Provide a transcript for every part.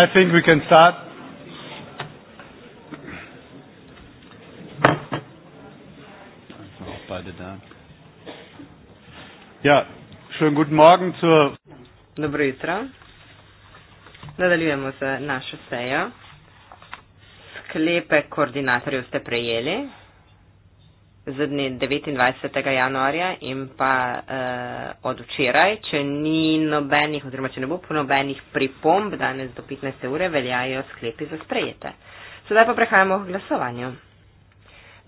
I think we can start. Beide da. Ja, schönen guten Morgen zur. Dobro jutro. Nadaljujemo z našo sejo. Sklepe koordinatorjev ste prejeli z dne 29. januarja in pa uh, od včeraj, če ni nobenih oziroma če ne bo ponobenih pripomb danes do 15. ure, veljajo sklepi za sprejete. Sedaj pa prehajamo k glasovanju.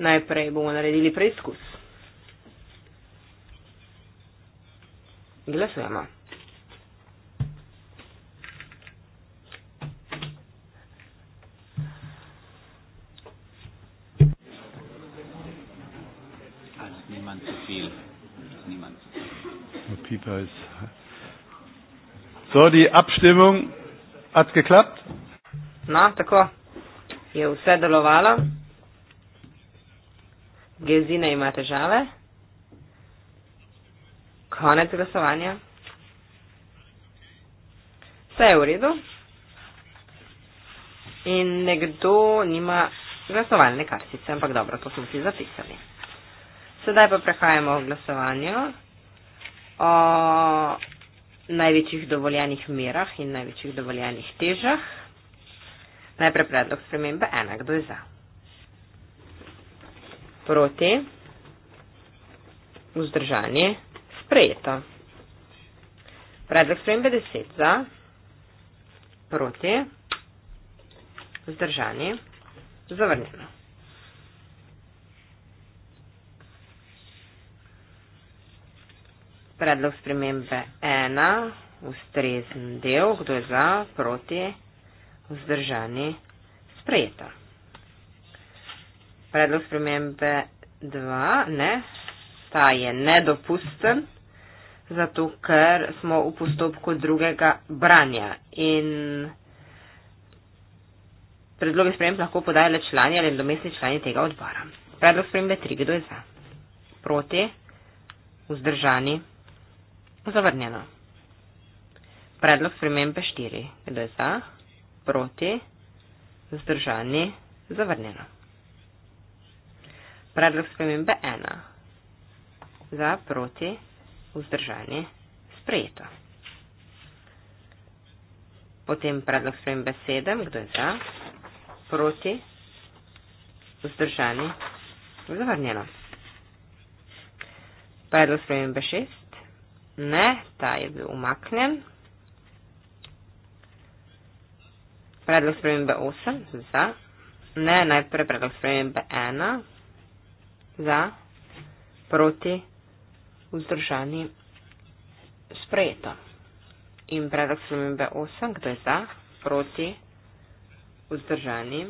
Najprej bomo naredili preizkus. Glasujemo. niemand zu viel. Ist niemand zu viel. Pieper ist. So, die Abstimmung hat geklappt. Na, no, tako. Je vse delovalo. Gezina ima težave. Konec glasovanja. Vse je v redu. In nekdo nima glasovalne kartice, ampak dobro, to smo si zapisali. Sedaj pa prehajamo v glasovanju o največjih dovoljenih merah in največjih dovoljenih težah. Najprej predlog spremembe ena, kdo je za? Proti? Vzdržanje? Sprejeto. Predlog spremembe deset za? Proti? Vzdržanje? Zavrnjeno. Predlog spremembe ena, ustrezen del, kdo je za, proti, vzdržani, sprejeta. Predlog spremembe dva, ne, ta je nedopusten, zato ker smo v postopku drugega branja in predloge sprememb lahko podajale člani ali domestni člani tega odbora. Predlog spremembe tri, kdo je za, proti, vzdržani, sprejeta. Zavrnjeno. Predlog spremembe 4. Kdo je za? Proti? Zdržani? Zavrnjeno. Predlog spremembe 1. Za, proti, vzdržani, sprejeto. Potem predlog spremembe 7. Kdo je za? Proti, vzdržani, zavrnjeno. Predlog spremembe 6. Ne, ta je bil umaknen. Predlog spremembe 8, za. Ne, najprej predlog spremembe 1, za. Proti, vzdržani, sprejeto. In predlog spremembe 8, kdo je za, proti, vzdržani,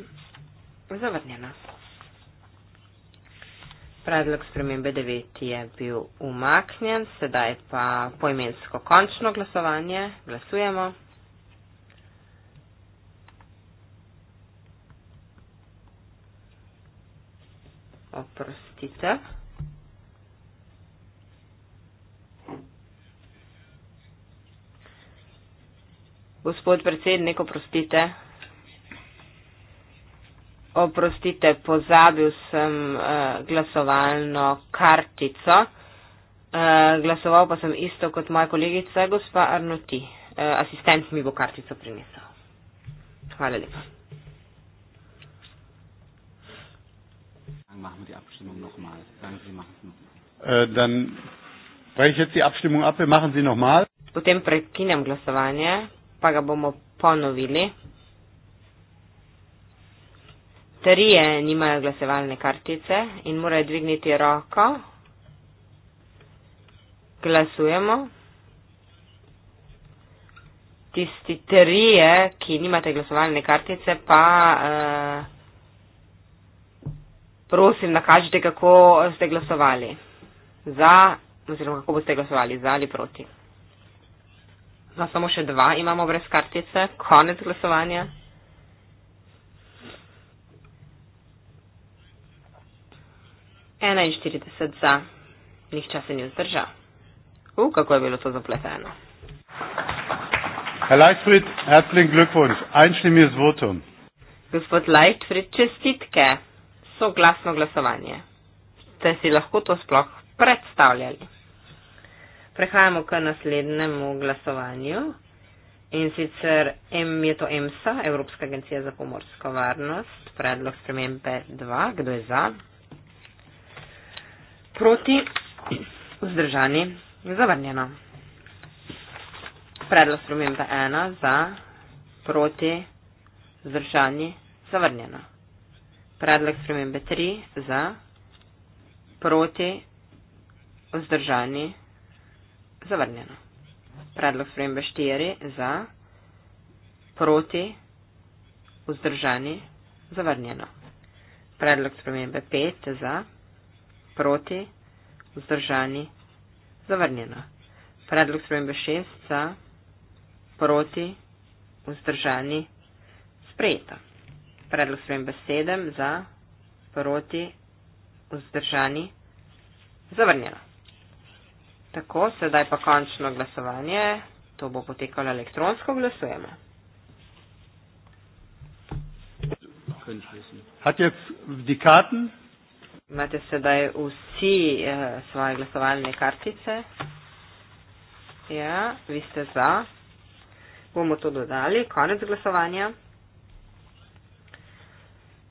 zavrnjeno. Predlog spremembe 9 je bil umaknjen, sedaj pa poimensko končno glasovanje. Glasujemo. Oprostite. Gospod predsednik, oprostite. Oprostite, pozabil sem uh, glasovalno kartico. Uh, glasoval pa sem isto kot moja kolegica, gospa Arnoti. Uh, asistent mi bo kartico prinesel. Hvala lepa. Äh, Potem prekinem glasovanje, pa ga bomo ponovili. Trije nimajo glasovalne kartice in morajo dvigniti roko. Glasujemo. Tisti trije, ki nimate glasovalne kartice, pa eh, prosim, nakažite, kako ste glasovali. Za, oziroma kako boste glasovali, za ali proti. No, samo še dva imamo brez kartice. Konec glasovanja. 41 za. Nihče se ni vzdržal. U, uh, kako je bilo to zapleteno. Herr Leitfried, herzlichen Glückwunsch. Einstimmiges Votum. Gospod Leitfried, čestitke. Soglasno glasovanje. Ste si lahko to sploh predstavljali? Prehajamo k naslednjemu glasovanju. In sicer M je to EMSA, Evropska agencija za pomorsko varnost, predlog spremembe 2. Kdo je za? proti, vzdržani, zavrnjeno. Predlog spremembe 1 za, proti, vzdržani, zavrnjeno. Predlog spremembe 3 za, proti, vzdržani, zavrnjeno. Predlog spremembe 4 za, proti, vzdržani, zavrnjeno. Predlog spremembe 5 za, proti, vzdržani, zavrnjeno proti, vzdržani, zavrnjeno. Predlog spremembe 6 za, proti, vzdržani, sprejeto. Predlog spremembe 7 za, proti, vzdržani, zavrnjeno. Tako, sedaj pa končno glasovanje. To bo potekalo elektronsko, glasujemo. Hat jetzt die Karten? Imate sedaj vsi eh, svoje glasovalne kartice. Ja, vi ste za. Bomo to dodali. Konec glasovanja.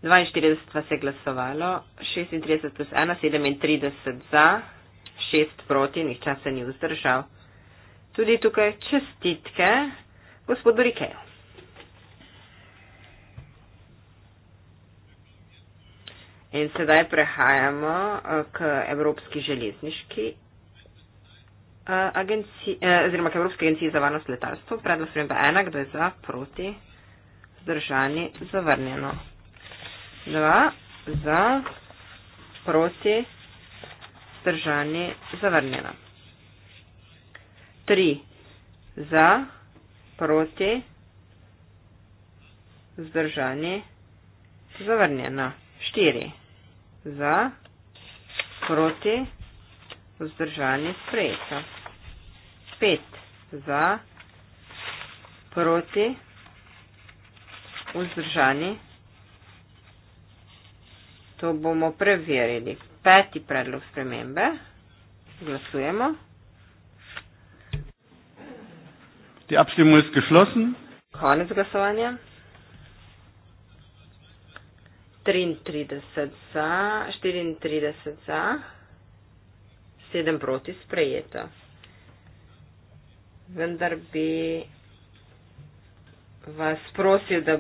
42 vas je glasovalo, 36 plus 1, 37 za, 6 proti, nihče se ni vzdržal. Tudi tukaj čestitke gospodu Rikeju. In sedaj prehajamo eh, k Evropski železniški eh, agenciji, eh, oziroma k Evropski agenciji za varnost letalstva. Predlog sprememba ena, kdo je za, proti, zdržani, zavrnjeno. Dva, za, proti, zdržani, zavrnjeno. Tri, za, proti, zdržani, zavrnjeno. 4. Za, proti, vzdržanje sprejeta. 5. Za, proti, vzdržanje. To bomo preverili. Peti predlog spremembe. Glasujemo. Die Abstimmung ist geschlossen. Konec glasovanja. 33 za, 34 za, 7 proti sprejeto. Vendar bi vas prosil, da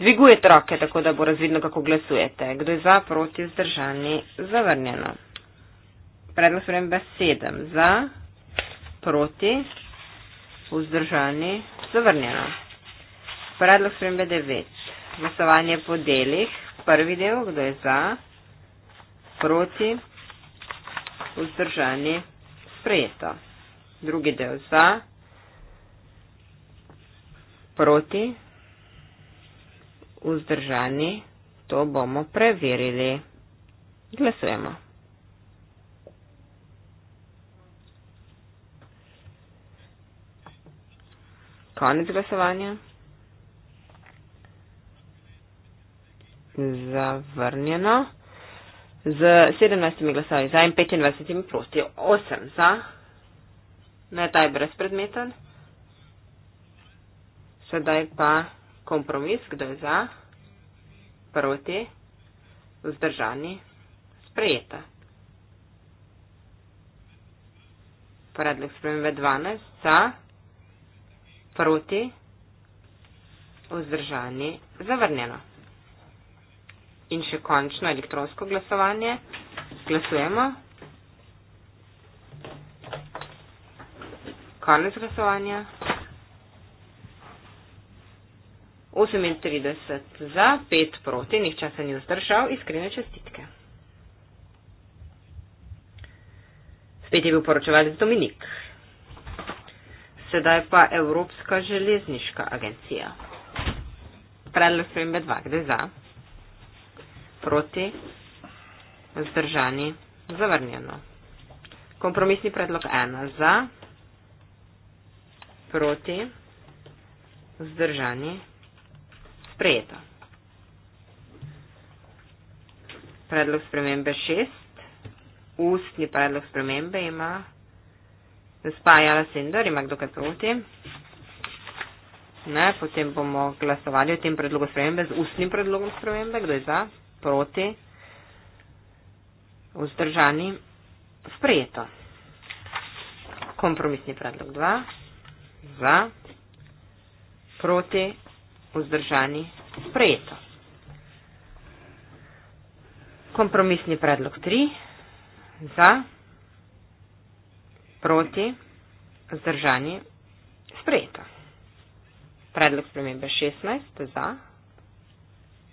dvigujete roke, tako da bo razvidno, kako glasujete. Kdo je za, proti, zdržani, zavrnjeno. Predlog spremembe 7 za, proti, vzdržani, zavrnjeno. Predlog spremembe 9 glasovanje po delih. Prvi del, kdo je za, proti, vzdržani, sprejeto. Drugi del za, proti, vzdržani, to bomo preverili. Glasujemo. Konec glasovanja. zavrnjeno. Z 17 glasovi za in 25 proti 8 za. Ne, ta je brezpredmeten. Sedaj pa kompromis, kdo je za, proti, vzdržani, sprejeta. Predlog spremembe 12 za, proti, vzdržani, zavrnjeno. In še končno elektronsko glasovanje. Glasujemo. Konec glasovanja. 38 za, 5 proti, nihče se ni vzdržal, iskrene čestitke. Spet je bil poročevalec Dominik. Sedaj pa Evropska železniška agencija. Predlog spremembe 2, kde za? proti, vzdržani, zavrnjeno. Kompromisni predlog 1 za, proti, vzdržani, sprejeto. Predlog spremembe 6, ustni predlog spremembe ima, spajala sender, ima kdo kaj proti. Ne, potem bomo glasovali o tem predlogu spremembe z ustnim predlogom spremembe. Kdo je za? proti, vzdržani, sprejeto. Kompromisni predlog 2, za, proti, vzdržani, sprejeto. Kompromisni predlog 3, za, proti, vzdržani, sprejeto. Predlog spremembe 16, za, proti,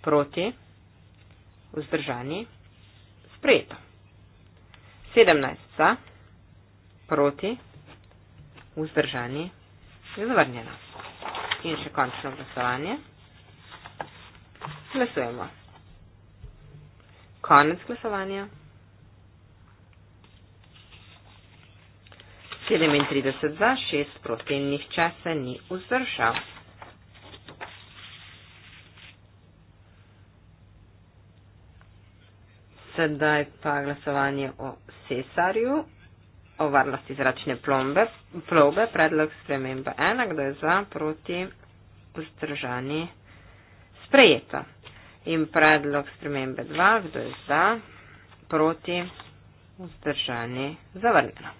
vzdržani, sprejeto vzdržani, sprejeto. 17 za, proti, vzdržani, je zavrnjeno. In še končno glasovanje. Glasujemo. Konec glasovanja. 37 za, 6 proti, nihče se ni vzdržal. sedaj pa glasovanje o cesarju, o varnosti zračne plombe, plobe, predlog spremembe ena, kdo je za, proti, vzdržani, sprejeta. In predlog spremembe dva, kdo je za, proti, vzdržani, zavrnjeno.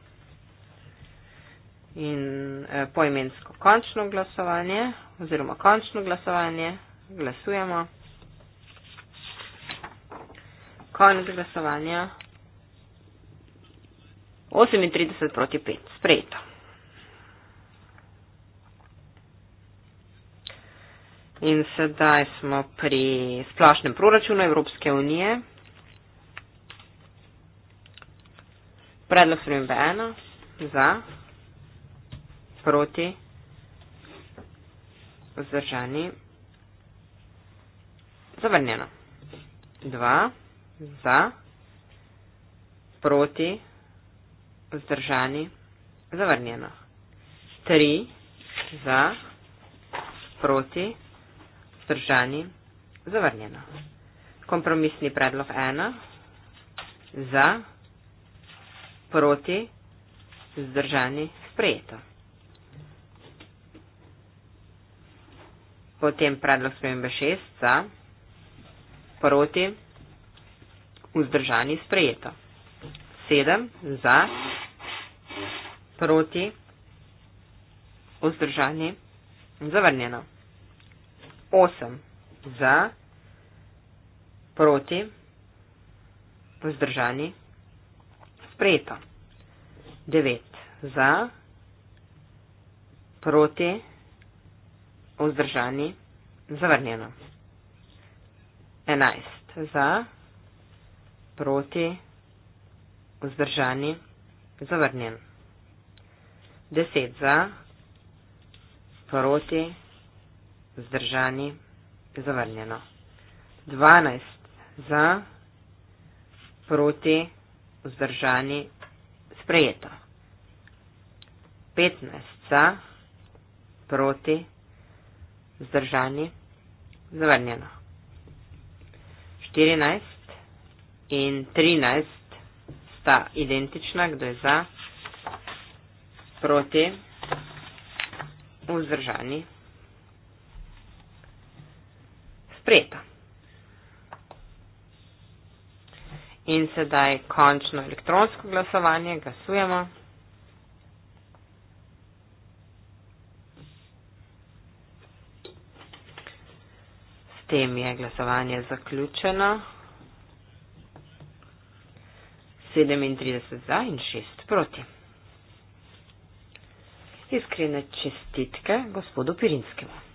In e, poimensko končno glasovanje, oziroma končno glasovanje, glasujemo. Konec glasovanja. 38 proti 5. Sprejeto. In sedaj smo pri splošnem proračunu Evropske unije. Predlog sprememb 1 za, proti, vzdržani, zavrnjeno. 2 za, proti, vzdržani, zavrnjeno. 3 za, proti, vzdržani, zavrnjeno. Kompromisni predlog 1 za, proti, vzdržani, sprejeto. Potem predlog spremembe 6 za, proti, vzdržani, sprejeto vzdržani sprejeto. 7 za, proti, vzdržani, zavrnjeno. 8 za, proti, vzdržani, sprejeto. 9 za, proti, vzdržani, zavrnjeno. 11 za, proti, proti, vzdržani, zavrnjen. 10 za, proti, vzdržani, zavrnjeno. 12 za, proti, vzdržani, sprejeto. 15 za, proti, vzdržani, zavrnjeno. 14 in 13 sta identična, kdo je za, proti, vzdržani. Sprejeto. In sedaj končno elektronsko glasovanje, glasujemo. S tem je glasovanje zaključeno. 37 za in 6 proti. Iskrene čestitke gospodu Pirinskemu.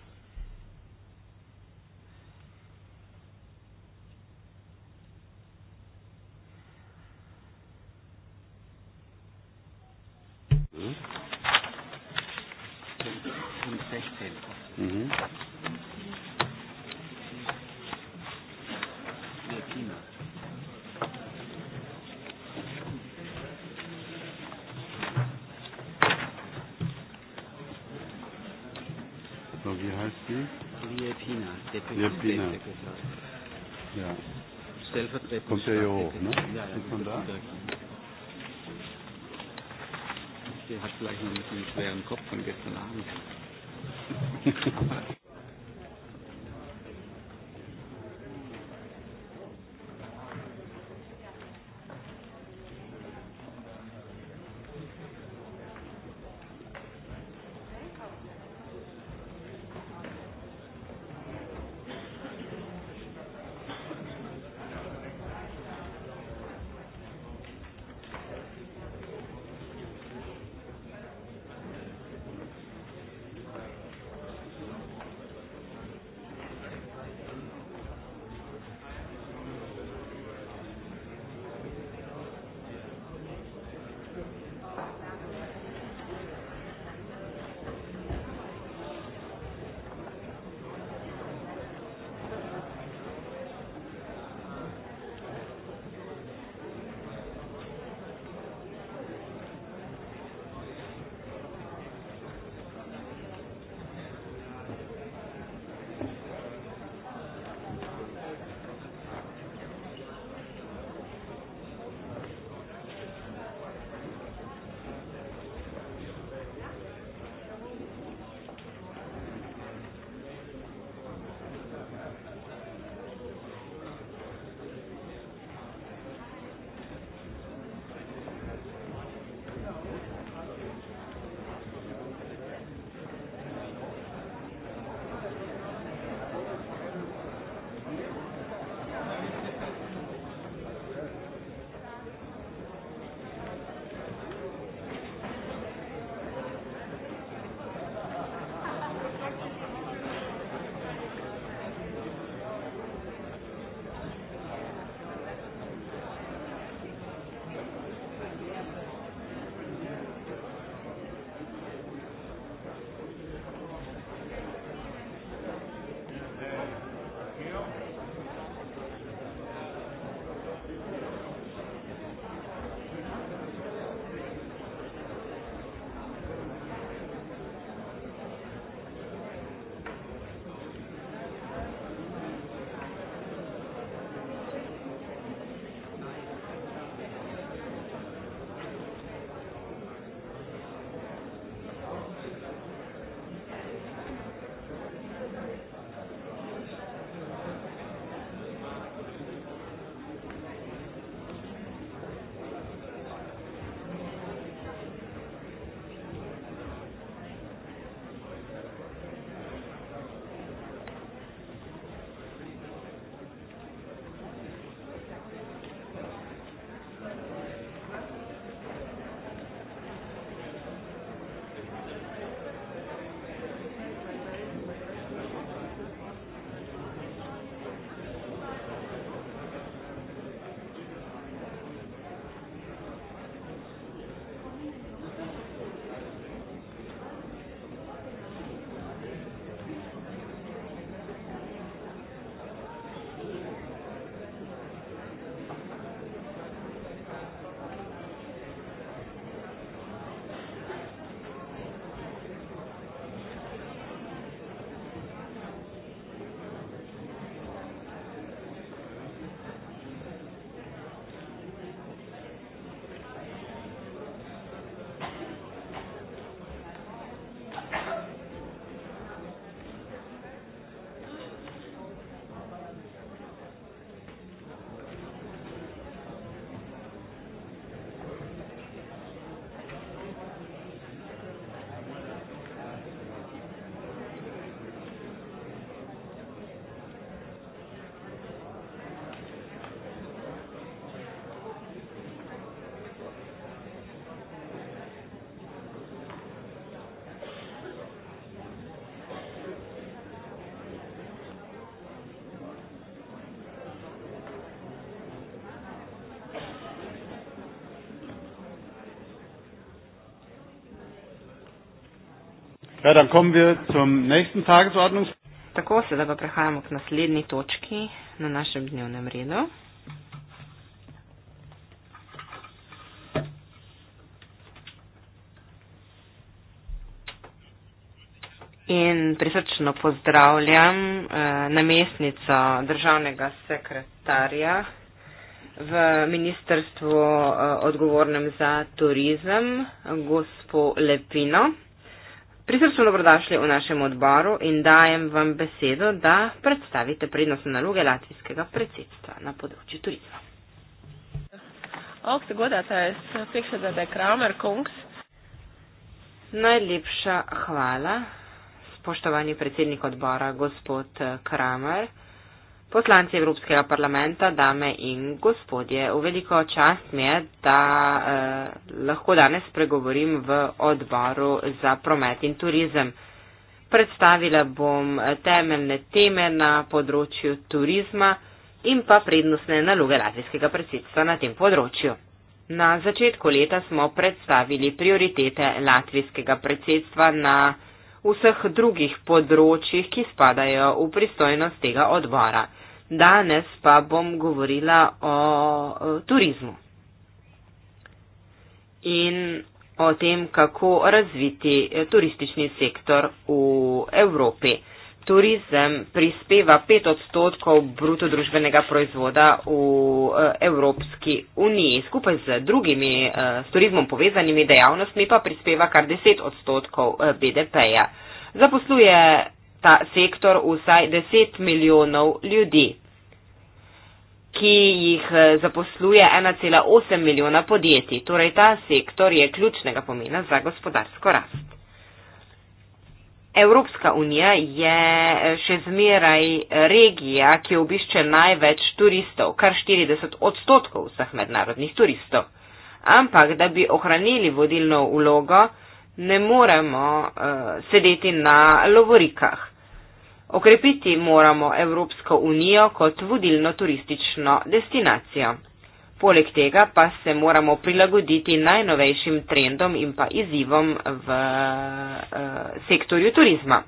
Ja, dann kommen wir zum nächsten Tagesordnungspunkt. In prisrčno pozdravljam eh, namestnico državnega sekretarja v ministrstvu eh, odgovornem za turizem, gospo Lepino. Prisrčno dobrodošli v našem odboru in dajem vam besedo, da predstavite prednostne naloge latvijskega predsedstva na področju turizma. Najlepša hvala, spoštovani predsednik odbora, gospod Kramer. Poslanci Evropskega parlamenta, dame in gospodje, v veliko čast mi je, da eh, lahko danes pregovorim v odboru za promet in turizem. Predstavila bom eh, temeljne teme na področju turizma in pa prednostne naloge latvijskega predsedstva na tem področju. Na začetku leta smo predstavili prioritete latvijskega predsedstva na vseh drugih področjih, ki spadajo v pristojnost tega odbora. Danes pa bom govorila o, o turizmu in o tem, kako razviti turistični sektor v Evropi. Turizem prispeva 5 odstotkov bruto družbenega proizvoda v e, Evropski uniji, skupaj z drugimi e, s turizmom povezanimi dejavnostmi pa prispeva kar 10 odstotkov e, BDP-ja. Zaposluje ta sektor vsaj 10 milijonov ljudi ki jih eh, zaposluje 1,8 milijona podjetij. Torej, ta sektor je ključnega pomena za gospodarsko rast. Evropska unija je eh, še zmeraj regija, ki obišče največ turistov, kar 40 odstotkov vseh mednarodnih turistov. Ampak, da bi ohranili vodilno ulogo, ne moremo uh, sedeti na lovorikah. Okrepiti moramo Evropsko unijo kot vodilno turistično destinacijo. Poleg tega pa se moramo prilagoditi najnovejšim trendom in pa izzivom v uh, sektorju turizma.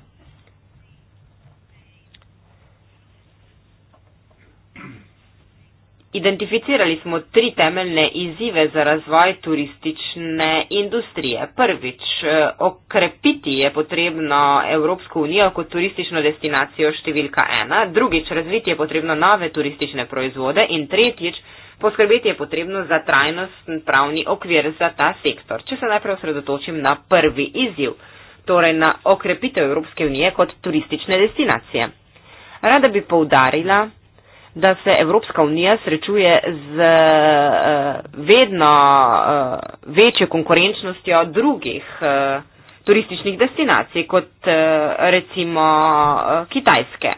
Identificirali smo tri temeljne izzive za razvoj turistične industrije. Prvič, eh, okrepiti je potrebno Evropsko unijo kot turistično destinacijo številka ena. Drugič, razviti je potrebno nove turistične proizvode. In tretjič, poskrbeti je potrebno za trajnostni pravni okvir za ta sektor. Če se najprej osredotočim na prvi izziv, torej na okrepitev Evropske unije kot turistične destinacije. Rada bi poudarila, da se Evropska unija srečuje z eh, vedno eh, večjo konkurenčnostjo drugih eh, turističnih destinacij, kot recimo Kitajske.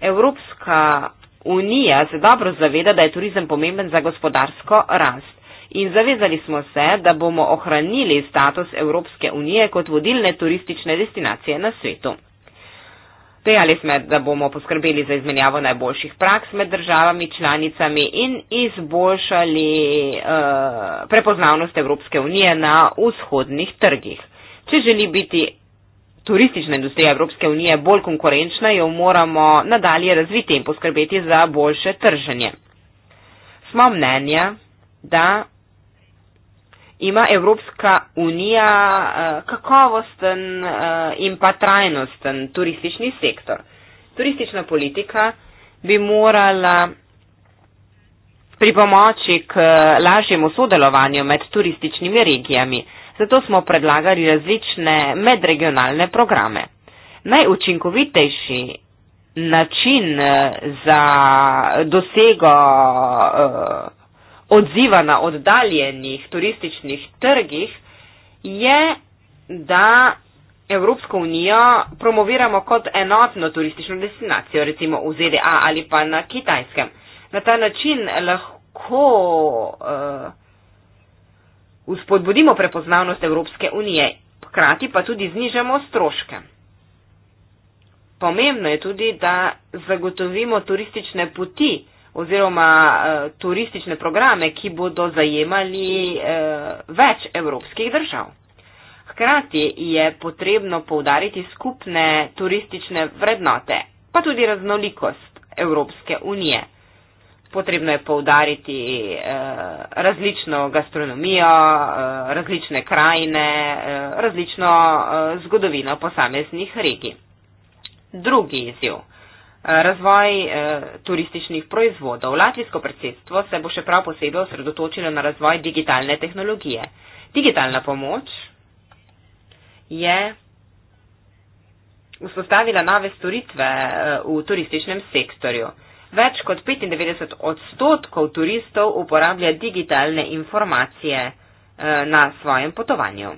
Evropska unija se dobro zaveda, da je turizem pomemben za gospodarsko rast. In zavezali smo se, da bomo ohranili status Evropske unije kot vodilne turistične destinacije na svetu te ali smet, da bomo poskrbeli za izmenjavo najboljših praks med državami članicami in izboljšali uh, prepoznavnost Evropske unije na vzhodnih trgih. Če želi biti turistična industrija Evropske unije bolj konkurenčna, jo moramo nadalje razviti in poskrbeti za boljše trženje. Smo mnenja, da ima Evropska unija uh, kakovosten uh, in pa trajnosten turistični sektor. Turistična politika bi morala pripomoči k eh, lažjemu sodelovanju med turističnimi regijami, zato smo predlagali različne medregionalne programe. Najučinkovitejši način za dosego uh, odziva na oddaljenih turističnih trgih, je, da Evropsko unijo promoviramo kot enotno turistično destinacijo, recimo v ZDA ali pa na Kitajskem. Na ta način lahko uh, eh, uspodbudimo prepoznavnost Evropske unije, hkrati pa tudi znižamo stroške. Pomembno je tudi, da zagotovimo turistične poti uh, oziroma uh, turistične programe, ki bodo zajemali uh, več evropskih držav. Hkrati je potrebno povdariti skupne turistične vrednote, pa tudi raznolikost Evropske unije. Potrebno je povdariti eh, različno gastronomijo, eh, različne krajine, eh, različno eh, zgodovino posameznih regij. Drugi izjiv razvoj eh, turističnih proizvodov. Latvijsko predsedstvo se bo še prav posebej osredotočilo na razvoj digitalne tehnologije. Digitalna pomoč je vzpostavila nove storitve eh, v turističnem sektorju. Več kot 95 odstotkov turistov uporablja digitalne informacije eh, na svojem potovanju.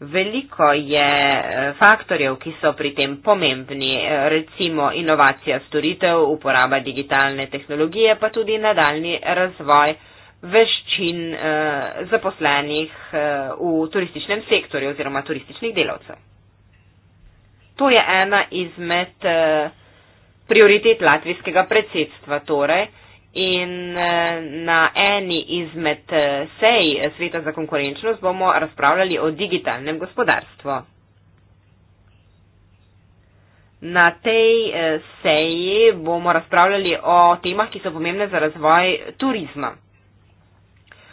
veliko je eh, faktorjev, ki so pri tem pomembni, eh, recimo inovacija storitev, uporaba digitalne tehnologije, pa tudi nadaljni razvoj veščin eh, zaposlenih v turističnem sektorju oziroma turističnih delavcev. To je ena izmed prioritet latvijskega predsedstva, torej In eh, na eni izmed eh, sej Sveta za konkurenčnost bomo razpravljali o digitalnem gospodarstvu. Na tej eh, seji bomo razpravljali o temah, ki so pomembne za razvoj turizma.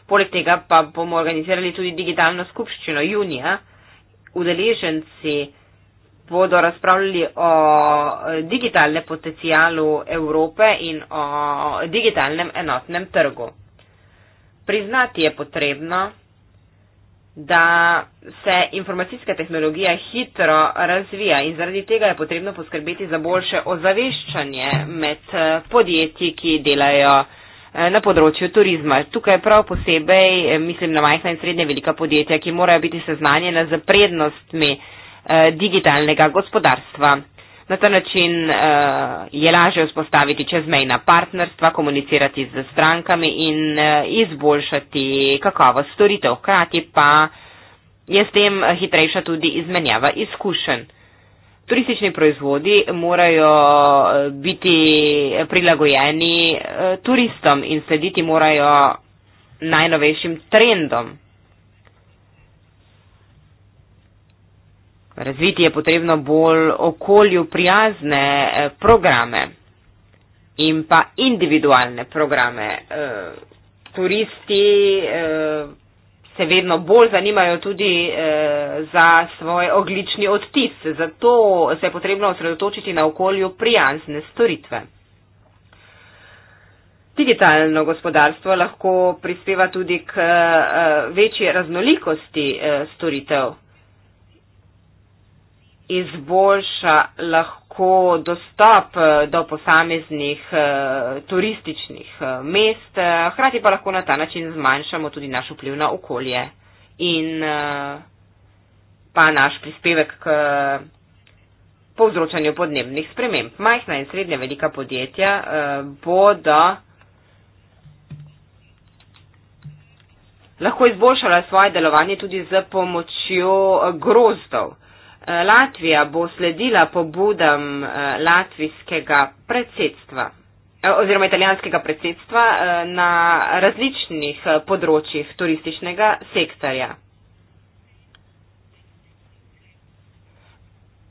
Poleg tega pa bomo organizirali tudi digitalno skupščino junija. Udeleženci bodo razpravljali o digitalnem potencijalu Evrope in o digitalnem enotnem trgu. Priznati je potrebno, da se informacijska tehnologija hitro razvija in zaradi tega je potrebno poskrbeti za boljše ozaveščanje med podjetji, ki delajo eh, na področju turizma. Tukaj prav posebej eh, mislim na majhna in srednje velika podjetja, ki morajo biti seznanjena z prednostmi Eh, digitalnega gospodarstva. Na ta način eh, je lažje vzpostaviti čezmejna partnerstva, komunicirati z strankami in eh, izboljšati kakovost storitev. Hkrati pa je s tem hitrejša tudi izmenjava izkušenj. Turistični proizvodi morajo biti prilagojeni turistom in slediti morajo najnovejšim trendom. Razviti je potrebno bolj okolju prijazne eh, programe in pa individualne programe. Eh, turisti eh, se vedno bolj zanimajo tudi za svoj oglični odtis, zato se je potrebno osredotočiti na okolju prijazne storitve. Digitalno gospodarstvo lahko prispeva tudi k večji raznolikosti storitev izboljša lahko dostop eh, do posameznih eh, turističnih eh, mest, hkrati pa lahko na ta način zmanjšamo tudi naš vpliv na okolje in pa naš prispevek k povzročanju podnebnih sprememb. Majhna in srednja velika podjetja bodo lahko izboljšala svoje delovanje tudi z pomočjo grozdov. Latvija bo sledila pobudam eh, latvijskega predsedstva eh, oziroma italijanskega predsedstva eh, na različnih področjih turističnega sektorja.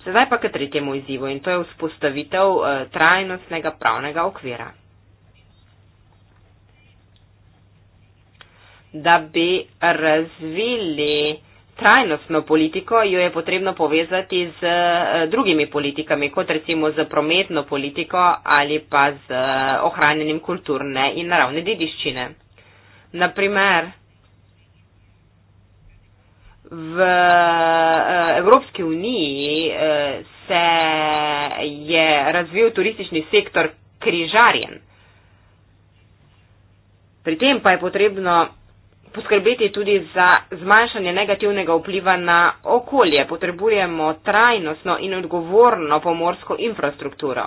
Sedaj pa k tretjemu izzivu in to je vzpostavitev trajnostnega pravnega okvira. Da bi razvili trajnostno politiko jo je potrebno povezati z eh, drugimi politikami, kot recimo z prometno politiko ali pa z eh, ohranjenim kulturne in naravne dediščine. Naprimer, v eh, Evropski uniji se je razvil turistični sektor križarjen. Pri tem pa je potrebno poskrbeti tudi za zmanjšanje negativnega vpliva na okolje. Potrebujemo trajnostno in odgovorno pomorsko infrastrukturo.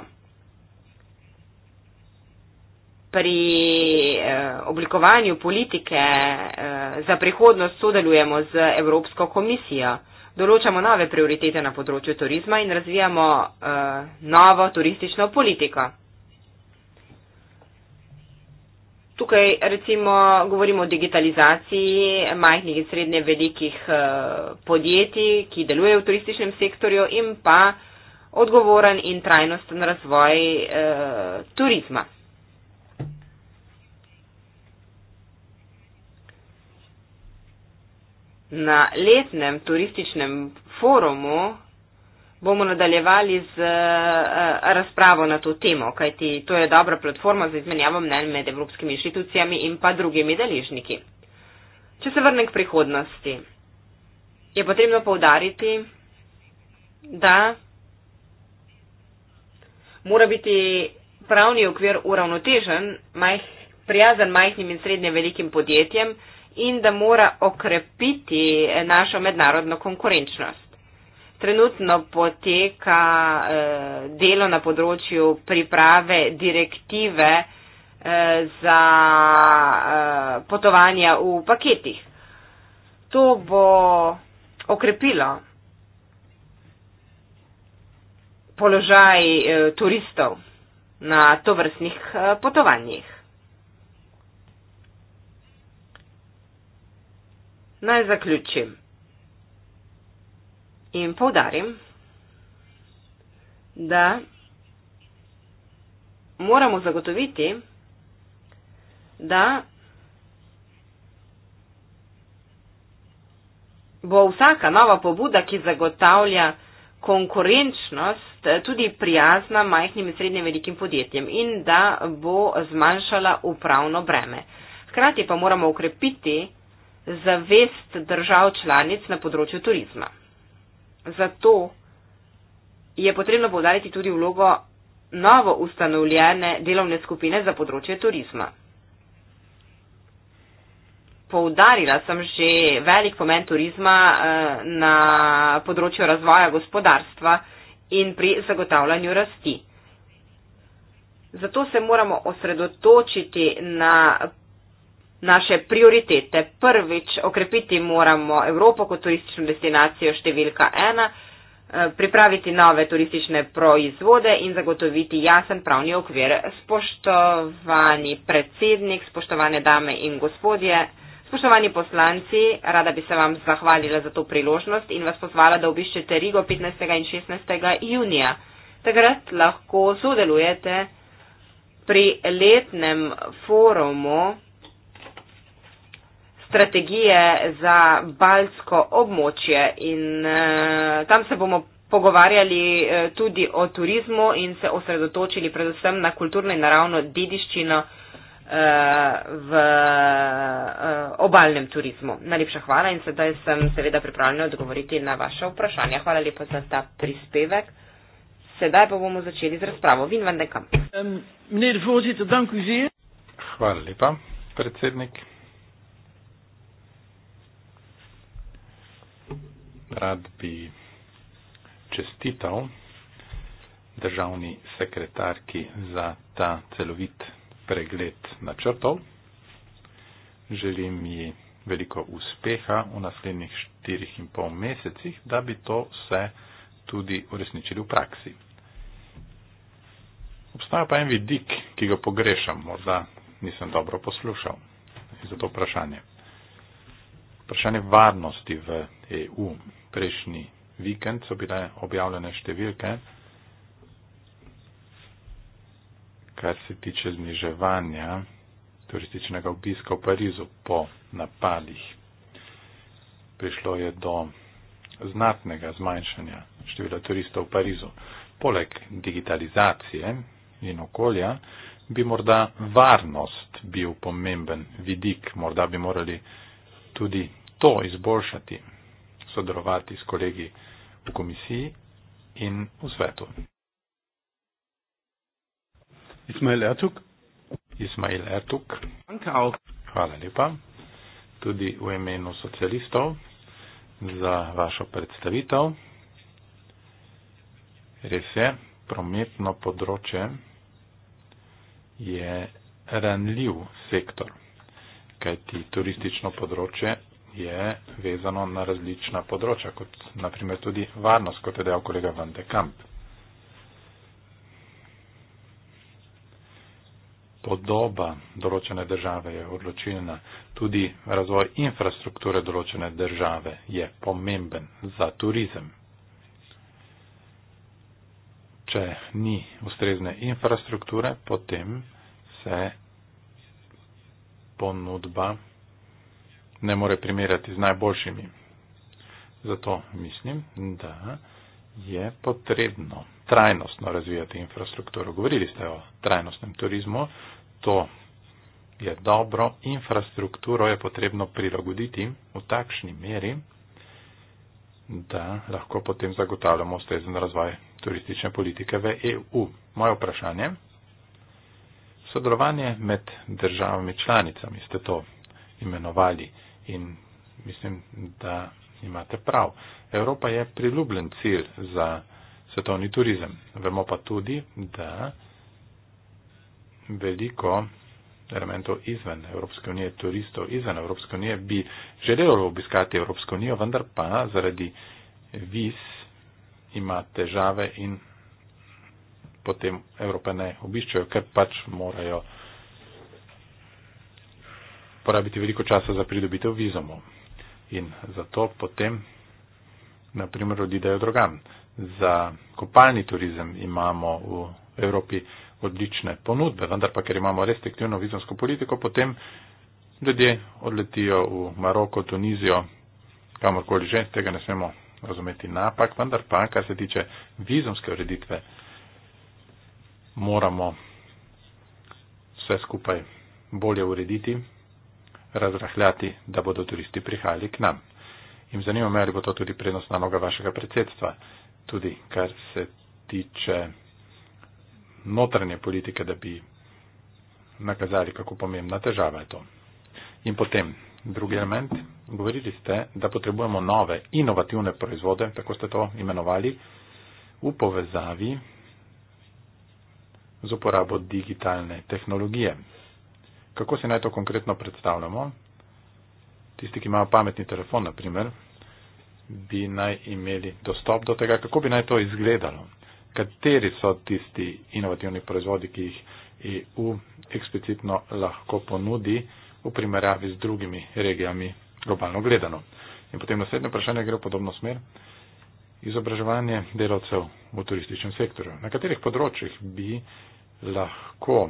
Pri eh, oblikovanju politike eh, za prihodnost sodelujemo z Evropsko komisijo. Določamo nove prioritete na področju turizma in razvijamo eh, novo turistično politiko. Tukaj recimo govorimo o digitalizaciji majhnih in srednje velikih eh, podjetij, ki delujejo v turističnem sektorju in pa odgovoren in trajnosten razvoj eh, turizma. Na letnem turističnem forumu bomo nadaljevali z eh, eh, razpravo na to temo, kajti to je dobra platforma za izmenjavo mnen med evropskimi inštitucijami in pa drugimi deležniki. Če se vrnem k prihodnosti, je potrebno povdariti, da mora biti pravni okvir uravnotežen, majh, prijazen majhnim in srednje velikim podjetjem in da mora okrepiti našo mednarodno konkurenčnost. Trenutno poteka eh, delo na področju priprave direktive eh, za eh, potovanja v paketih. To bo okrepilo položaj eh, turistov na tovrstnih eh, potovanjih. Naj zaključim. In povdarim, da moramo zagotoviti, da bo vsaka nova pobuda, ki zagotavlja konkurenčnost tudi prijazna majhnim in srednjim velikim podjetjem in da bo zmanjšala upravno breme. Hkrati pa moramo ukrepiti zavest držav članic na področju turizma. Zato je potrebno podariti tudi vlogo novo ustanovljene delovne skupine za področje turizma. Poudarila sem že velik pomen turizma eh, na področju razvoja gospodarstva in pri zagotavljanju rasti. Zato se moramo osredotočiti na naše prioritete. Prvič, okrepiti moramo Evropo kot turistično destinacijo številka ena, eh, pripraviti nove turistične proizvode in zagotoviti jasen pravni okvir. Spoštovani predsednik, spoštovane dame in gospodje, spoštovani poslanci, rada bi se vam zahvalila za to priložnost in vas pozvala, da obiščete Rigo 15. in 16. junija. Takrat lahko sodelujete pri letnem forumu, strategije za balsko območje in uh, tam se bomo pogovarjali uh, tudi o turizmu in se osredotočili predvsem na kulturno in naravno dediščino uh, v uh, obalnem turizmu. Najlepša hvala in sedaj sem seveda pripravljena odgovoriti na vaše vprašanje. Hvala lepa za ta prispevek. Sedaj pa bomo začeli z razpravo. Vin van den Kamp. Ehm, hvala lepa, predsednik. rad bi čestital državni sekretarki za ta celovit pregled načrtov. Želim ji veliko uspeha v naslednjih štirih in pol mesecih, da bi to vse tudi uresničili v praksi. Obstaja pa en vidik, ki ga pogrešam, morda nisem dobro poslušal. Zato vprašanje vprašanje varnosti v EU. Prejšnji vikend so bile objavljene številke, kar se tiče zniževanja turističnega obiska v Parizu po napadih. Prišlo je do znatnega zmanjšanja števila turistov v Parizu. Poleg digitalizacije in okolja bi morda varnost bil pomemben vidik, morda bi morali tudi to izboljšati, sodelovati s kolegi v komisiji in v svetu. Ismail Ertuk. Ismail Ertuk. Hvala lepa. Tudi v imenu socialistov za vašo predstavitev. Res je, prometno področje je ranljiv sektor, kajti turistično področje je vezano na različna področja, kot naprimer tudi varnost, kot je dejal kolega Van de Kamp. Podoba določene države je odločilna, tudi razvoj infrastrukture določene države je pomemben za turizem. Če ni ustrezne infrastrukture, potem se ponudba ne more primerjati z najboljšimi. Zato mislim, da je potrebno trajnostno razvijati infrastrukturo. Govorili ste o trajnostnem turizmu, to je dobro, infrastrukturo je potrebno prilagoditi v takšni meri, da lahko potem zagotavljamo ustrezen razvoj turistične politike v EU. Moje vprašanje. Sodelovanje med državami članicami ste to imenovali in mislim, da imate prav. Evropa je priljubljen cilj za svetovni turizem. Vemo pa tudi, da veliko elementov izven Evropske unije, turistov izven Evropske unije bi želelo obiskati Evropsko unijo, vendar pa zaradi viz ima težave in potem Evrope ne obiščajo, ker pač morajo porabiti veliko časa za pridobitev vizumov. In zato potem, naprimer, odidejo drugam. Za kopalni turizem imamo v Evropi odlične ponudbe, vendar pa, ker imamo restriktivno vizumsko politiko, potem ljudje odletijo v Maroko, Tunizijo, kamorkoli že, tega ne smemo razumeti napak, vendar pa, kar se tiče vizumske ureditve, moramo vse skupaj bolje urediti razrahljati, da bodo turisti prihajali k nam. In zanima me, ali bo to tudi prednostna noga vašega predsedstva, tudi kar se tiče notranje politike, da bi nakazali, kako pomembna težava je to. In potem drugi element. Govorili ste, da potrebujemo nove inovativne proizvode, tako ste to imenovali, v povezavi z uporabo digitalne tehnologije kako si naj to konkretno predstavljamo? Tisti, ki imajo pametni telefon, na primer, bi naj imeli dostop do tega, kako bi naj to izgledalo. Kateri so tisti inovativni proizvodi, ki jih EU eksplicitno lahko ponudi v primerjavi z drugimi regijami globalno gledano. In potem naslednje vprašanje gre v podobno smer. Izobraževanje delavcev v turističnem sektorju. Na katerih področjih bi lahko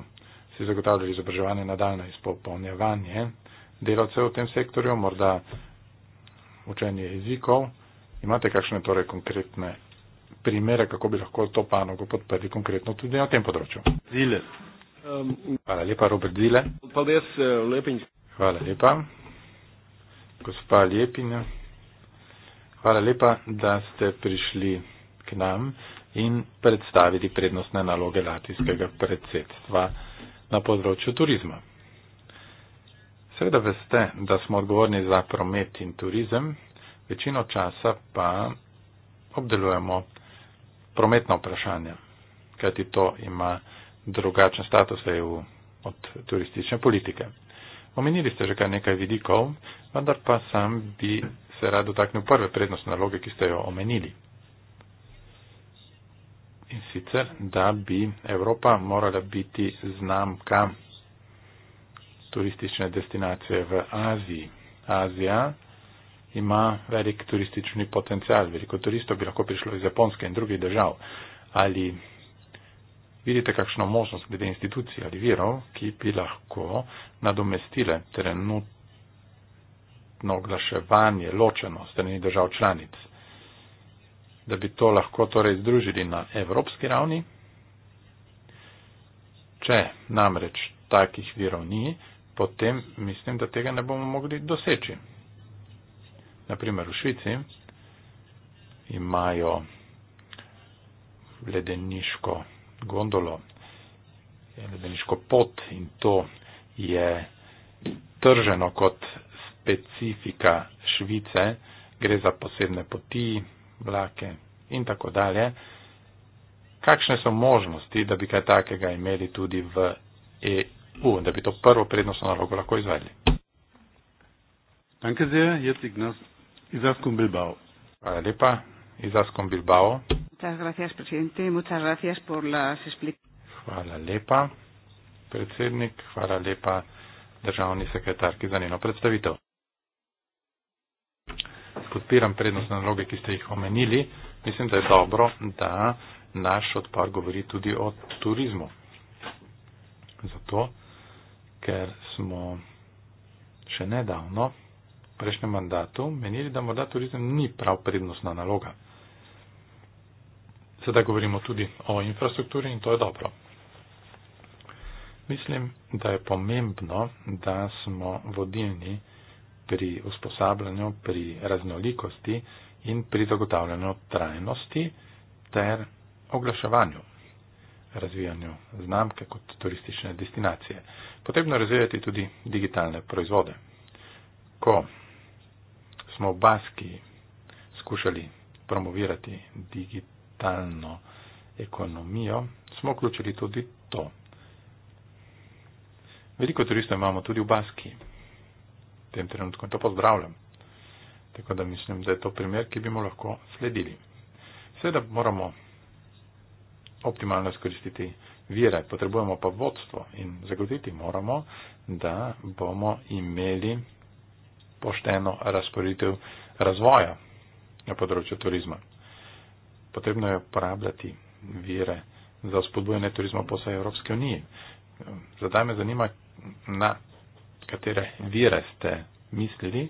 si zagotavljali izobraževanje, nadaljno izpopolnjevanje delavcev v tem sektorju, morda učenje jezikov. Imate kakšne torej konkretne primere, kako bi lahko to panogo podprli konkretno tudi na tem področju? Zile. Um, hvala lepa, Robert Zile. Eh, hvala lepa, gospa Lepina. Hvala lepa, da ste prišli k nam in predstavili prednostne naloge latvijskega predsedstva na področju turizma. Seveda veste, da smo odgovorni za promet in turizem, večino časa pa obdelujemo prometna vprašanja, kajti to ima drugačen status EU od turistične politike. Omenili ste že kar nekaj vidikov, vendar pa sam bi se rad dotaknil prve prednostne naloge, ki ste jo omenili in sicer, da bi Evropa morala biti znamka turistične destinacije v Aziji. Azija ima velik turistični potencial, veliko turistov bi lahko prišlo iz Japonske in drugih držav. Ali vidite kakšno možnost glede institucij ali virov, ki bi lahko nadomestile trenutno oglaševanje, ločeno strani držav članic? da bi to lahko torej združili na evropski ravni. Če namreč takih virov ni, potem mislim, da tega ne bomo mogli doseči. Naprimer v Švici imajo ledeniško gondolo, ledeniško pot in to je trženo kot specifika Švice, gre za posebne poti, vlake in tako dalje. Kakšne so možnosti, da bi kaj takega imeli tudi v EU, da bi to prvo prednostno nalogo lahko izvedli? Danke sehr, jetzt Ignaz, Izaskum Bilbao. Hvala lepa, Izaskum Bilbao. Muchas gracias, presidente, muchas gracias por las explicaciones. Hvala lepa, predsednik, hvala lepa državni sekretarki za njeno predstavitev podpiram prednostne naloge, ki ste jih omenili. Mislim, da je dobro, da naš odpor govori tudi o turizmu. Zato, ker smo še nedavno, v prejšnjem mandatu, menili, da morda turizem ni prav prednostna naloga. Sedaj govorimo tudi o infrastrukturi in to je dobro. Mislim, da je pomembno, da smo vodilni pri usposabljanju, pri raznolikosti in pri zagotavljanju trajnosti ter oglaševanju, razvijanju znamke kot turistične destinacije. Potrebno je razvijati tudi digitalne proizvode. Ko smo v Baski skušali promovirati digitalno ekonomijo, smo vključili tudi to. Veliko turistov imamo tudi v Baskiji v tem trenutku in to pozdravljam. Tako da mislim, da je to primer, ki bi mu lahko sledili. Seveda moramo optimalno izkoristiti vire, potrebujemo pa vodstvo in zagotoviti moramo, da bomo imeli pošteno razporeditev razvoja na področju turizma. Potrebno je uporabljati vire za spodbujanje turizma po vsej Evropski uniji. Zdaj me zanima, na katere vire ste mislili,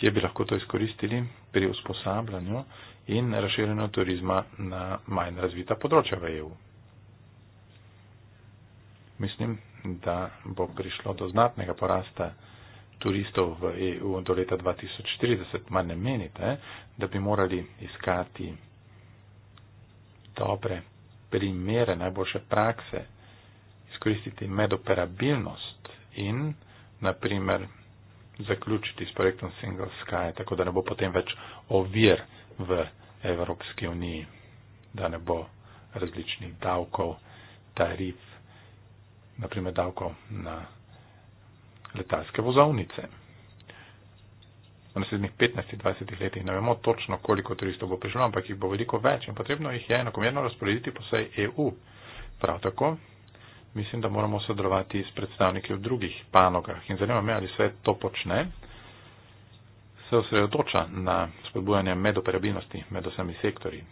kje bi lahko to izkoristili pri usposabljanju in razširjenju turizma na manj razvita področja v EU. Mislim, da bo prišlo do znatnega porasta turistov v EU do leta 2040. Manj ne menite, da bi morali iskati dobre primere, najboljše prakse, izkoristiti medoperabilnost in naprimer zaključiti s projektom Single Sky, tako da ne bo potem več ovir v Evropski uniji, da ne bo različnih davkov, tarif, naprimer davkov na letalske vozovnice. V naslednjih 15-20 letih ne vemo točno, koliko turistov bo prišlo, ampak jih bo veliko več in potrebno jih je enakomerno razporediti po vsej EU. Prav tako mislim, da moramo sodelovati s predstavniki v drugih panogah. In zanima me, ali svet to počne, se osredotoča na spodbujanje medoperabilnosti med vsemi sektori.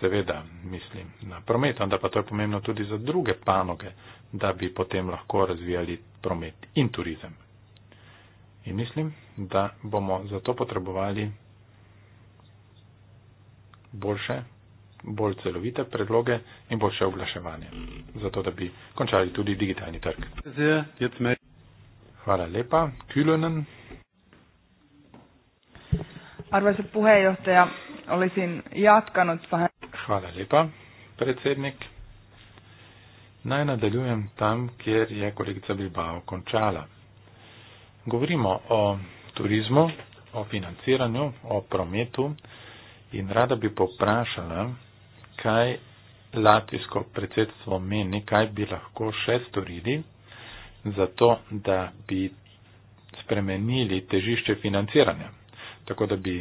Seveda mislim na promet, vendar pa to je pomembno tudi za druge panoge, da bi potem lahko razvijali promet in turizem. In mislim, da bomo zato potrebovali boljše bolj celovite predloge in boljše oglaševanje, zato da bi končali tudi digitalni trg. Hvala lepa. Kylönen. Arvoisa puheenjohtaja, olisin jatkanut vähän. Hvala lepa, predsednik. Naj nadaljujem tam, kjer je kolegica Bilbao končala. Govorimo o turizmu, o financiranju, o prometu in rada bi poprašala, kaj latvijsko predsedstvo meni, kaj bi lahko še storili, zato da bi spremenili težišče financiranja. Tako da bi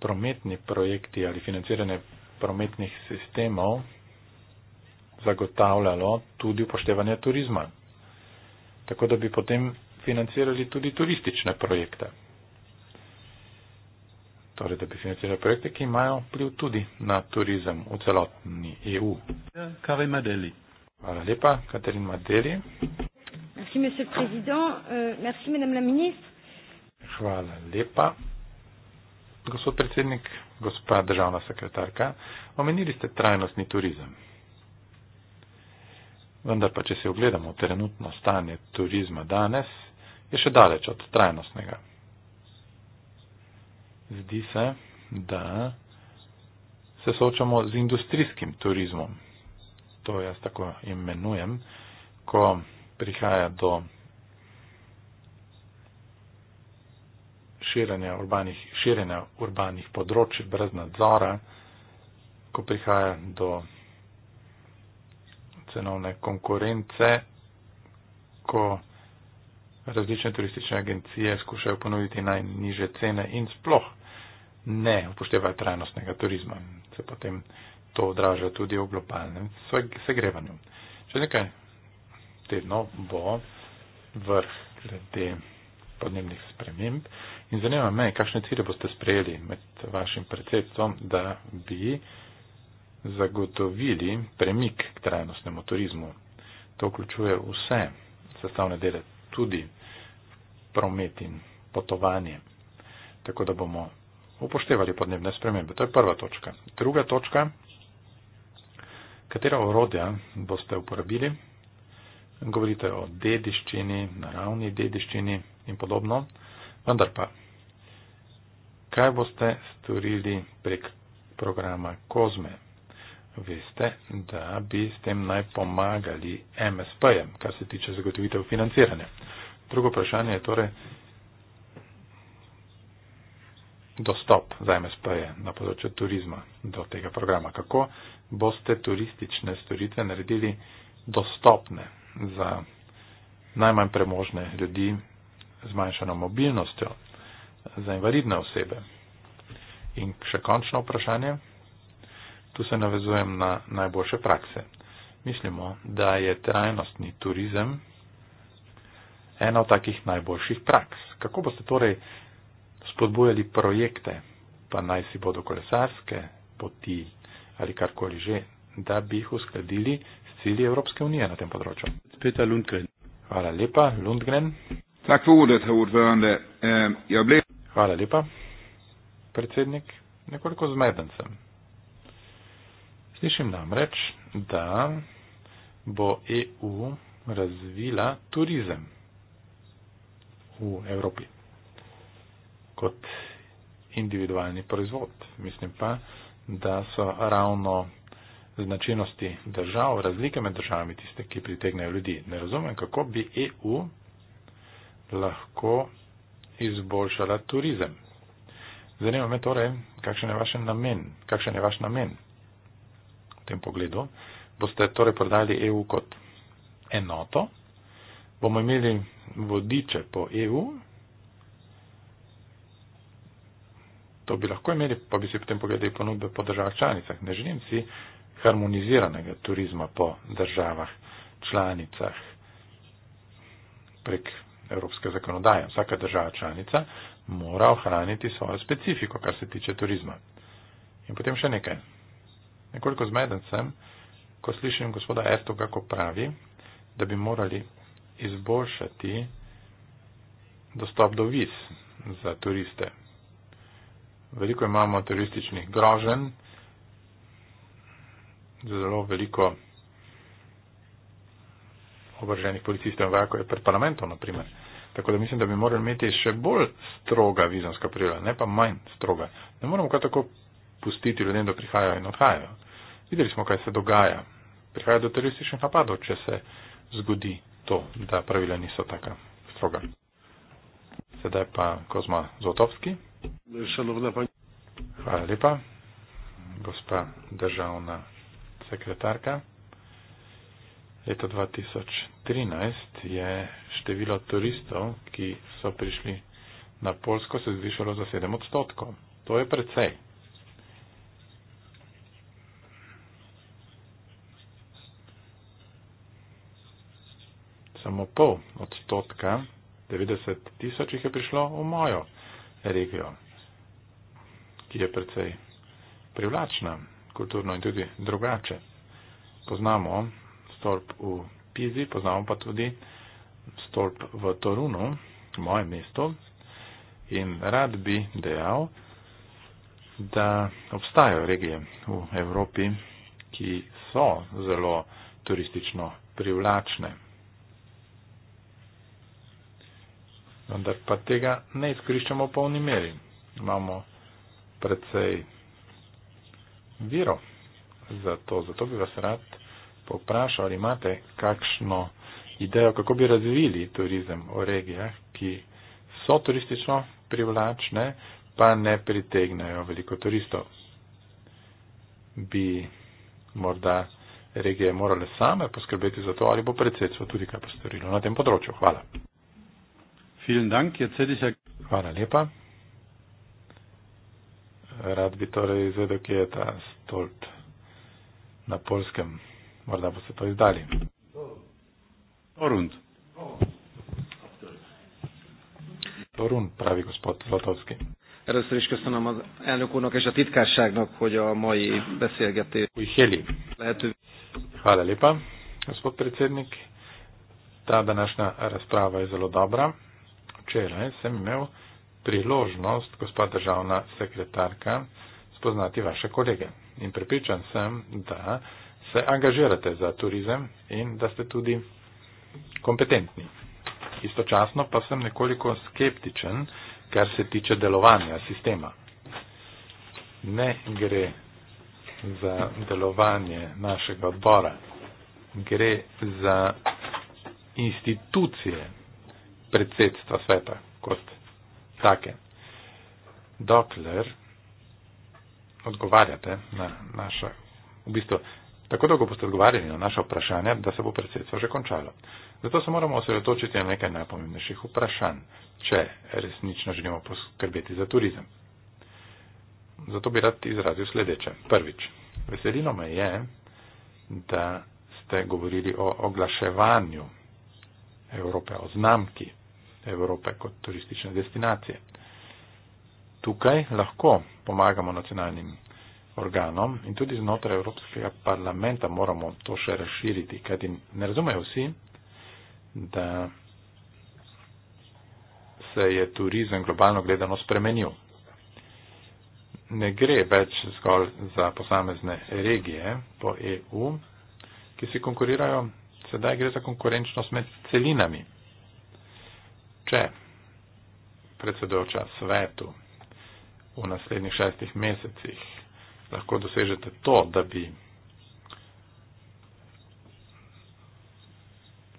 prometni projekti ali financiranje prometnih sistemov zagotavljalo tudi upoštevanje turizma. Tako da bi potem financirali tudi turistične projekte torej da bi financirali projekte, ki imajo vpliv tudi na turizem v celotni EU. Karim Adeli. Hvala lepa, Katerin Madeli. Merci, monsieur le président. Uh, merci, madame la ministre. Hvala lepa. Gospod predsednik, gospa državna sekretarka, omenili ste trajnostni turizem. Vendar pa, če se ogledamo trenutno stanje turizma danes, je še daleč od trajnostnega. Zdi se, da se soočamo z industrijskim turizmom. To jaz tako imenujem, ko prihaja do širjenja urbanih, širjenja urbanih področji brez nadzora, ko prihaja do cenovne konkurence, ko različne turistične agencije skušajo ponuditi najniže cene in sploh ne upoštevajo trajnostnega turizma. Se potem to odraža tudi v globalnem segrevanju. Še nekaj tedno bo vrh glede podnebnih sprememb in zanima me, kakšne cilje boste sprejeli med vašim predsedstvom, da bi zagotovili premik k trajnostnemu turizmu. To vključuje vse sestavne dele, tudi promet in potovanje. Tako da bomo upoštevali podnebne spremembe. To je prva točka. Druga točka, katera orodja boste uporabili, govorite o dediščini, naravni dediščini in podobno, vendar pa, kaj boste storili prek programa Kozme? Veste, da bi s tem naj pomagali MSP-jem, kar se tiče zagotovitev financiranja. Drugo vprašanje je torej, dostop za MSP-je na področju turizma do tega programa. Kako boste turistične storitve naredili dostopne za najmanj premožne ljudi z manjšano mobilnostjo, za invalidne osebe? In še končno vprašanje. Tu se navezujem na najboljše prakse. Mislimo, da je trajnostni turizem ena od takih najboljših praks. Kako boste torej spodbujali projekte, pa naj si bodo kolesarske poti ali karkoli že, da bi jih uskladili s cilji Evropske unije na tem področju. Peter Lundgren. Hvala lepa, Lundgren. Tak for ordet, herr ordförande. Eh, jag blev... Hvala lepa, predsednik. Nekoliko zmeden sem. Slišim namreč, da bo EU razvila turizem v Evropi kot individualni proizvod. Mislim pa, da so ravno značilnosti držav, razlike med državami tiste, ki pritegnajo ljudi. Ne razumem, kako bi EU lahko izboljšala turizem. Zanima me torej, kakšen je vaš namen, kakšen je vaš namen v tem pogledu. Boste torej prodali EU kot enoto, bomo imeli vodiče po EU, to bi lahko imeli, pa bi si potem pogledali ponudbe po državah članicah. Ne želim si harmoniziranega turizma po državah članicah prek evropske zakonodaje. Vsaka država članica mora ohraniti svojo specifiko, kar se tiče turizma. In potem še nekaj. Nekoliko zmeden sem, ko slišim gospoda Erto, kako pravi, da bi morali izboljšati dostop do viz za turiste veliko imamo terorističnih grožen, zelo veliko obrženih policistov in vojakov je pred parlamentom, naprimer. Tako da mislim, da bi morali imeti še bolj stroga vizonska pravila, ne pa manj stroga. Ne moramo kar tako pustiti ljudem, da prihajajo in odhajajo. Videli smo, kaj se dogaja. Prihaja do terorističnih napadov, če se zgodi to, da pravila niso taka stroga. Sedaj pa Kozma Zotovski. Hvala lepa. Gospa državna sekretarka, leto 2013 je število turistov, ki so prišli na Polsko, se zvišalo za 7 odstotkov. To je precej. Samo pol odstotka, 90 tisoč jih je prišlo v mojo regijo, ki je precej privlačna kulturno in tudi drugače. Poznamo stolp v Pizi, poznamo pa tudi stolp v Torunu, moje mesto, in rad bi dejal, da obstajajo regije v Evropi, ki so zelo turistično privlačne. vendar pa tega ne izkoriščamo v polni meri. Imamo predvsej viro za to, zato bi vas rad poprašal, ali imate kakšno idejo, kako bi razvili turizem v regijah, ki so turistično privlačne, pa ne pritegnajo veliko turistov. Bi morda regije morale same poskrbeti za to, ali bo predsedstvo tudi kaj postorilo na tem področju. Hvala. Vielen Dank. Jetzt hätte ich ja Hvala lepa. Rad bi torej izvedel, kje je ta stolp na polskem. Morda bo se to izdali. Torund. Torund, pravi gospod Lotovski. Először is köszönöm az elnök úrnak és a titkárságnak, hogy a mai beszélgetés lehetővé. Hvala lepa, gospod predsednik. Ta današnja razprava je zelo dobra včeraj sem imel priložnost, gospod državna sekretarka, spoznati vaše kolege. In prepričan sem, da se angažirate za turizem in da ste tudi kompetentni. Istočasno pa sem nekoliko skeptičen, kar se tiče delovanja sistema. Ne gre za delovanje našega odbora, gre za institucije, predsedstva sveta kot take. Dokler odgovarjate na naša, v bistvu, tako dolgo boste odgovarjali na naša vprašanja, da se bo predsedstvo že končalo. Zato se moramo osredotočiti na nekaj najpomembnejših vprašanj, če resnično želimo poskrbeti za turizem. Zato bi rad izrazil sledeče. Prvič, veselino me je, da ste govorili o oglaševanju Evrope, o znamki Evrope kot turistične destinacije. Tukaj lahko pomagamo nacionalnim organom in tudi znotraj Evropskega parlamenta moramo to še razširiti, kajti ne razumejo vsi, da se je turizem globalno gledano spremenil. Ne gre več zgolj za posamezne regije po EU, ki si konkurirajo, sedaj gre za konkurenčnost med celinami. Če predsedujoča svetu v naslednjih šestih mesecih lahko dosežete to, da bi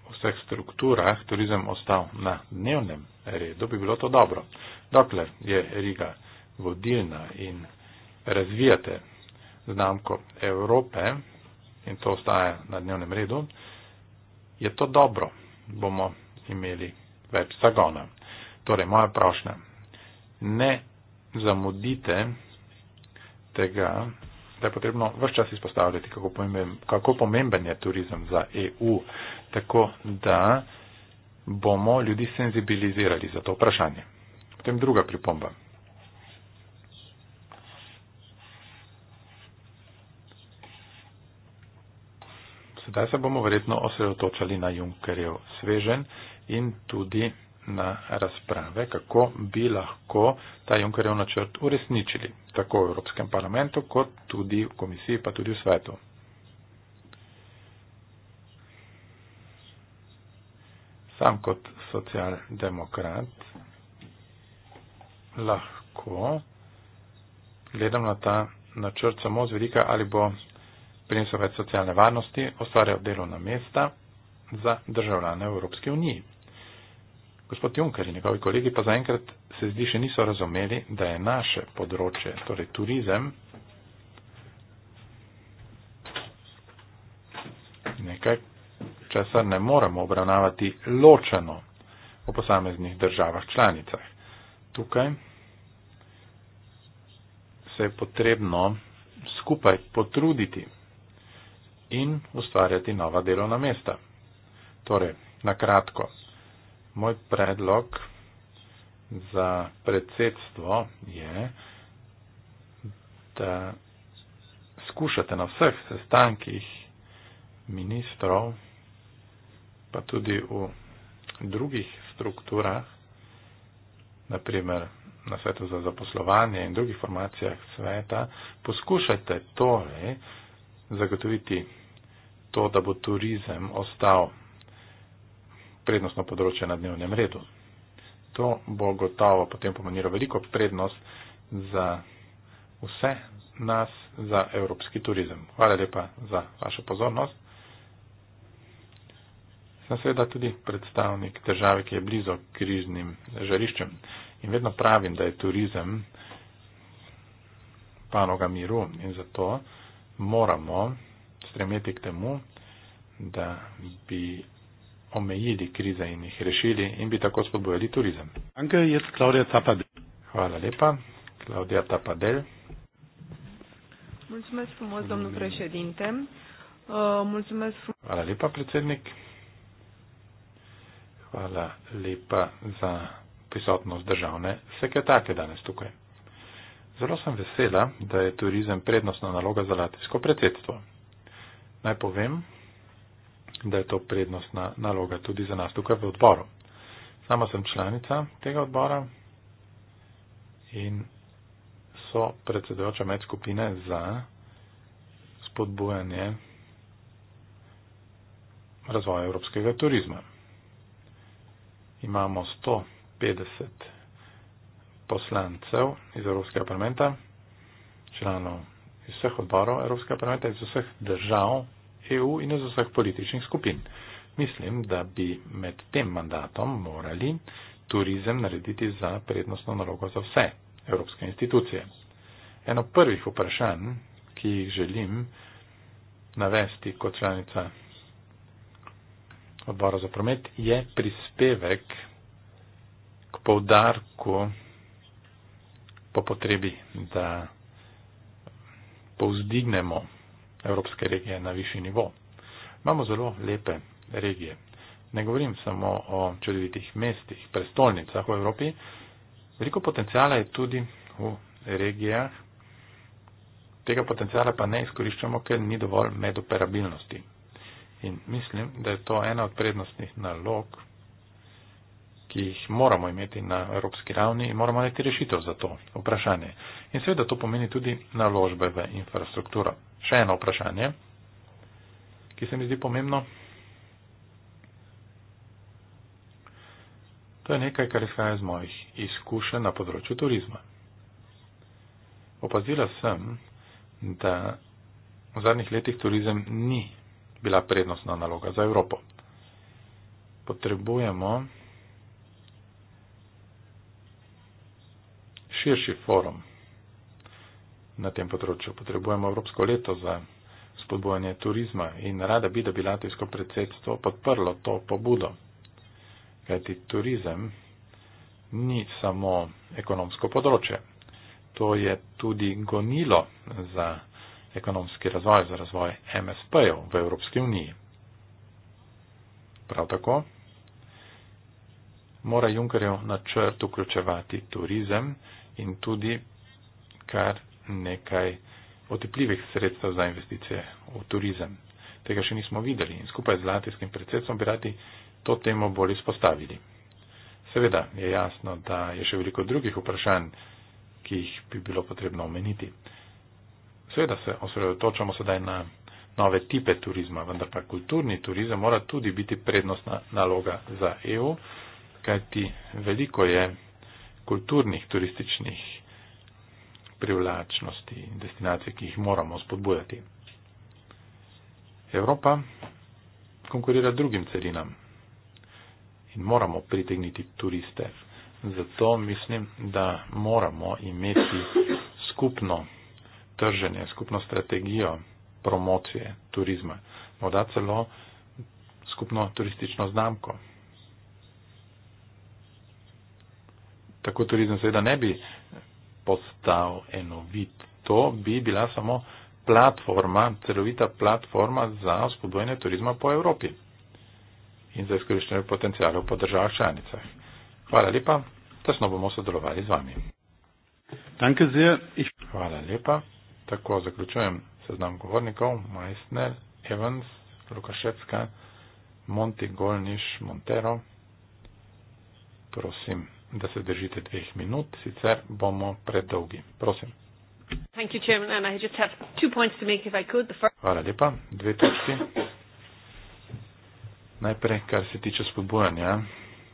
v vseh strukturah turizem ostal na dnevnem redu, bi bilo to dobro. Dokler je Riga vodilna in razvijate znamko Evrope in to ostaja na dnevnem redu, je to dobro. Bomo imeli več zagona. Torej, moja prošnja. Ne zamudite tega, da je potrebno vse čas izpostavljati, kako pomemben, kako pomemben je turizem za EU, tako da bomo ljudi senzibilizirali za to vprašanje. Potem druga pripomba. Sedaj se bomo verjetno osredotočali na Junkerjev svežen in tudi na razprave, kako bi lahko ta Junkerjev načrt uresničili, tako v Evropskem parlamentu, kot tudi v komisiji, pa tudi v svetu. Sam kot socialdemokrat lahko gledam na ta načrt samo z vidika, ali bo prinesel več socialne varnosti, ustvarjal delovna mesta za državljane v Evropski uniji. Gospod Juncker in njegovi kolegi pa zaenkrat se zdi še niso razumeli, da je naše področje, torej turizem, nekaj, česar ne moremo obravnavati ločeno v posameznih državah članicah. Tukaj se je potrebno skupaj potruditi in ustvarjati nova delovna mesta. Torej, na kratko, Moj predlog za predsedstvo je, da skušate na vseh sestankih ministrov, pa tudi v drugih strukturah, naprimer na svetu za zaposlovanje in drugih formacijah sveta, poskušajte torej zagotoviti to, da bo turizem ostal prednostno področje na dnevnem redu. To bo gotovo potem pomenilo veliko prednost za vse nas, za evropski turizem. Hvala lepa za vašo pozornost. Sem seveda tudi predstavnik države, ki je blizu križnim žariščem in vedno pravim, da je turizem panoga miru in zato moramo stremeti k temu, da bi omejili krize in jih rešili in bi tako spodbojali turizem. Anke, jaz Klaudija Tapadel. Hvala lepa. Klaudija Tapadel. Mulțumesc frumos, domnul mm. președinte. Uh, mulțumesc frumos. Hvala lepa, predsednik. Hvala lepa za prisotnost državne sekretarke danes tukaj. Zelo sem vesela, da je turizem prednostna naloga za latvijsko predsedstvo. Naj povem, mislim, da je to prednostna naloga tudi za nas tukaj v odboru. Sama sem članica tega odbora in so predsedujoča med skupine za spodbujanje razvoja evropskega turizma. Imamo 150 poslancev iz Evropskega parlamenta, članov iz vseh odborov Evropskega parlamenta, iz vseh držav EU in iz vseh političnih skupin. Mislim, da bi med tem mandatom morali turizem narediti za prednostno nalogo za vse evropske institucije. Eno prvih vprašanj, ki jih želim navesti kot članica odbora za promet, je prispevek k povdarku po potrebi, da povzdignemo evropske regije na višji nivo. Imamo zelo lepe regije. Ne govorim samo o čudovitih mestih, prestolnicah v Evropi. Veliko potencijala je tudi v regijah. Tega potencijala pa ne izkoriščamo, ker ni dovolj medoperabilnosti. In mislim, da je to ena od prednostnih nalog ki jih moramo imeti na evropski ravni in moramo najti rešitev za to vprašanje. In seveda to pomeni tudi naložbe v infrastrukturo. Še eno vprašanje, ki se mi zdi pomembno. To je nekaj, kar izhaja iz mojih izkušenj na področju turizma. Opazila sem, da v zadnjih letih turizem ni bila prednostna naloga za Evropo. Potrebujemo širši forum na tem področju. Potrebujemo Evropsko leto za spodbojanje turizma in rada bi, da bi latvijsko predsedstvo podprlo to pobudo. Kajti turizem ni samo ekonomsko področje. To je tudi gonilo za ekonomski razvoj, za razvoj MSP-jev v Evropski uniji. Prav tako mora Junkerjev načrt vključevati turizem in tudi kar nekaj otepljivih sredstev za investicije v turizem. Tega še nismo videli in skupaj z latijskim predsedstvom bi radi to temo bolj izpostavili. Seveda je jasno, da je še veliko drugih vprašanj, ki jih bi bilo potrebno omeniti. Seveda se osredotočamo sedaj na nove tipe turizma, vendar pa kulturni turizem mora tudi biti prednostna naloga za EU, kajti veliko je kulturnih, turističnih privlačnosti in destinacij, ki jih moramo spodbujati. Evropa konkurira drugim carinam in moramo pritegniti turiste. Zato mislim, da moramo imeti skupno trženje, skupno strategijo promocije turizma, morda celo skupno turistično znamko. tako turizem seveda ne bi postal enovit. To bi bila samo platforma, celovita platforma za spodbojanje turizma po Evropi in za izkoriščanje potencijalov po državah članicah. Hvala lepa, tesno bomo sodelovali z vami. Hvala lepa. Tako zaključujem seznam govornikov Meissner, Evans, Lukaševska, Monti, Golniš, Montero. Prosim da se držite dveh minut, sicer bomo predolgi. Prosim. Hvala lepa. Dve točki. Najprej, kar se tiče spodbujanja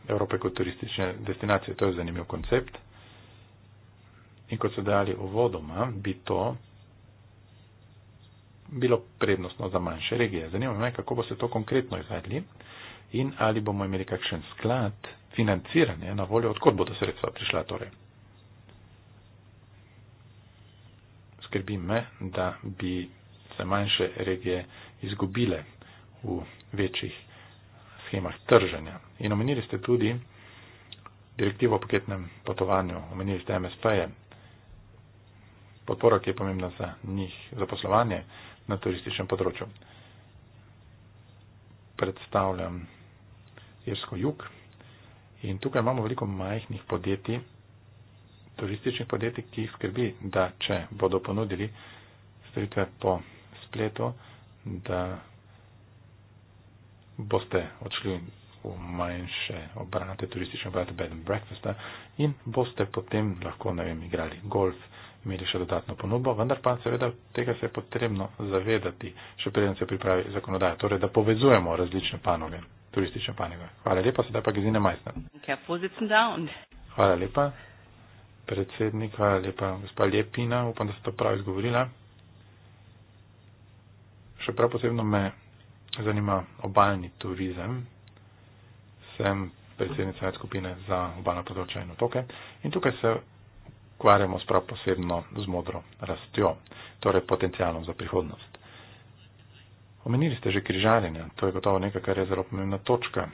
Evrope kot turistične destinacije, to je zanimiv koncept. In kot so dejali uvodoma, bi to bilo prednostno za manjše regije. Zanima me, kako bo se to konkretno izvedli in ali bomo imeli kakšen sklad financiranje na voljo, odkot bodo sredstva prišla torej. Skrbi me, da bi se manjše regije izgubile v večjih schemah trženja. In omenili ste tudi direktivo o paketnem potovanju, omenili ste MSP-je, podpora, ki je pomembna za njih, za poslovanje na turističnem področju. Predstavljam irsko jug, In tukaj imamo veliko majhnih podjetij, turističnih podjetij, ki jih skrbi, da če bodo ponudili storitve po spletu, da boste odšli v manjše obrate, turistične obrate, bed and breakfast in boste potem lahko, ne vem, igrali golf, imeli še dodatno ponudbo, vendar pa seveda tega se je potrebno zavedati, še preden se pripravi zakonodaja, torej da povezujemo različne panoge turistične panoge. Hvala lepa, sedaj pa Gizine Majsner. Hvala lepa, predsednik, hvala lepa, gospa Lepina, upam, da ste to prav izgovorila. Še prav posebno me zanima obaljni turizem. Sem predsednica skupine za obaljno področje in otoke in tukaj se ukvarjamo s prav posebno z modro rastjo, torej potencijalom za prihodnost. Omenili ste že križarjenje, to je gotovo nekaj, kar je zelo pomembna točka.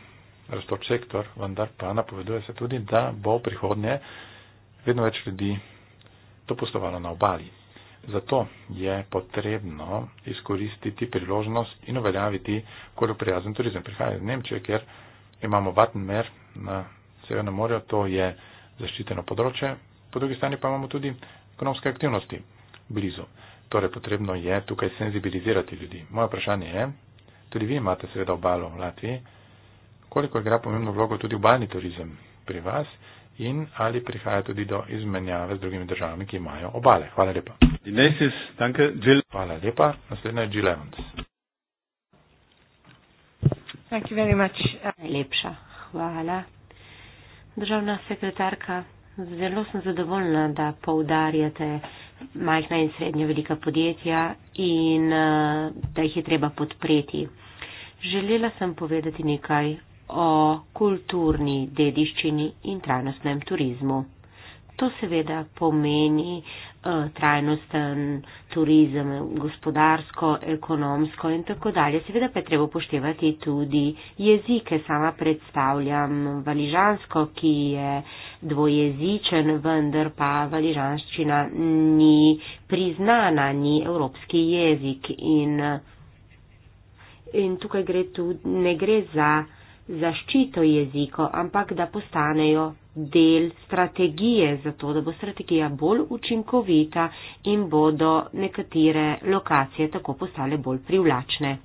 Rastoč sektor, vendar pa napoveduje se tudi, da bo v prihodnje vedno več ljudi to poslovalo na obali. Zato je potrebno izkoristiti priložnost in uveljaviti koloprijazen turizem. Prihaja iz Nemčije, ker imamo Vatnmer na Severnem morju, to je zaščiteno področje, po drugi strani pa imamo tudi ekonomske aktivnosti blizu. Torej, potrebno je tukaj senzibilizirati ljudi. Moje vprašanje je, tudi vi imate seveda obalo v Latviji, koliko igra pomembno vlogo tudi obalni turizem pri vas in ali prihaja tudi do izmenjave z drugimi državami, ki imajo obale. Hvala lepa. Hvala lepa. Naslednja je Jill Evans. Najlepša hvala. Državna sekretarka, zelo sem zadovoljna, da poudarjate majhna in srednja velika podjetja in eh, da jih je treba podpreti. Želela sem povedati nekaj o kulturni dediščini in trajnostnem turizmu. To seveda pomeni uh, Eh, trajnosten turizem, gospodarsko, ekonomsko in tako dalje. Seveda pa je treba upoštevati tudi jezike. Sama predstavljam valižansko, ki je dvojezičen, vendar pa valižanščina ni priznana, ni evropski jezik in, in tukaj gre tudi, ne gre za zaščito jezikov, ampak da postanejo del strategije, zato da bo strategija bolj učinkovita in bodo nekatere lokacije tako postale bolj privlačne.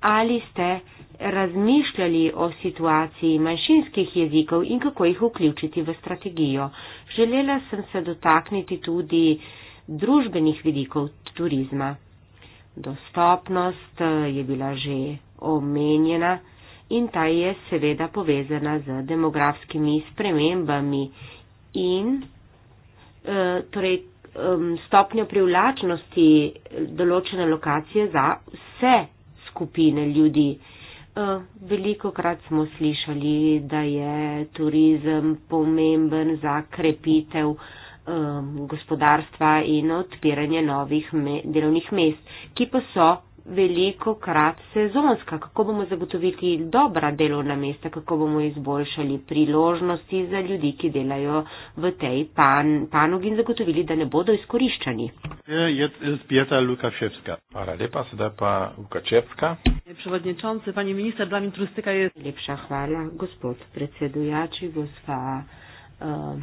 Ali ste razmišljali o situaciji manjšinskih jezikov in kako jih vključiti v strategijo? Želela sem se dotakniti tudi družbenih vidikov turizma. Dostopnost eh, je bila že omenjena in ta je seveda povezana z demografskimi spremembami in eh, torej, stopnjo privlačnosti določene lokacije za vse skupine ljudi. Eh, Veliko krat smo slišali, da je turizem pomemben za krepitev gospodarstva in odpiranje novih delovnih mest, ki pa so veliko krat sezonska, kako bomo zagotoviti dobra delovna mesta, kako bomo izboljšali priložnosti za ljudi, ki delajo v tej pan, panogi in zagotovili, da ne bodo izkoriščani. Lepša hvala, gospod predsedujači, gospa. Eh,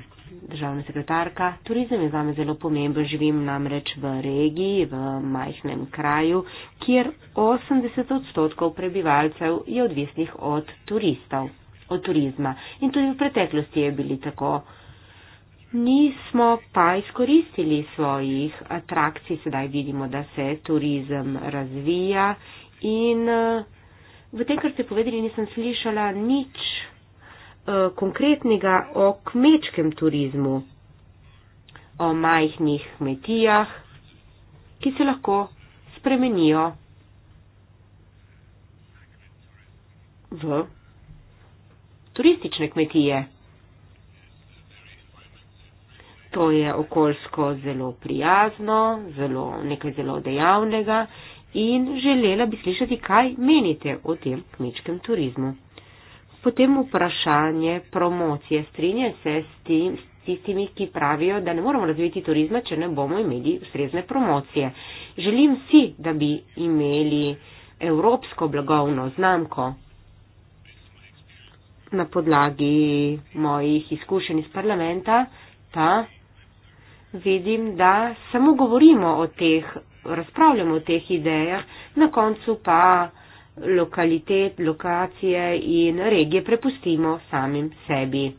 državna sekretarka. Turizem je zame zelo pomemben, živim namreč v regiji, v majhnem kraju, kjer 80 odstotkov prebivalcev je odvisnih od turistov, od turizma. In tudi v preteklosti je bili tako. Nismo pa izkoristili svojih atrakcij, sedaj vidimo, da se turizem razvija in eh, v tem, kar ste povedali, nisem slišala nič Eh, konkretnega o kmečkem turizmu, o majhnih kmetijah, ki se lahko spremenijo v turistične kmetije. To je okoljsko zelo prijazno, zelo, nekaj zelo dejavnega in želela bi slišati, kaj menite o tem kmečkem turizmu. Potem vprašanje promocije. Strinje se s tim, s tistimi, ki pravijo, da ne moramo razviti turizma, če ne bomo imeli ustrezne promocije. Želim si, da bi imeli evropsko blagovno znamko. Na podlagi mojih izkušenj iz parlamenta pa vidim, da samo govorimo o teh, razpravljamo o teh idejah, na koncu pa lokalitet, lokacije in regije prepustimo samim sebi.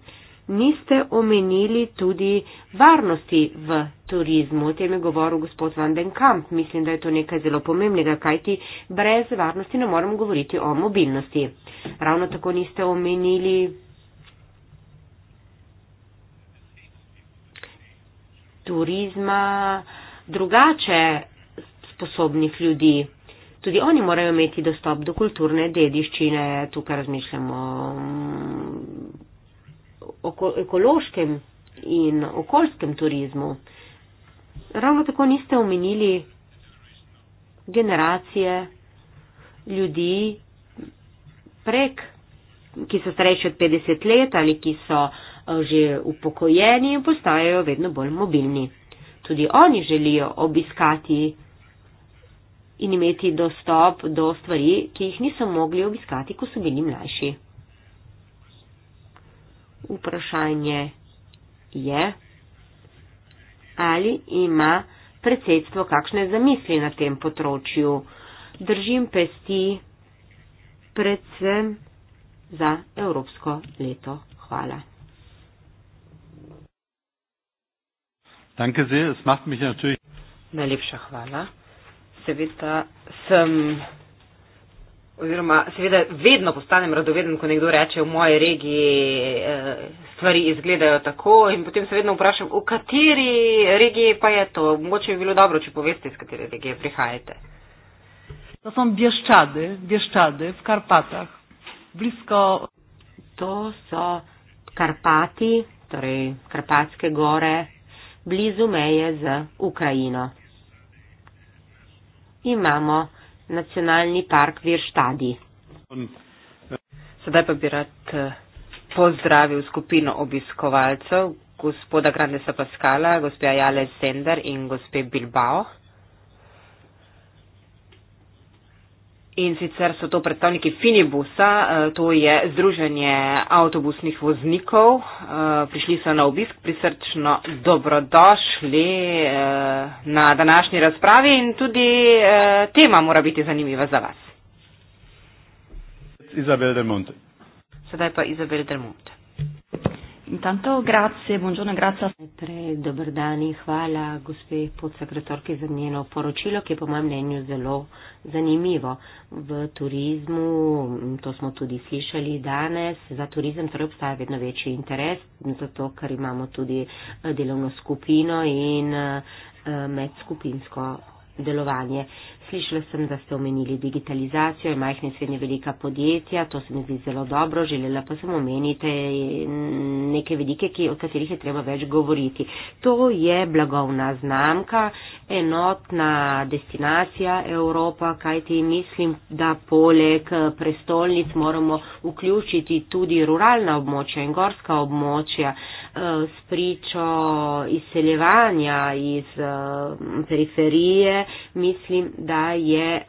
Niste omenili tudi varnosti v turizmu, o tem je govoril gospod Van den Kamp. Mislim, da je to nekaj zelo pomembnega, kajti brez varnosti ne moremo govoriti o mobilnosti. Ravno tako niste omenili. turizma drugače sposobnih ljudi tudi oni morajo imeti dostop do kulturne dediščine, tukaj razmišljamo mm, o ekološkem in okoljskem turizmu. Ravno tako niste omenili generacije ljudi prek, ki so starejši od 50 let ali ki so eh, že upokojeni in postajajo vedno bolj mobilni. Tudi oni želijo obiskati in imeti dostop do stvari, ki jih niso mogli obiskati, ko so bili mlajši. Vprašanje je, ali ima predsedstvo kakšne zamisli na tem področju. Držim pesti predvsem za Evropsko leto. Hvala. Najlepša hvala seveda sem, oziroma seveda vedno postanem radoveden, ko nekdo reče v moji regiji eh, stvari izgledajo tako in potem se vedno vprašam, v kateri regiji pa je to. Mogoče bi bilo dobro, če poveste, iz katere regije prihajate. To so bješčade, bješčade v Karpatah, blisko. To so Karpati, torej Karpatske gore, blizu meje z Ukrajino imamo nacionalni park Virštadi. Sedaj pa bi rad eh, pozdravil skupino obiskovalcev, gospoda Grandesa Paskala, gospoda Jale Sender in gospe Bilbao. In sicer so to predstavniki Finibusa, eh, to je Združenje avtobusnih voznikov. Eh, prišli so na obisk, prisrčno dobrodošli eh, na današnji razpravi in tudi tema mora biti zanimiva za vas. Sedaj pa Izabel Dermonte. Intanto grazie, buongiorno e grazie a tre dobrodani, hvala gospe podsekretarki za njeno poročilo, ki je po mojem mnenju zelo zanimivo. V turizmu, to smo tudi slišali danes, za turizem torej obstaja vedno večji interes, zato ker imamo tudi eh, delovno skupino in eh, eh, medskupinsko delovanje. Slišala sem, da ste omenili digitalizacijo in majhne in srednje velika podjetja, to se mi zdi zelo dobro, želela pa sem omeniti neke vidike, o katerih je treba več govoriti. To je blagovna znamka, enotna destinacija Evropa, kajti mislim, da poleg prestolnic moramo vključiti tudi ruralna območja in gorska območja. Eh, spričo izseljevanja iz eh, periferije, mislim, da je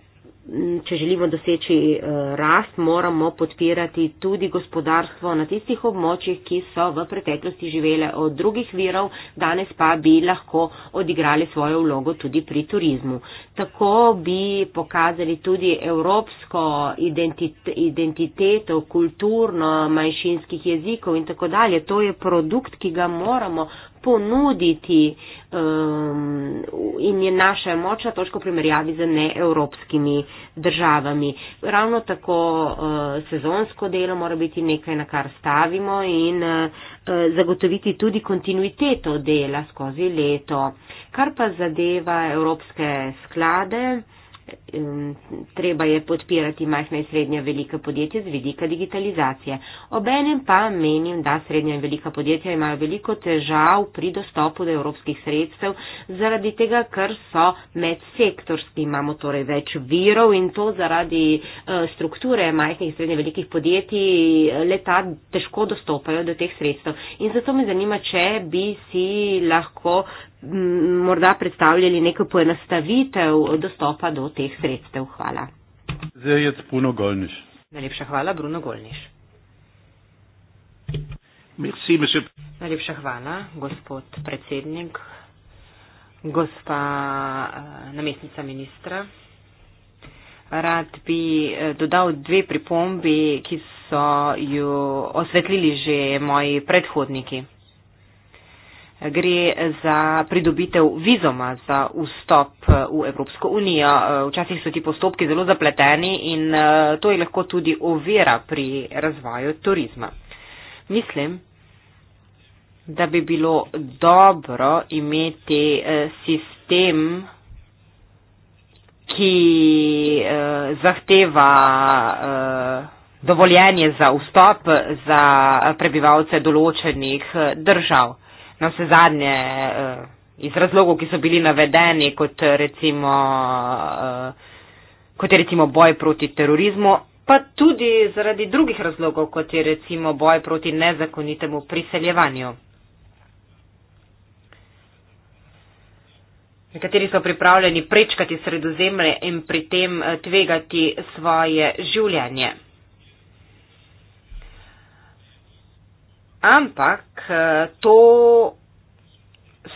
Mm, če želimo doseči eh, rast, moramo podpirati tudi gospodarstvo na tistih območjih, ki so v preteklosti živele od drugih virov, danes pa bi lahko odigrali svojo vlogo tudi pri turizmu. Tako bi pokazali tudi evropsko identite, identiteto, kulturno, manjšinskih jezikov in tako dalje. To je produkt, ki ga moramo ponuditi um, in je naša močna točka v primerjavi z neevropskimi državami. Ravno tako uh, sezonsko delo mora biti nekaj, na kar stavimo in uh, uh zagotoviti tudi kontinuiteto dela skozi leto. Kar pa zadeva evropske sklade, treba je podpirati majhna in srednja velika podjetja z vidika digitalizacije. Obenem pa menim, da srednja in velika podjetja imajo veliko težav pri dostopu do evropskih sredstev zaradi tega, ker so medsektorski, imamo torej več virov in to zaradi e, strukture majhnih in srednja velikih podjetij e, leta težko dostopajo do teh sredstev. In zato me zanima, če bi si lahko morda predstavljali neko poenostavitev dostopa do teh sredstev. Hvala. Zajec Puno Golniš. Najlepša hvala, Bruno Golniš. Merci, Najlepša hvala, gospod predsednik, gospa eh, namestnica ministra. Rad bi eh, dodal dve pripombi, ki so ju osvetlili že moji predhodniki gre za pridobitev vizoma za vstop eh, v Evropsko unijo. Eh, včasih so ti postopki zelo zapleteni in eh, to je lahko tudi ovira pri razvoju turizma. Mislim, da bi bilo dobro imeti sistem, ki zahteva dovoljenje za vstop za prebivalce določenih držav na no, vse zadnje eh, iz razlogov, ki so bili navedeni, kot, recimo, eh, kot je recimo boj proti terorizmu, pa tudi zaradi drugih razlogov, kot je recimo boj proti nezakonitemu priseljevanju. Nekateri so pripravljeni prečkati sredozemlje in pri tem eh, tvegati svoje življenje. Ampak eh, to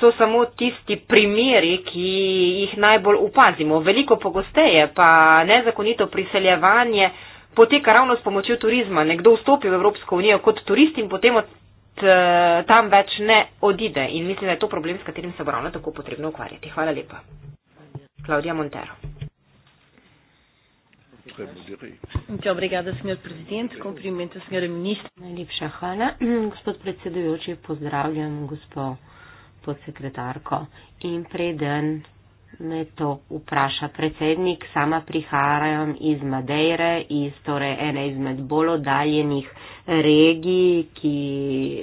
so samo tisti primeri, ki jih najbolj upazimo. Veliko pogosteje pa nezakonito priseljevanje poteka ravno s pomočjo turizma. Nekdo vstopi v Evropsko unijo kot turist in potem od eh, tam več ne odide. In mislim, da je to problem, s katerim se bo ravno tako potrebno ukvarjati. Hvala lepa. Klaudija Montero. Muito obrigada, Sr. Presidente. Cumprimento a Sra. Ministra. Gospod predsedujoči, pozdravljam gospo podsekretarko. In preden me to vpraša predsednik, sama prihajam iz Madeire, iz torej ene izmed bolj oddaljenih regij, ki,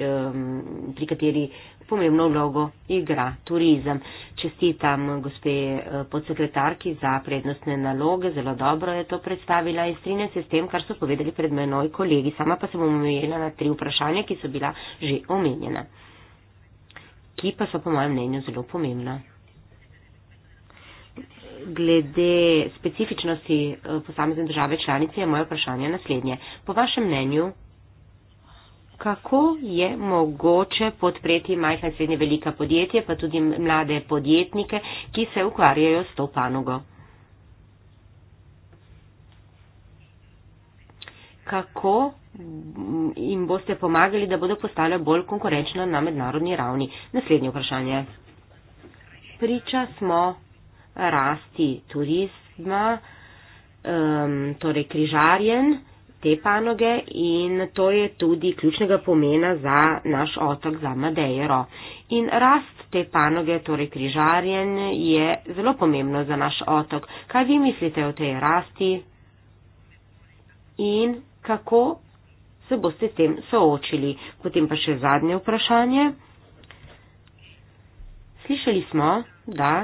um, pri kateri pomembno vlogo igra turizem čestitam gospe eh, podsekretarki za prednostne naloge, zelo dobro je to predstavila in strinjam se s tem, kar so povedali pred menoj kolegi. Sama pa se bom omejila na tri vprašanja, ki so bila že omenjena, ki pa so po mojem mnenju zelo pomembna. Glede specifičnosti eh, posamezne države članice je moje vprašanje naslednje. Po vašem mnenju, kako je mogoče podpreti majhne srednje velika podjetje, pa tudi mlade podjetnike, ki se ukvarjajo s to panogo. Kako jim boste pomagali, da bodo postale bolj konkurenčne na mednarodni ravni? Naslednje vprašanje. Priča smo rasti turizma, um, torej križarjen te panoge in to je tudi ključnega pomena za naš otok, za Madejero. In rast te panoge, torej križarjen, je zelo pomembno za naš otok. Kaj vi mislite o tej rasti in kako se boste s tem soočili? Potem pa še zadnje vprašanje. Slišali smo, da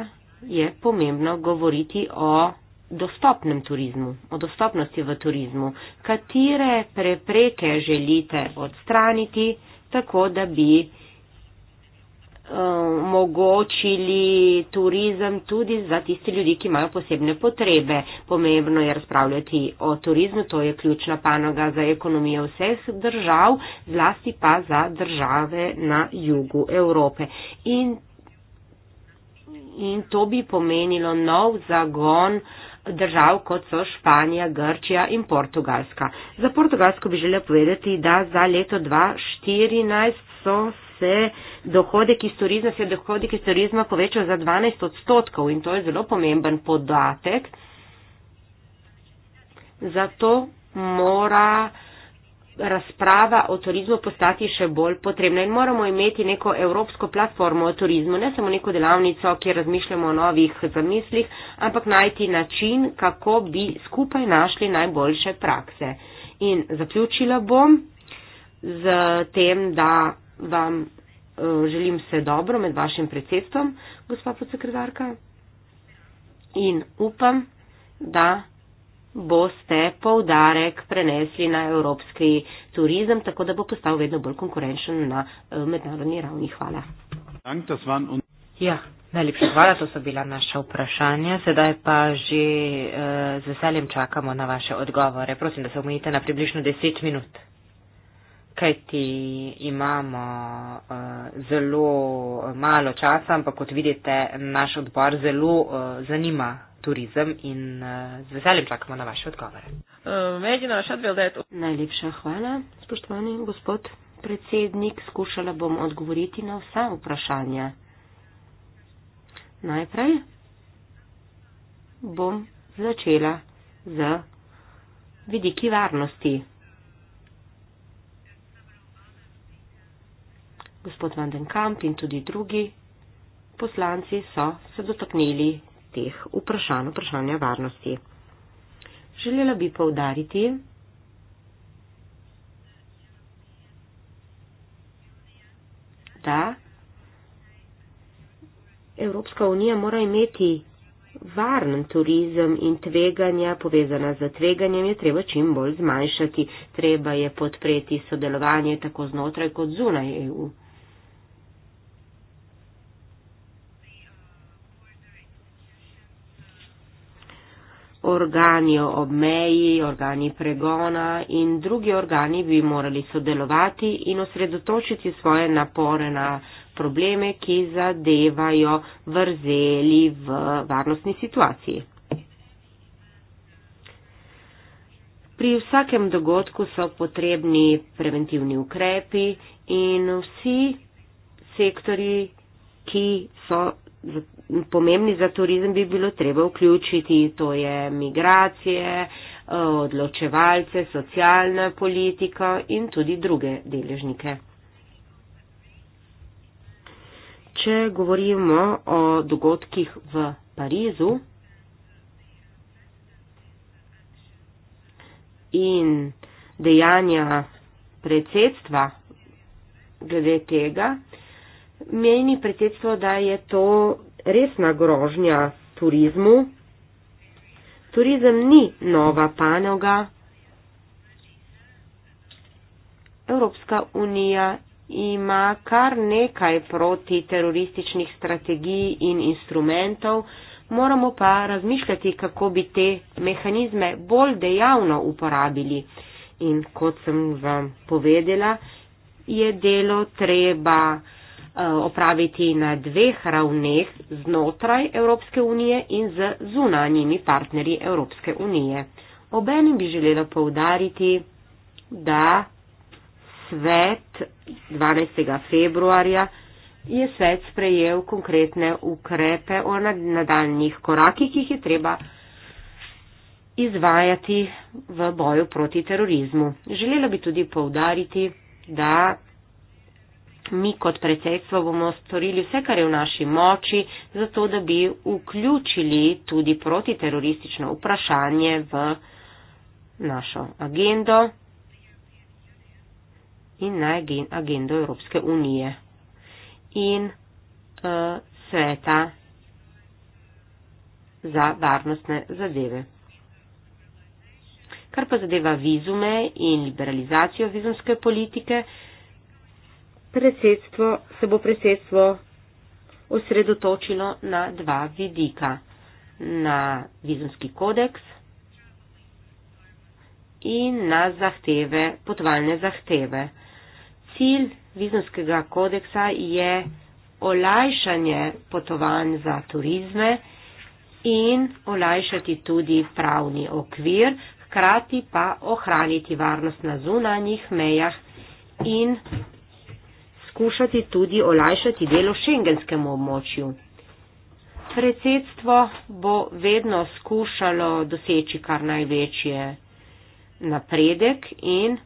je pomembno govoriti o dostopnem turizmu, o dostopnosti v turizmu, katere prepreke želite odstraniti, tako da bi eh, omogočili turizem tudi za tiste ljudi, ki imajo posebne potrebe. Pomembno je razpravljati o turizmu, to je ključna panoga za ekonomijo vseh držav, zlasti pa za države na jugu Evrope. In, in to bi pomenilo nov zagon uh, držav, kot so Španija, Grčija in Portugalska. Za Portugalsko bi želel povedati, da za leto 2014 so se dohodek iz turizma, se dohodek iz turizma povečal za 12 odstotkov in to je zelo pomemben podatek. Zato mora razprava o turizmu postati še bolj potrebna in moramo imeti neko evropsko platformo o turizmu, ne samo neko delavnico, kjer razmišljamo o novih zamislih, ampak najti način, kako bi skupaj našli najboljše prakse. In zaključila bom z tem, da vam eh, želim vse dobro med vašim predsedstvom, gospa podsekretarka, in upam, da boste povdarek prenesli na evropski turizem, tako da bo postal vedno bolj konkurenčen na eh, mednarodni ravni. Hvala. Ja, najlepša hvala, to so bila naša vprašanja. Sedaj pa že eh, z veseljem čakamo na vaše odgovore. Prosim, da se omejite na približno 10 minut, kajti imamo eh, zelo eh, malo časa, ampak kot vidite, naš odbor zelo eh, zanima turizem in eh, z veseljem čakamo na vaše odgovore. Eh, Medina, še dve leto. Najlepša hvala, spoštovani gospod predsednik. Skušala bom odgovoriti na vsa vprašanja. Najprej bom začela z vidiki varnosti. Gospod Vandenkamp in tudi drugi poslanci so se dotaknili teh vprašanj, vprašanja varnosti. Želela bi povdariti, da Evropska unija mora imeti varen turizem in tveganja povezana z tveganjem je treba čim bolj zmanjšati. Treba je podpreti sodelovanje tako znotraj kot zunaj EU. organi ob meji, organi pregona in drugi organi bi morali sodelovati in osredotočiti svoje napore na probleme, ki zadevajo vrzeli v varnostni situaciji. Pri vsakem dogodku so potrebni preventivni ukrepi in vsi sektori, ki so pomembni za turizem bi bilo treba vključiti, to je migracije, eh, odločevalce, socialna politika in tudi druge deležnike. Če govorimo o dogodkih v Parizu in dejanja predsedstva glede tega, meni predsedstvo, da je to resna grožnja turizmu. Turizem ni nova panoga. Evropska unija ima kar nekaj proti terorističnih strategij in instrumentov, moramo pa razmišljati, kako bi te mehanizme bolj dejavno uporabili. In kot sem vam povedala, je delo treba Eh, opraviti na dveh ravneh znotraj Evropske unije in z zunanjimi partnerji Evropske unije. Obenim bi želela povdariti, da svet 12. februarja je svet sprejel konkretne ukrepe o nadaljnih korakih, ki jih je treba izvajati v boju proti terorizmu. Želela bi tudi povdariti, da mi kot predsedstvo bomo storili vse, kar je v naši moči, zato da bi vključili tudi protiteroristično vprašanje v našo agendo in na agendo Evropske unije in uh, sveta za varnostne zadeve. Kar pa zadeva vizume in liberalizacijo vizumske politike, predsedstvo, se bo predsedstvo osredotočilo na dva vidika. Na vizumski kodeks in na zahteve, potvalne zahteve. Cilj vizumskega kodeksa je olajšanje potovanj za turizme in olajšati tudi pravni okvir, hkrati pa ohraniti varnost na zunanjih mejah in poskušati tudi olajšati delo šengenskemu območju. Predsedstvo bo vedno skušalo doseči kar največje napredek in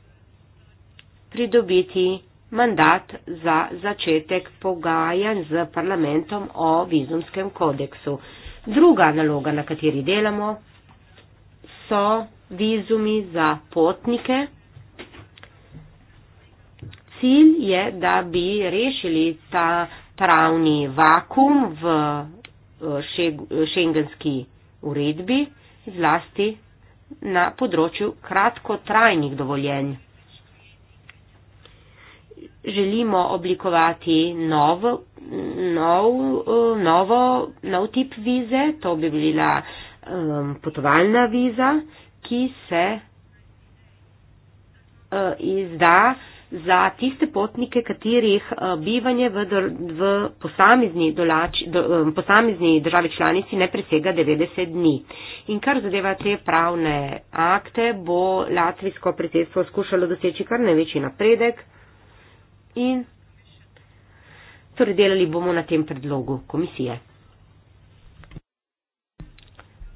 pridobiti mandat za začetek pogajanj z parlamentom o vizumskem kodeksu. Druga naloga, na kateri delamo, so vizumi za potnike cilj je, da bi rešili ta pravni vakum v eh, šengenski uredbi, zlasti na področju kratkotrajnih dovoljenj. Želimo oblikovati nov, nov, eh, novo, nov tip vize, to bi bila um, potovalna viza, ki se uh, izda za tiste potnike, katerih eh, bivanje v, v posamezni, dolač, do, eh, posamezni državi članici ne presega 90 dni. In kar zadeva te pravne akte, bo latvijsko predsedstvo skušalo doseči kar največji napredek in torej delali bomo na tem predlogu komisije.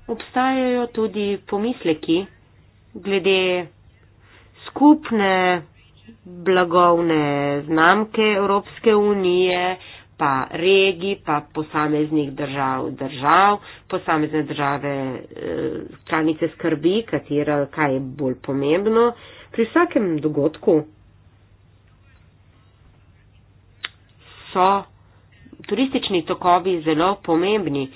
Obstajajo tudi pomisleki glede skupne blagovne znamke Evropske unije, pa regij, pa posameznih držav, držav, posamezne države, eh, članice skrbi, katera, kaj je bolj pomembno pri vsakem dogodku. So turistični tokovi zelo pomembni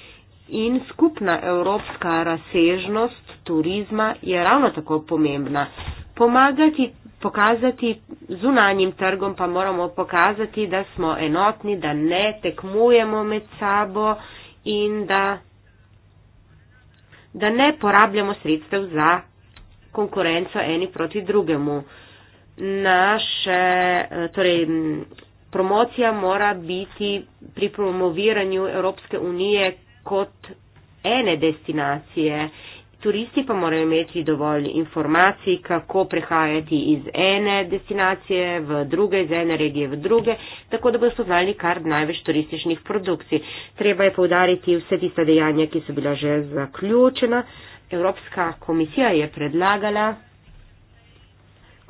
in skupna evropska razsežnost turizma je ravno tako pomembna. Pomagati pokazati zunanjim trgom, pa moramo pokazati, da smo enotni, da ne tekmujemo med sabo in da, da ne porabljamo sredstev za konkurenco eni proti drugemu. Naše, eh, torej, promocija mora biti pri promoviranju Evropske unije kot ene destinacije. Uh, Turisti pa morajo imeti dovolj informacij, kako prehajati iz ene destinacije v druge, iz ene regije v druge, tako da bodo spoznali kar največ turističnih produkcij. Treba je povdariti vse tiste dejanja, ki so bila že zaključena. Evropska komisija je predlagala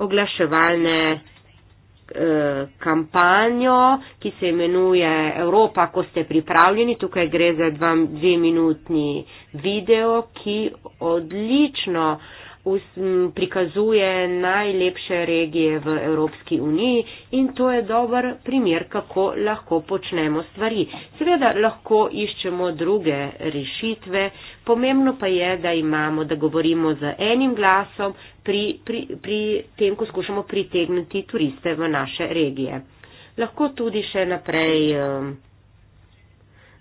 oglaševalne Eh, kampanjo, ki se imenuje Evropa, ko ste pripravljeni. Tukaj gre za dva, dve minutni video, ki odlično uh, prikazuje najlepše regije v Evropski uniji in to je dober primer, kako lahko počnemo stvari. Seveda lahko iščemo druge rešitve, pomembno pa je, da imamo, da govorimo z enim glasom pri, pri, pri tem, ko skušamo pritegniti turiste v naše regije. Lahko tudi še naprej. Um,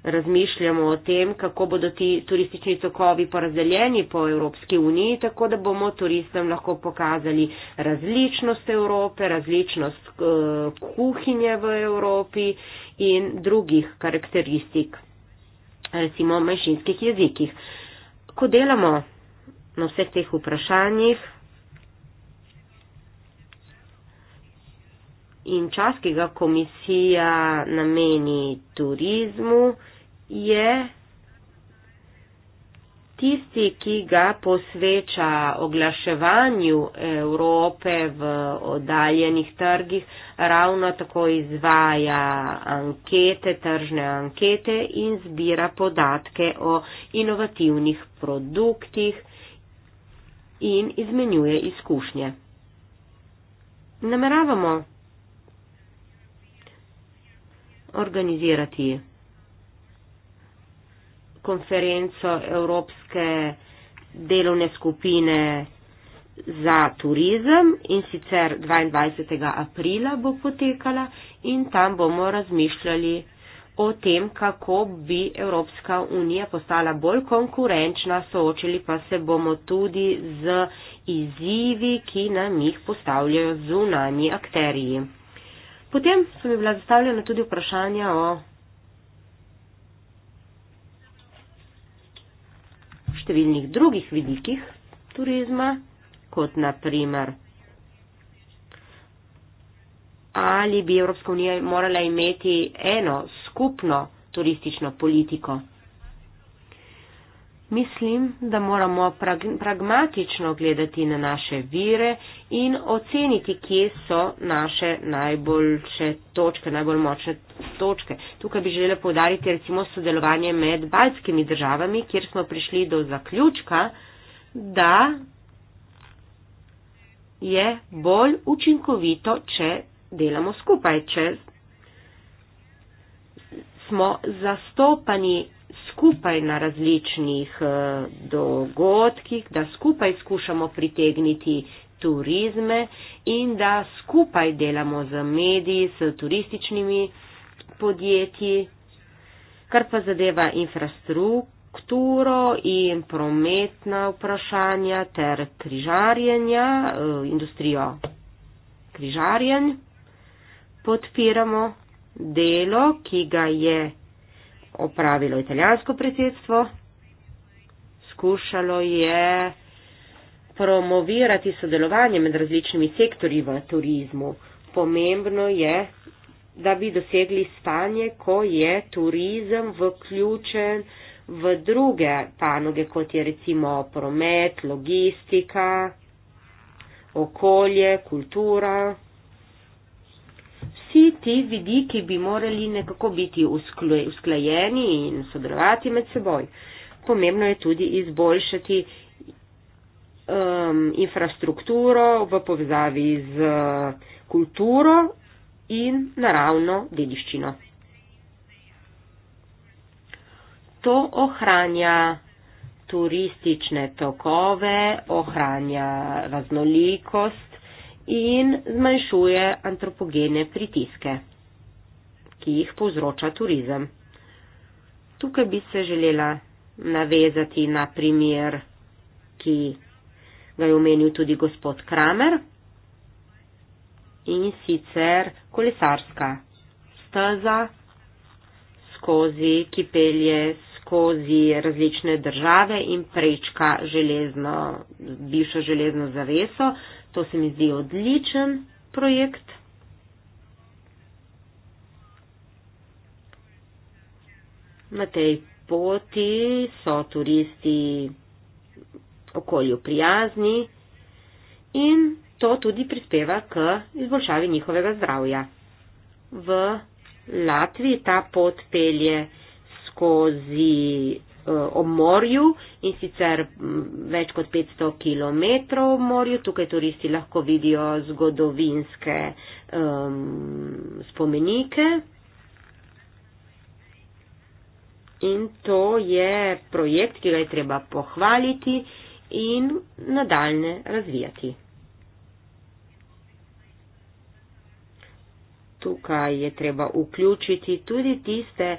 razmišljamo o tem, kako bodo ti turistični tokovi porazdeljeni po Evropski uniji, tako da bomo turistom lahko pokazali različnost Evrope, različnost uh, kuhinje v Evropi in drugih karakteristik, recimo manjšinskih jezikih. Ko delamo na vseh teh vprašanjih, In čas, ki ga komisija nameni turizmu, je tisti, ki ga posveča oglaševanju Evrope v oddaljenih trgih, ravno tako izvaja ankete, tržne ankete in zbira podatke o inovativnih produktih in izmenjuje izkušnje. Nameravamo organizirati konferenco Evropske delovne skupine za turizem in sicer 22. aprila bo potekala in tam bomo razmišljali o tem, kako bi Evropska unija postala bolj konkurenčna, soočili pa se bomo tudi z izzivi, ki nam jih postavljajo zunani akteriji. Potem so mi bila zastavljena tudi vprašanja o številnih drugih vidikih turizma, kot naprimer, ali bi Evropska unija morala imeti eno skupno turistično politiko. Mislim, da moramo prag pragmatično gledati na naše vire in oceniti, kje so naše najboljše točke, najbolj močne točke. Tukaj bi želela povdariti recimo sodelovanje med baltskimi državami, kjer smo prišli do zaključka, da je bolj učinkovito, če delamo skupaj, če smo zastopani skupaj na različnih eh, dogodkih, da skupaj skušamo pritegniti turizme in da skupaj delamo z mediji, s turističnimi podjetji. Kar pa zadeva infrastrukturo in prometna vprašanja ter križarjenja, eh, industrijo križarjenj, podpiramo delo, ki ga je opravilo italijansko predsedstvo, skušalo je promovirati sodelovanje med različnimi sektorji v turizmu. Pomembno je, da bi dosegli stanje, ko je turizem vključen v druge panoge, kot je recimo promet, logistika, okolje, kultura vsi ti vidiki bi morali nekako biti usklajeni in sodelovati med seboj. Pomembno je tudi izboljšati um, infrastrukturo v povezavi z uh, kulturo in naravno dediščino. To ohranja turistične tokove, ohranja raznolikost in zmanjšuje antropogene pritiske, ki jih povzroča turizem. Tukaj bi se želela navezati na primer, ki ga je omenil tudi gospod Kramer in sicer kolesarska steza skozi kipelje, skozi različne države in prečka železno, bivšo železno zaveso, To se mi zdi odličen projekt. Na tej poti so turisti okolju prijazni in to tudi prispeva k izboljšavi njihovega zdravja. V Latviji ta pot pelje skozi Eh, ob morju in sicer mm, več kot 500 km ob morju. Tukaj turisti lahko vidijo zgodovinske um, spomenike. In to je projekt, ki ga je treba pohvaliti in nadaljne razvijati. Tukaj je treba vključiti tudi tiste,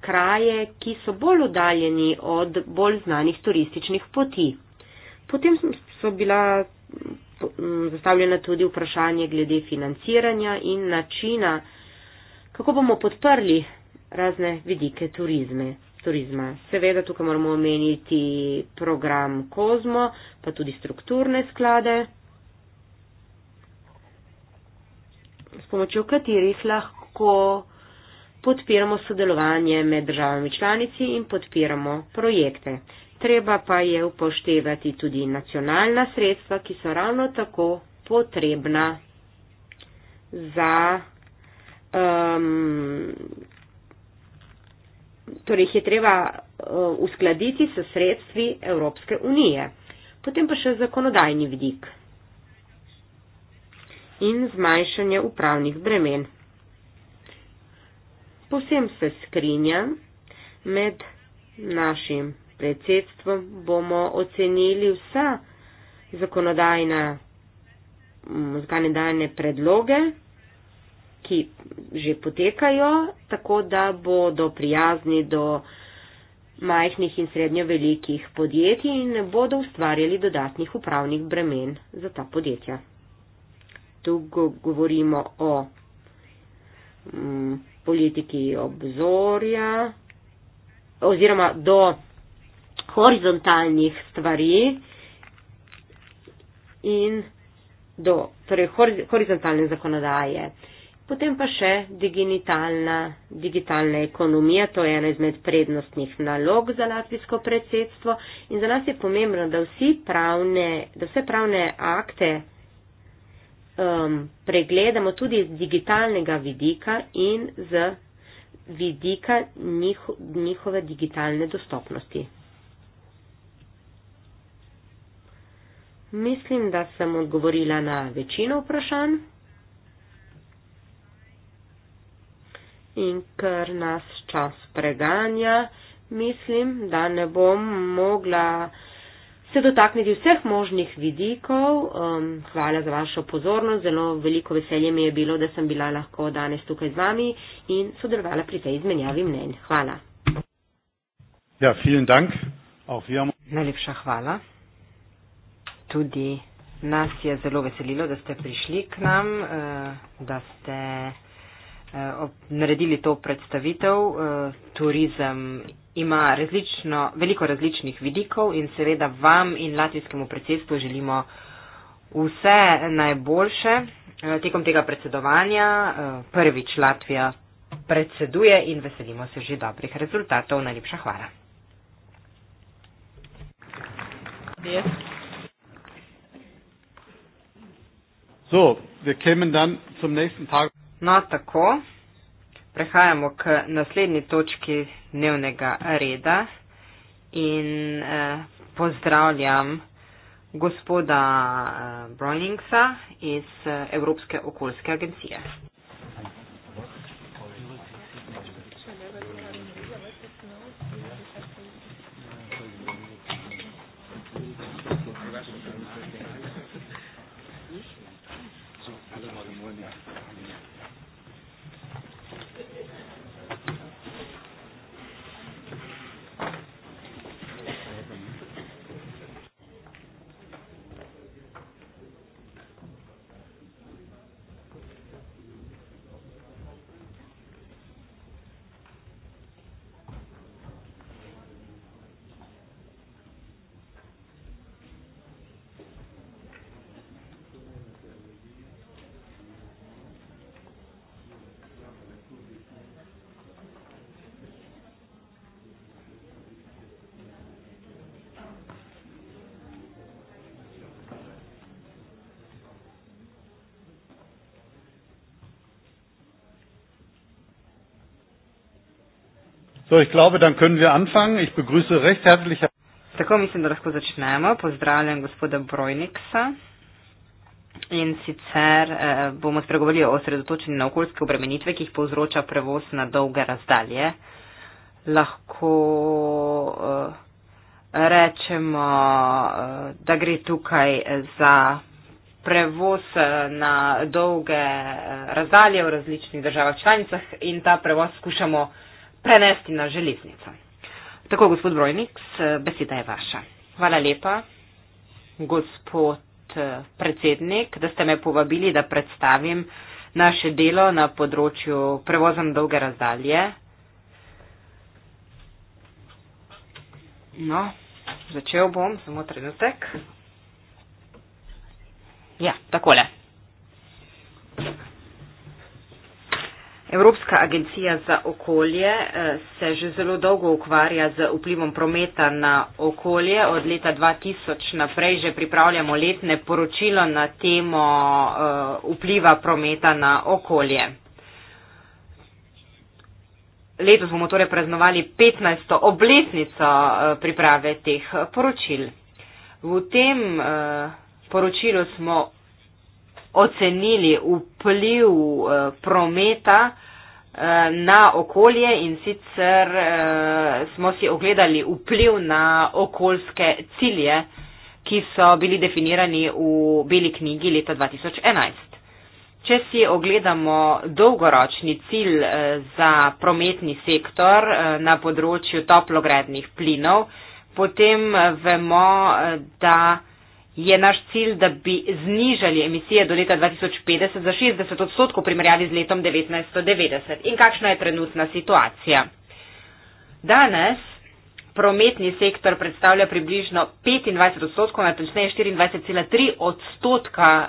kraje, ki so bolj oddaljeni od bolj znanih turističnih poti. Potem so bila mm, zastavljena tudi vprašanje glede financiranja in načina, kako bomo podprli razne vidike turizme. Turizma. Seveda tukaj moramo omeniti program Kozmo, pa tudi strukturne sklade, s pomočjo katerih lahko podpiramo sodelovanje med državami članici in podpiramo projekte. Treba pa je upoštevati tudi nacionalna sredstva, ki so ravno tako potrebna za. Um, torej jih je treba uh, uskladiti s sredstvi Evropske unije. Potem pa še zakonodajni vidik in zmanjšanje upravnih bremen. Posem se skrinjam, med našim predsedstvom bomo ocenili vsa zakonodajna, mm, zakonodajne predloge, ki že potekajo, tako da bodo prijazni do majhnih in srednjo velikih podjetij in ne bodo ustvarjali dodatnih upravnih bremen za ta podjetja. Tu govorimo o mm, politiki obzorja oziroma do horizontalnih stvari in do torej, horizontalne zakonodaje. Potem pa še digitalna, digitalna ekonomija, to je ena izmed prednostnih nalog za latvijsko predsedstvo in za nas je pomembno, da, pravne, da vse pravne akte um, pregledamo tudi z digitalnega vidika in z vidika njiho, njihove digitalne dostopnosti. Mislim, da sem odgovorila na večino vprašanj. In ker nas čas preganja, mislim, da ne bom mogla uh, se dotakniti vseh možnih vidikov. Um, hvala za vašo pozornost. Zelo veliko veselje mi je bilo, da sem bila lahko danes tukaj z vami in sodelovala pri tej izmenjavi mnen. Hvala. Ja, dank. Wir... Najlepša hvala. Tudi nas je zelo veselilo, da ste prišli k nam, eh, da ste Eh, naredili to predstavitev. Eh, turizem ima različno, veliko različnih vidikov in seveda vam in latvijskemu predsedstvu želimo vse najboljše eh, tekom tega predsedovanja. Prvič Latvija predseduje in veselimo se že dobrih rezultatov. Najlepša hvala. So, wir kämen dann zum nächsten Tag. No, tako. Prehajamo k naslednji točki dnevnega reda in eh, pozdravljam gospoda eh, Broningsa iz eh, Evropske okoljske agencije. So, ich glaube, dann können wir anfangen. Ich begrüße recht herzlich. Tako mislim, da lahko začnemo. Pozdravljam gospoda Brojniksa. In sicer eh, bomo spregovorili o sredotočenju na okoljske obremenitve, ki jih povzroča prevoz na dolge razdalje. Lahko eh, rečemo, eh, da gre tukaj eh, za prevoz eh, na dolge eh, razdalje v različnih državah članicah in ta prevoz skušamo prenesti na železnico. Tako, gospod Brojniks, beseda je vaša. Hvala lepa, gospod predsednik, da ste me povabili, da predstavim naše delo na področju prevoza na dolge razdalje. No, začel bom, samo trenutek. Ja, takole. Evropska agencija za okolje eh, se že zelo dolgo ukvarja z vplivom prometa na okolje. Od leta 2000 naprej že pripravljamo letne poročilo na temo eh, vpliva prometa na okolje. Letos bomo torej praznovali 15. obletnico eh, priprave teh poročil. V tem poročilu smo ocenili vpliv prometa, na okolje in sicer eh, smo si ogledali vpliv na okoljske cilje, ki so bili definirani v Beli knjigi leta 2011. Če si ogledamo dolgoročni cilj eh, za prometni sektor eh, na področju toplogrednih plinov, potem vemo, da je naš cilj, da bi znižali emisije do leta 2050 za 60 odstotkov primerjavi z letom 1990. In kakšna je trenutna situacija? Danes prometni sektor predstavlja približno 25 odstotkov, natančneje 24,3 odstotka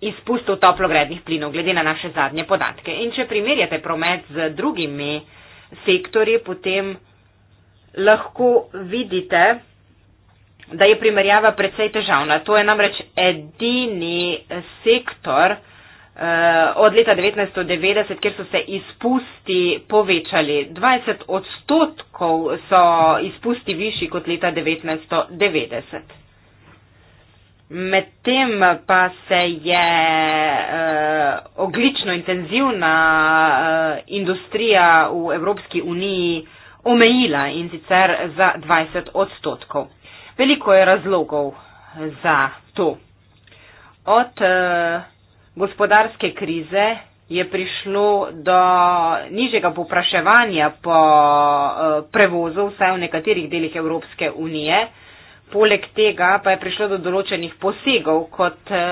izpustov toplogrednih plinov, glede na naše zadnje podatke. In če primerjate promet z drugimi sektorji, potem lahko vidite, da je primerjava precej težavna. To je namreč edini sektor eh, od leta 1990, kjer so se izpusti povečali. 20 odstotkov so izpusti višji kot leta 1990. Medtem pa se je eh, oglično intenzivna eh, industrija v Evropski uniji omejila in sicer za 20 odstotkov. Veliko je razlogov za to. Od eh, gospodarske krize je prišlo do nižjega popraševanja po eh, prevozu, vsaj v nekaterih delih Evropske unije. Poleg tega pa je prišlo do določenih posegov, kot eh,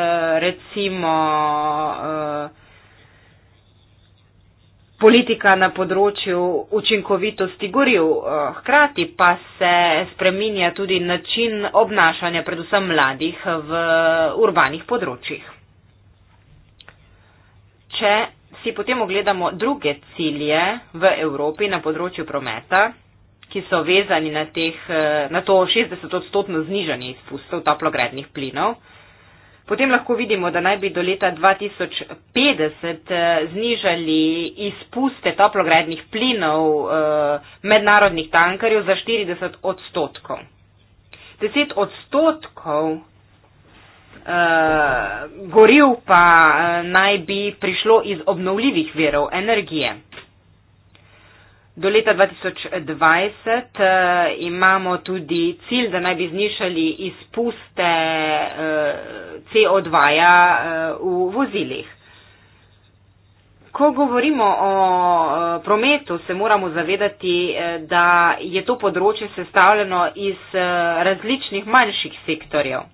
recimo. Eh, politika na področju učinkovitosti goril, eh, hkrati pa se spreminja tudi način obnašanja predvsem mladih v urbanih področjih. Če si potem ogledamo druge cilje v Evropi na področju prometa, ki so vezani na, teh, eh, na to 60-odstotno znižanje izpustov toplogrednih plinov, potem lahko vidimo, da naj bi do leta 2050 eh, znižali izpuste toplogrednih plinov eh, mednarodnih tankarjev za 40 odstotkov. 10 odstotkov eh, goril pa naj bi prišlo iz obnovljivih verov energije. Do leta 2020 uh, eh, imamo tudi cilj, da naj bi znišali izpuste uh, CO2 uh, v vozilih. Ko govorimo o eh, prometu, se moramo zavedati, eh, da je to področje sestavljeno iz različnih manjših sektorjev.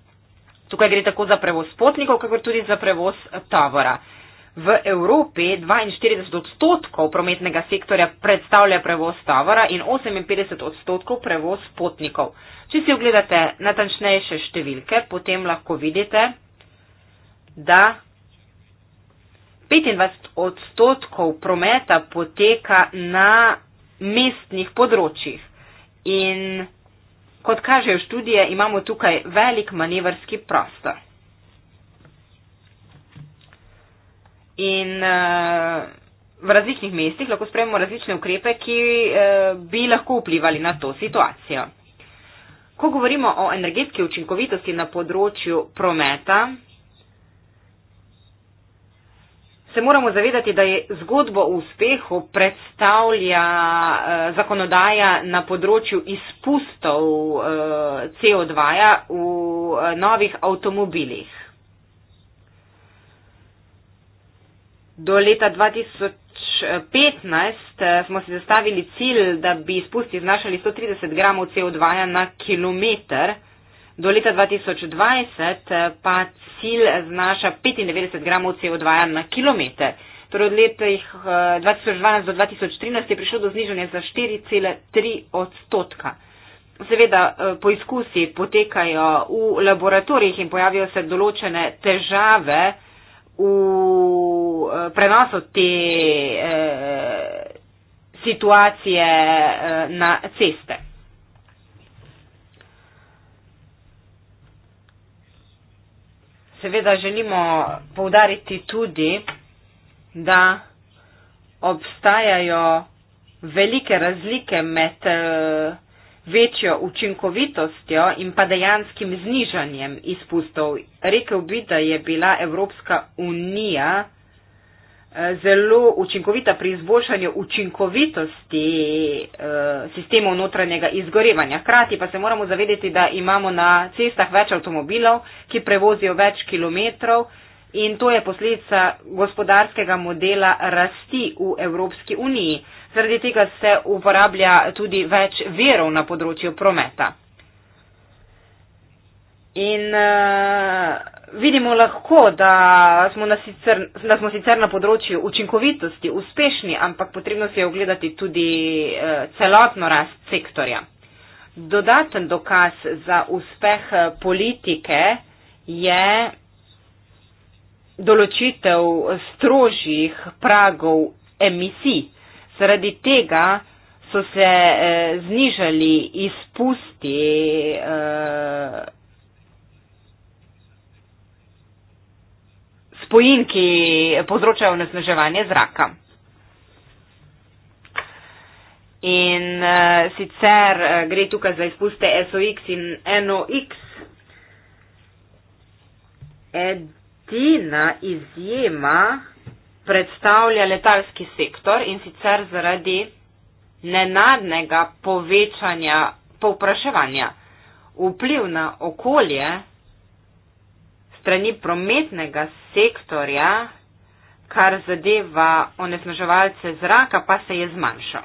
Tukaj gre tako za prevoz potnikov, kakor tudi za prevoz tavora. Uh, V Evropi 42 odstotkov prometnega sektorja predstavlja prevoz tovora in 58 odstotkov prevoz potnikov. Če si ogledate natančnejše številke, potem lahko vidite, da 25 odstotkov prometa poteka na mestnih področjih. In kot kažejo študije, imamo tukaj velik manevrski prostor. in uh, v različnih mestih lahko sprejemamo različne ukrepe, ki uh, bi lahko vplivali na to situacijo. Ko govorimo o energetski učinkovitosti na področju prometa, se moramo zavedati, da je zgodbo o uspehu predstavlja eh, zakonodaja na področju izpustov eh, CO2 -ja v eh, novih avtomobilih. do leta 2015 eh, smo si zastavili cilj, da bi izpusti znašali 130 gramov CO2 -ja na kilometr, do leta 2020 eh, pa cilj znaša 95 gramov CO2 -ja na kilometr. Torej od leta 2012 eh, do 2013 je prišlo do znižanja za 4,3 odstotka. Seveda poizkusi potekajo v laboratorijih in pojavijo se določene težave v Eh, prenosu te e, situacije e, na ceste. Seveda želimo povdariti tudi, da obstajajo velike razlike med večjo učinkovitostjo in pa dejanskim znižanjem izpustov. Rekel bi, da je bila Evropska unija zelo učinkovita pri izboljšanju učinkovitosti eh, sistemov notranjega izgorevanja. Hkrati pa se moramo zavedeti, da imamo na cestah več avtomobilov, ki prevozijo več kilometrov in to je posledica gospodarskega modela rasti v Evropski uniji. Zaradi tega se uporablja tudi več verov na področju prometa. In uh, vidimo lahko, da smo, na sicer, da smo sicer na področju učinkovitosti uspešni, ampak potrebno se je ogledati tudi uh, celotno rast sektorja. Dodaten dokaz za uspeh eh, politike je določitev strožjih pragov emisij. Zaradi tega so se eh, znižali izpusti eh, spojin, ki povzročajo onesnaževanje zraka. In uh, sicer uh, gre tukaj za izpuste SOX in NOX. Edina izjema predstavlja letalski sektor in sicer zaradi nenadnega povečanja povpraševanja. Vpliv na okolje strani prometnega sektorja, kar zadeva onesnaževalce zraka, pa se je zmanjšal.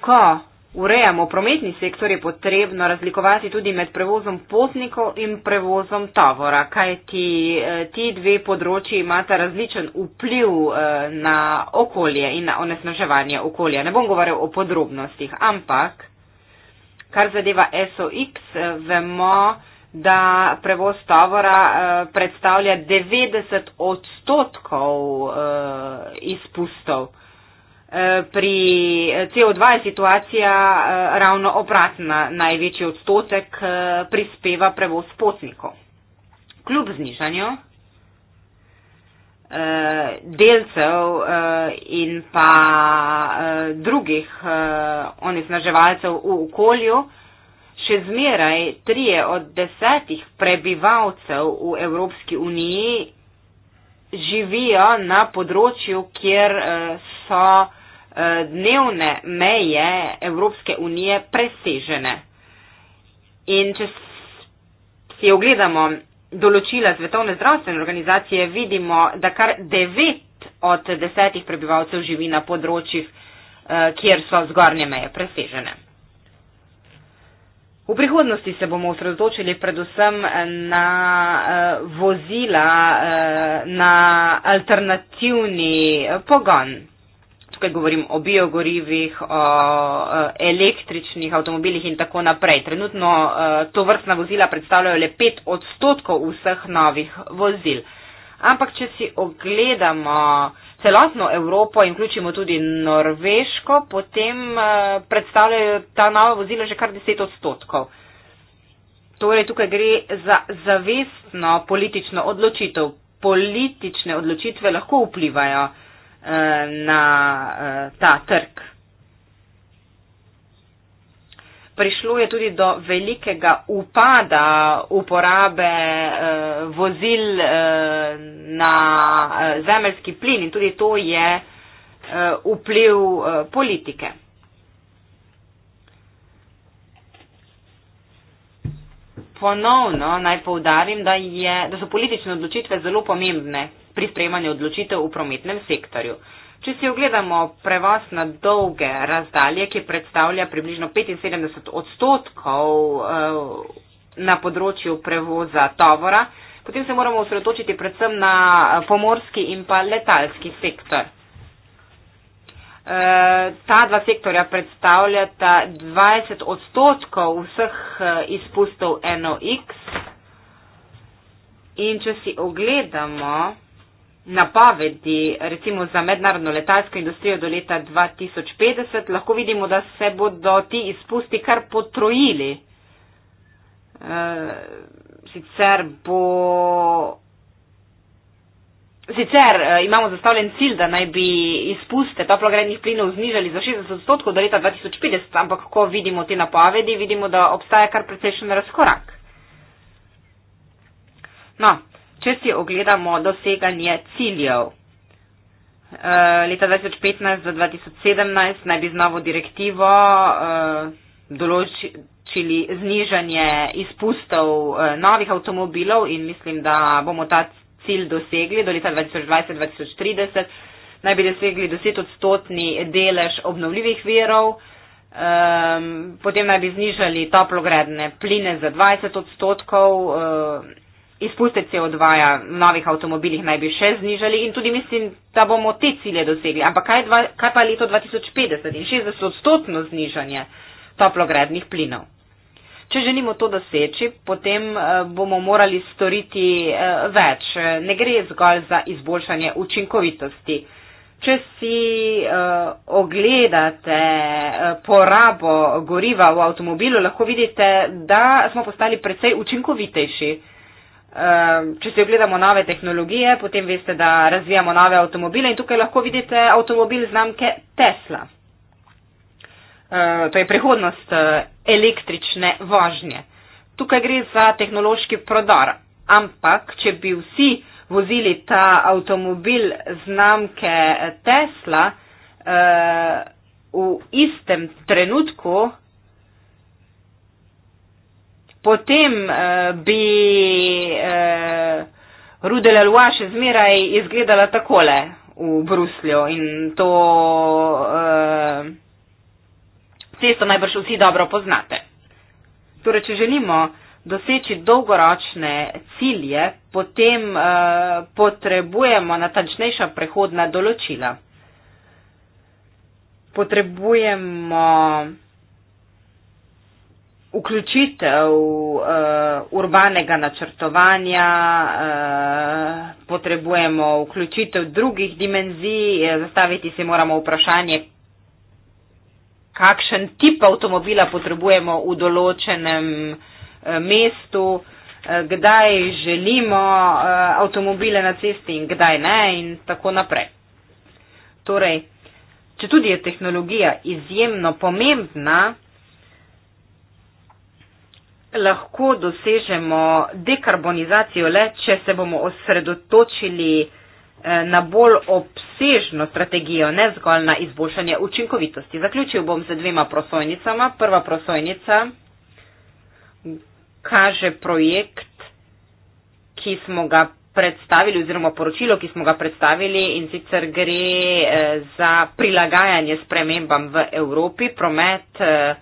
Ko urejamo prometni sektor, je potrebno razlikovati tudi med prevozom potnikov in prevozom tovora, kaj ti, eh, ti dve področji imata različen vpliv eh, na okolje in na onesnaževanje okolja. Ne bom govoril o podrobnostih, ampak kar zadeva SOX, eh, vemo, da prevoz tovora eh, predstavlja 90 odstotkov eh, izpustov. Pri CO2 je situacija ravno obratna. Največji odstotek prispeva prevoz potnikov. Kljub znižanju Eh, delcev eh, in pa eh, drugih onesnaževalcev v okolju, še zmeraj trije od desetih prebivalcev v Evropski uniji živijo na področju, kjer so dnevne meje Evropske unije presežene. In če si ogledamo določila Svetovne zdravstvene organizacije vidimo, da kar devet od desetih prebivalcev živi na področjih, eh, kjer so zgornje meje presežene. V prihodnosti se bomo osredotočili predvsem na eh, vozila, eh, na alternativni pogon tukaj govorim o biogorivih, o e, električnih avtomobilih in tako naprej. Trenutno e, to vrstna vozila predstavljajo le 5 odstotkov vseh novih vozil. Ampak, če si ogledamo celotno Evropo in vključimo tudi Norveško, potem e, predstavljajo ta nova vozila že kar 10 odstotkov. Torej, tukaj gre za zavestno politično odločitev. Politične odločitve lahko vplivajo na eh, ta trg. Prišlo je tudi do velikega upada uporabe eh, vozil eh, na zemeljski plin in tudi to je vpliv politike. Ponovno naj povdarim, da, je, da so politične odločitve zelo pomembne, pri sprejemanju odločitev v prometnem sektorju. Če si ogledamo prevoz na dolge razdalje, ki predstavlja približno 75 odstotkov eh, na področju prevoza tovora, potem se moramo osredotočiti predvsem na eh, pomorski in pa letalski sektor. Eh, ta dva sektorja predstavljata 20 odstotkov vseh izpustov NOx in če si ogledamo, napovedi, recimo za mednarodno letalsko industrijo do leta 2050, lahko vidimo, da se bodo ti izpusti kar potrojili. Eh, sicer bo. Sicer eh, imamo zastavljen cilj, da naj bi izpuste toplogrednih plinov znižali za 60 odstotkov do leta 2050, ampak ko vidimo te napovedi, vidimo, da obstaja kar precejšen razkorak. No, če si ogledamo doseganje ciljev. Uh, leta 2015 za 2017 naj bi z novo direktivo uh, določili znižanje izpustov uh, novih avtomobilov in mislim, da bomo ta cilj dosegli do leta 2020-2030. Naj bi dosegli 10 odstotni delež obnovljivih verov, um, potem naj bi znižali toplogredne pline za 20 odstotkov. Uh, izpuste CO2-ja novih avtomobilih naj bi še znižali in tudi mislim, da bomo te cilje dosegli. Ampak kaj, dva, kaj pa leto 2050 in 60 odstotno znižanje toplogrednih plinov? Če želimo to doseči, potem eh, bomo morali storiti eh, več. Ne gre zgolj za izboljšanje učinkovitosti. Če si uh, ogledate porabo goriva v avtomobilu, lahko vidite, da smo postali precej učinkovitejši. Uh, Ehm, če si ogledamo nove tehnologije, potem veste, da razvijamo nove avtomobile in tukaj lahko vidite avtomobil znamke Tesla. Ehm, to je prihodnost eh, električne vožnje. Tukaj gre za tehnološki prodor, ampak če bi vsi vozili ta avtomobil znamke eh, Tesla, eh, v istem trenutku potem uh, bi uh, eh, Rudele Lua še zmeraj izgledala takole v Bruslju in to uh, cesto najbrž vsi dobro poznate. Torej, če želimo doseči dolgoročne cilje, potem uh, potrebujemo natančnejša prehodna določila. Potrebujemo vključitev uh, urbanega načrtovanja, uh, potrebujemo vključitev drugih dimenzij, eh, zastaviti si moramo vprašanje, kakšen tip avtomobila potrebujemo v določenem uh, mestu, uh, kdaj želimo uh, avtomobile na cesti in kdaj ne in tako naprej. Torej, če tudi je tehnologija izjemno pomembna, lahko dosežemo dekarbonizacijo le, če se bomo osredotočili eh, na bolj obsežno strategijo, ne zgolj na izboljšanje učinkovitosti. Zaključil bom z dvema prosojnicama. Prva prosojnica kaže projekt, ki smo ga predstavili oziroma poročilo, ki smo ga predstavili in sicer gre eh, za prilagajanje spremembam v Evropi, promet, eh,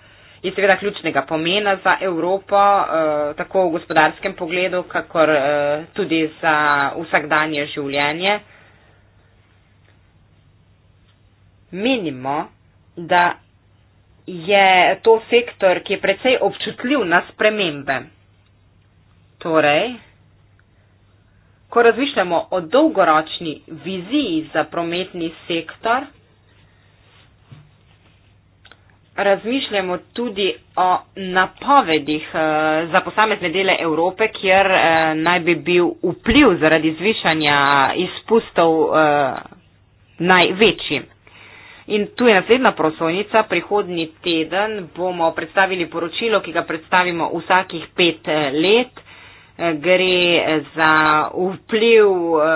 je seveda ključnega pomena za Evropo, uh, tako v gospodarskem pogledu, kakor uh, tudi za vsakdanje življenje. Menimo, da je to sektor, ki je precej občutljiv na spremembe. Torej, ko razmišljamo o dolgoročni viziji za prometni sektor, razmišljamo tudi o napovedih eh, za posamezne dele Evrope, kjer eh, naj bi bil vpliv zaradi zvišanja izpustov eh, največji. In tu je naslednja prosovnica. Prihodnji teden bomo predstavili poročilo, ki ga predstavimo vsakih pet let gre za vpliv eh,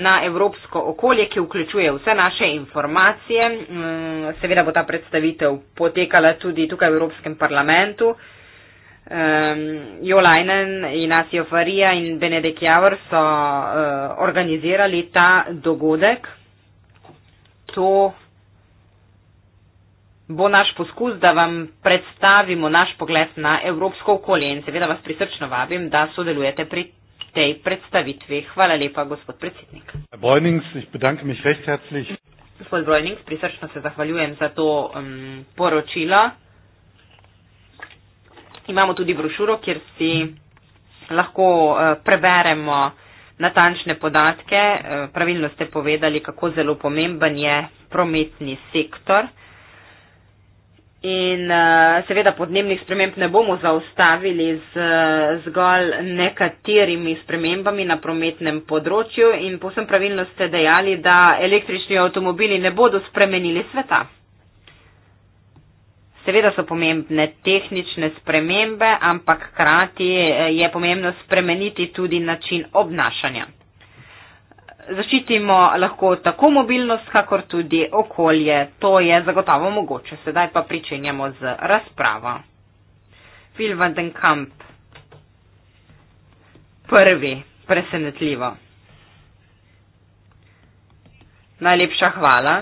na evropsko okolje, ki vključuje vse naše informacije. Mm, seveda bo ta predstavitev potekala tudi tukaj v Evropskem parlamentu. Ehm, jo Leinen, Inacio Faria in Benedek Javor so eh, organizirali ta dogodek. To bo naš poskus, da vam predstavimo naš pogled na evropsko okolje in seveda vas prisrčno vabim, da sodelujete pri tej predstavitvi. Hvala lepa, gospod predsednik. Gospod Brojnings, prisrčno se zahvaljujem za to um, poročilo. Imamo tudi brošuro, kjer si lahko uh, preberemo natančne podatke. Uh, pravilno ste povedali, kako zelo pomemben je prometni sektor. In uh, seveda podnebnih sprememb ne bomo zaustavili z uh, zgolj nekaterimi spremembami na prometnem področju in posem pravilno ste dejali, da električni avtomobili ne bodo spremenili sveta. Seveda so pomembne tehnične spremembe, ampak krati eh, je pomembno spremeniti tudi način obnašanja zaščitimo lahko tako mobilnost, kakor tudi okolje. To je zagotovo mogoče. Sedaj pa pričenjamo z razpravo. Phil van den Kamp. Prvi. Presenetljivo. Najlepša hvala,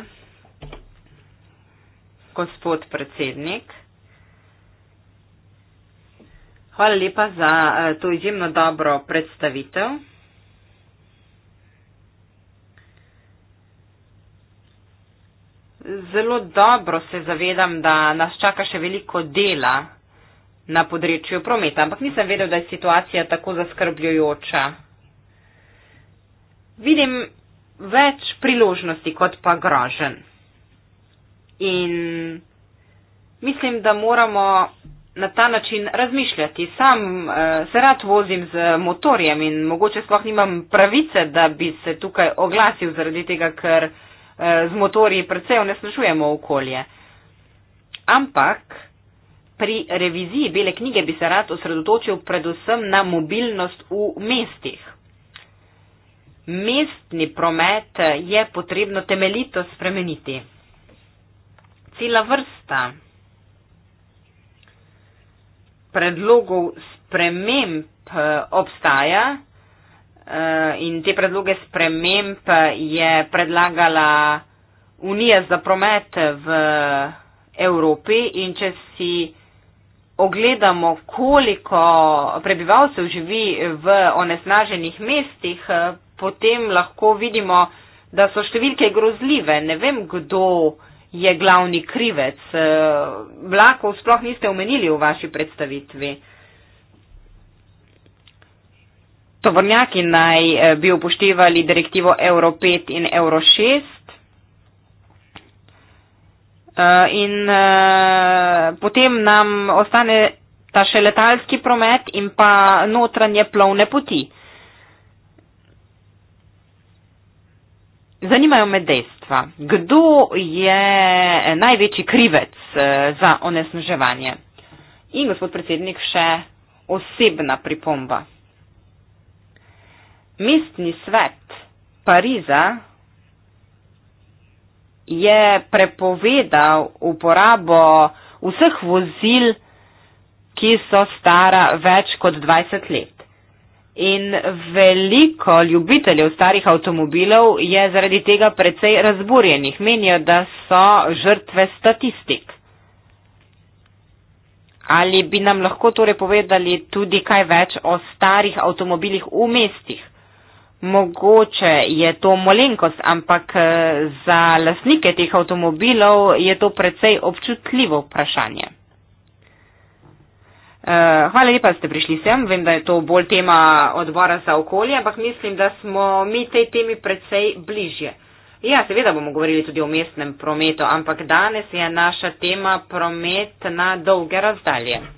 gospod predsednik. Hvala lepa za eh, to izjemno dobro predstavitev. zelo dobro se zavedam, da nas čaka še veliko dela na področju prometa, ampak nisem vedel, da je situacija tako zaskrbljujoča. Vidim več priložnosti kot pa grožen. In mislim, da moramo na ta način razmišljati. Sam eh, se rad vozim z motorjem in mogoče sploh nimam pravice, da bi se tukaj oglasil zaradi tega, ker eh, z motorji precej onesnažujemo okolje. Ampak pri reviziji bele knjige bi se rad osredotočil predvsem na mobilnost v mestih. Mestni promet je potrebno temeljito spremeniti. Cela vrsta predlogov sprememb eh, obstaja. Eh, in te predloge sprememb je predlagala Unija za promet v Evropi in če si ogledamo, koliko prebivalcev živi v onesnaženih mestih, eh, potem lahko vidimo, da so številke grozljive. Ne vem, kdo je glavni krivec. Eh, vlakov sploh niste omenili v vaši predstavitvi. Uh, tovornjaki naj eh, bi upoštevali direktivo Euro 5 in Euro 6. Eh, in eh, potem nam ostane ta še letalski promet in pa notranje plovne poti. Zanimajo me dejstva. Kdo je največji krivec za onesnaževanje? In gospod predsednik, še osebna pripomba. Mestni svet Pariza je prepovedal uporabo vseh vozil, ki so stara več kot 20 let. In veliko ljubiteljev starih avtomobilov je zaradi tega precej razburjenih. Menijo, da so žrtve statistik. Ali bi nam lahko torej povedali tudi kaj več o starih avtomobilih v mestih? Mogoče je to malenkost, ampak eh, za lasnike teh avtomobilov je to precej občutljivo vprašanje. Eh, hvala lepa, da ste prišli sem. Vem, da je to bolj tema odbora za okolje, ampak mislim, da smo mi tej temi precej bližje. Ja, seveda bomo govorili tudi o mestnem prometu, ampak danes je naša tema promet na dolge razdalje.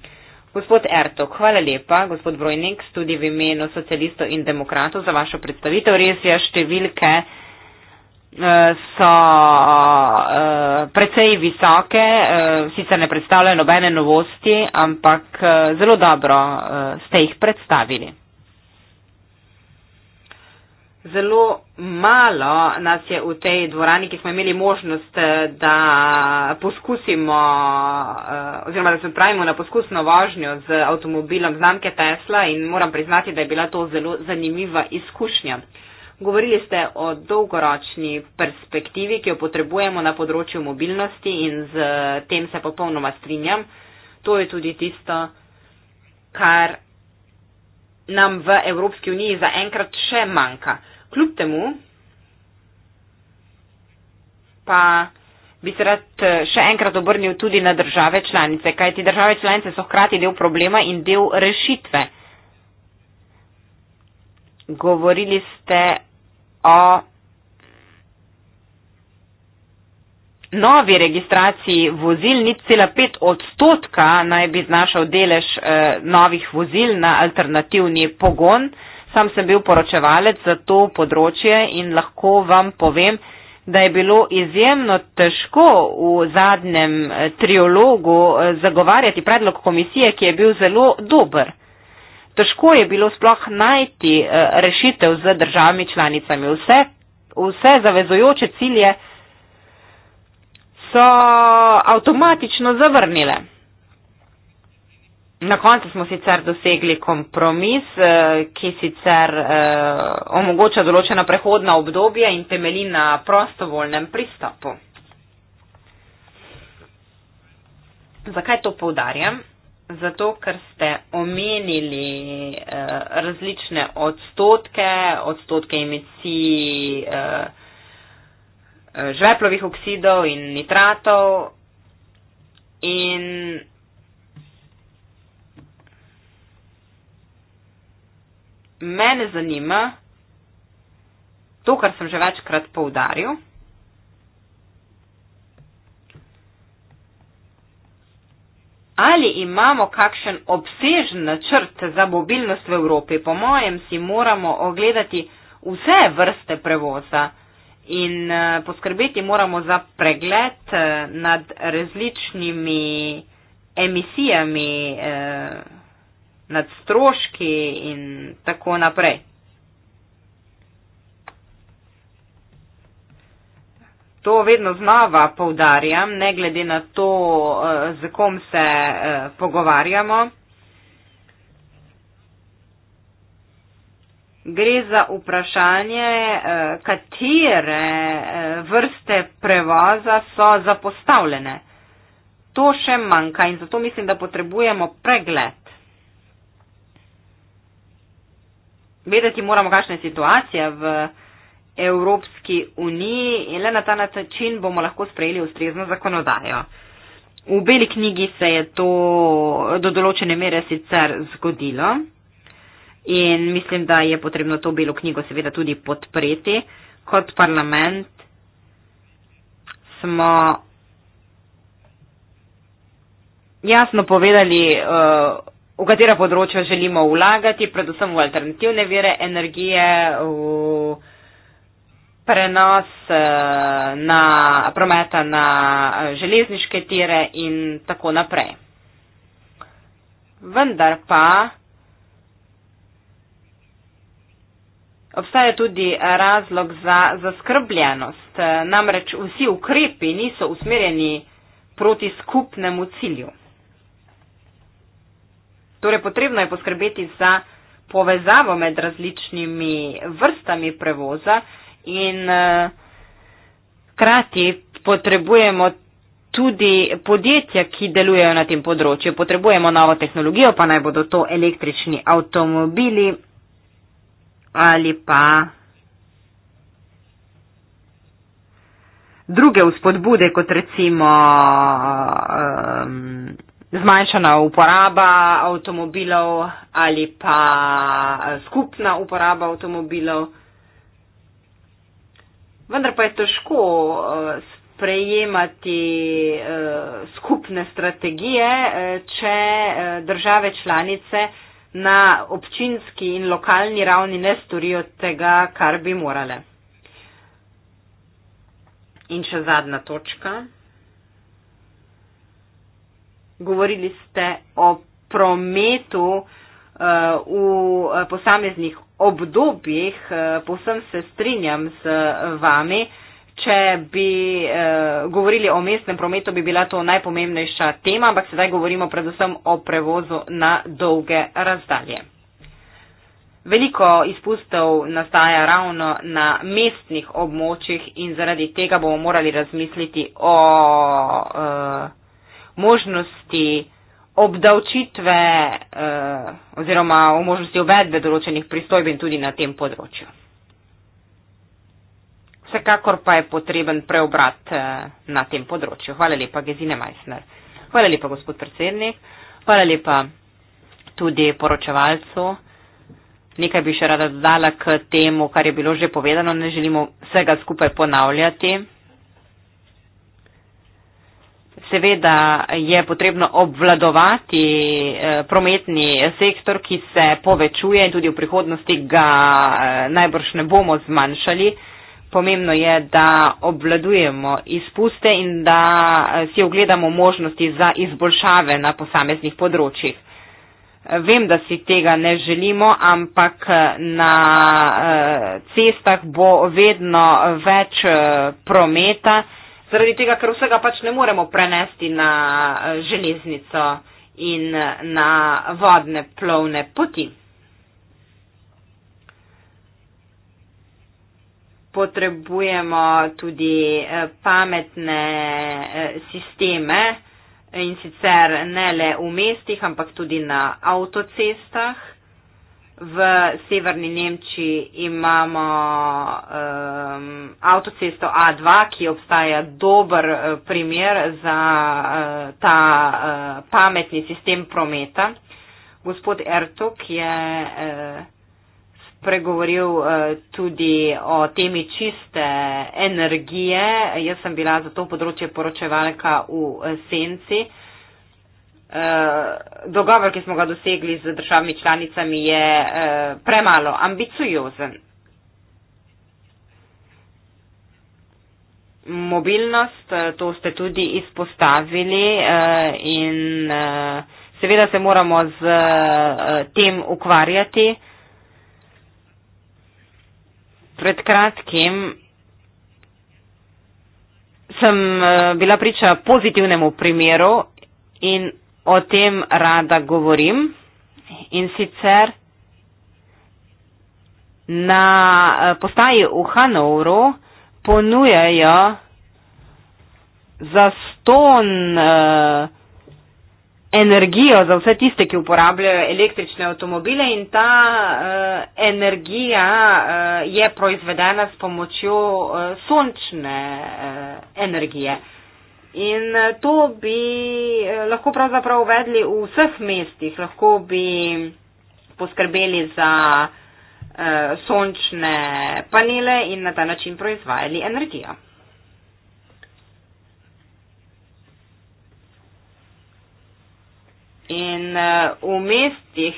Gospod Ertok, hvala lepa, gospod Brojnik, tudi v imenu socialistov in demokratov za vašo predstavitev. Res je, ja, številke eh, so eh, precej visoke, eh, sicer ne predstavljajo nobene novosti, ampak zelo dobro ste jih predstavili. Zelo malo nas je v tej dvorani, ki smo imeli možnost, eh, da poskusimo eh, oziroma da se odpravimo na poskusno vožnjo z avtomobilom znamke Tesla in moram priznati, da je bila to zelo zanimiva izkušnja. Govorili ste o dolgoročni perspektivi, ki jo potrebujemo na področju mobilnosti in z tem se popolnoma strinjam. To je tudi tisto, kar nam v Evropski uniji zaenkrat še manjka kljub temu pa bi se rad eh, še enkrat obrnil tudi na države članice, kajti države članice so hkrati del problema in del rešitve. Govorili ste o novi registraciji vozil, ni cela pet odstotka naj bi znašal delež eh, novih vozil na alternativni pogon. Eh, Sam sem bil poročevalec za to področje in lahko vam povem, da je bilo izjemno težko v zadnjem eh, triologu eh, zagovarjati predlog komisije, ki je bil zelo dober. Težko je bilo sploh najti eh, rešitev z državami članicami. Vse, vse zavezojoče cilje so avtomatično zavrnile. Na koncu smo sicer dosegli kompromis, eh, ki sicer eh, omogoča določena prehodna obdobja in temeli na prostovoljnem pristopu. Zakaj to poudarjam? Zato, ker ste omenili eh, različne odstotke, odstotke emisij eh, eh žveplovih oksidov in nitratov. In mene zanima to, kar sem že večkrat poudaril. Ali imamo kakšen obsežen načrt za mobilnost v Evropi? Po mojem si moramo ogledati vse vrste prevoza in eh, poskrbeti moramo za pregled eh, nad različnimi emisijami. Eh, nad stroški in tako naprej. To vedno znova poudarjam, ne glede na to, eh, z kom se eh, pogovarjamo. Gre za vprašanje, eh, katere vrste prevoza so zapostavljene. To še manjka in zato mislim, da potrebujemo pregled. vedeti moramo, kakšna je situacija v Evropski uniji in le na ta način bomo lahko sprejeli ustrezno zakonodajo. V beli knjigi se je to do določene mere sicer zgodilo in mislim, da je potrebno to belo knjigo seveda tudi podpreti. Kot parlament smo jasno povedali, uh, v katera področja želimo vlagati, predvsem v alternativne vire energije, v prenos eh, na, prometa na eh, železniške tire in tako naprej. Vendar pa obstaja tudi razlog za zaskrbljenost, eh, namreč vsi ukrepi niso usmerjeni proti skupnemu cilju. Torej, potrebno je poskrbeti za povezavo med različnimi vrstami prevoza in eh, krati potrebujemo tudi podjetja, ki delujejo na tem področju. Potrebujemo novo tehnologijo, pa naj bodo to električni avtomobili ali pa druge vzpodbude, kot recimo um, zmanjšana uporaba avtomobilov ali pa eh, skupna uporaba avtomobilov. Vendar pa je težko eh, sprejemati eh, skupne strategije, če države članice na občinski in lokalni ravni ne storijo tega, kar bi morale. In še zadnja točka govorili ste o prometu uh, v eh, posameznih obdobjih, uh, povsem se strinjam z vami. Če bi uh, govorili o mestnem prometu, bi bila to najpomembnejša tema, ampak sedaj govorimo predvsem o prevozu na dolge razdalje. Veliko izpustov nastaja ravno na mestnih območjih in zaradi tega bomo morali razmisliti o. Uh, možnosti obdavčitve eh, oziroma o možnosti uvedbe določenih pristojbin tudi na tem področju. Vsekakor pa je potreben preobrat eh, na tem področju. Hvala lepa, Gezine Meissner. Hvala lepa, gospod predsednik. Hvala lepa tudi poročevalcu. Nekaj bi še rada dodala k temu, kar je bilo že povedano. Ne želimo vsega skupaj ponavljati seveda je potrebno obvladovati eh, prometni sektor, ki se povečuje in tudi v prihodnosti ga eh, najbrž ne bomo zmanjšali. Pomembno je, da obvladujemo izpuste in da eh, si ogledamo možnosti za izboljšave na posameznih področjih. Vem, da si tega ne želimo, ampak na cestah bo vedno več prometa zaradi tega, ker vsega pač ne moremo prenesti na eh, železnico in eh, na vodne plovne poti. Potrebujemo tudi eh, pametne sisteme in sicer ne le v mestih, ampak tudi na avtocestah v severni Nemčiji imamo um, avtocesto A2, ki obstaja dober uh, primer za uh, ta uh, pametni sistem prometa. Gospod Ertok je uh, spregovoril uh, tudi o temi čiste energije. Jaz sem bila za to področje poročevalka v uh, Senci. Uh, Eh, dogovor, ki smo ga dosegli z državami članicami, je eh, premalo ambiciozen. Mobilnost, eh, to ste tudi izpostavili in seveda se moramo z tem ukvarjati. Pred kratkim sem bila priča pozitivnemu primeru in o tem rada govorim in sicer na eh, postaji v Hanovru ponujajo za ston eh, energijo za vse tiste, ki uporabljajo električne avtomobile in ta uh, energija uh, je proizvedena s pomočjo uh, sončne uh, energije. Uh, In eh, to bi eh, lahko pravzaprav uvedli v vseh mestih, lahko bi poskrbeli za uh, sončne panele in na ta način proizvajali energijo. In v mestih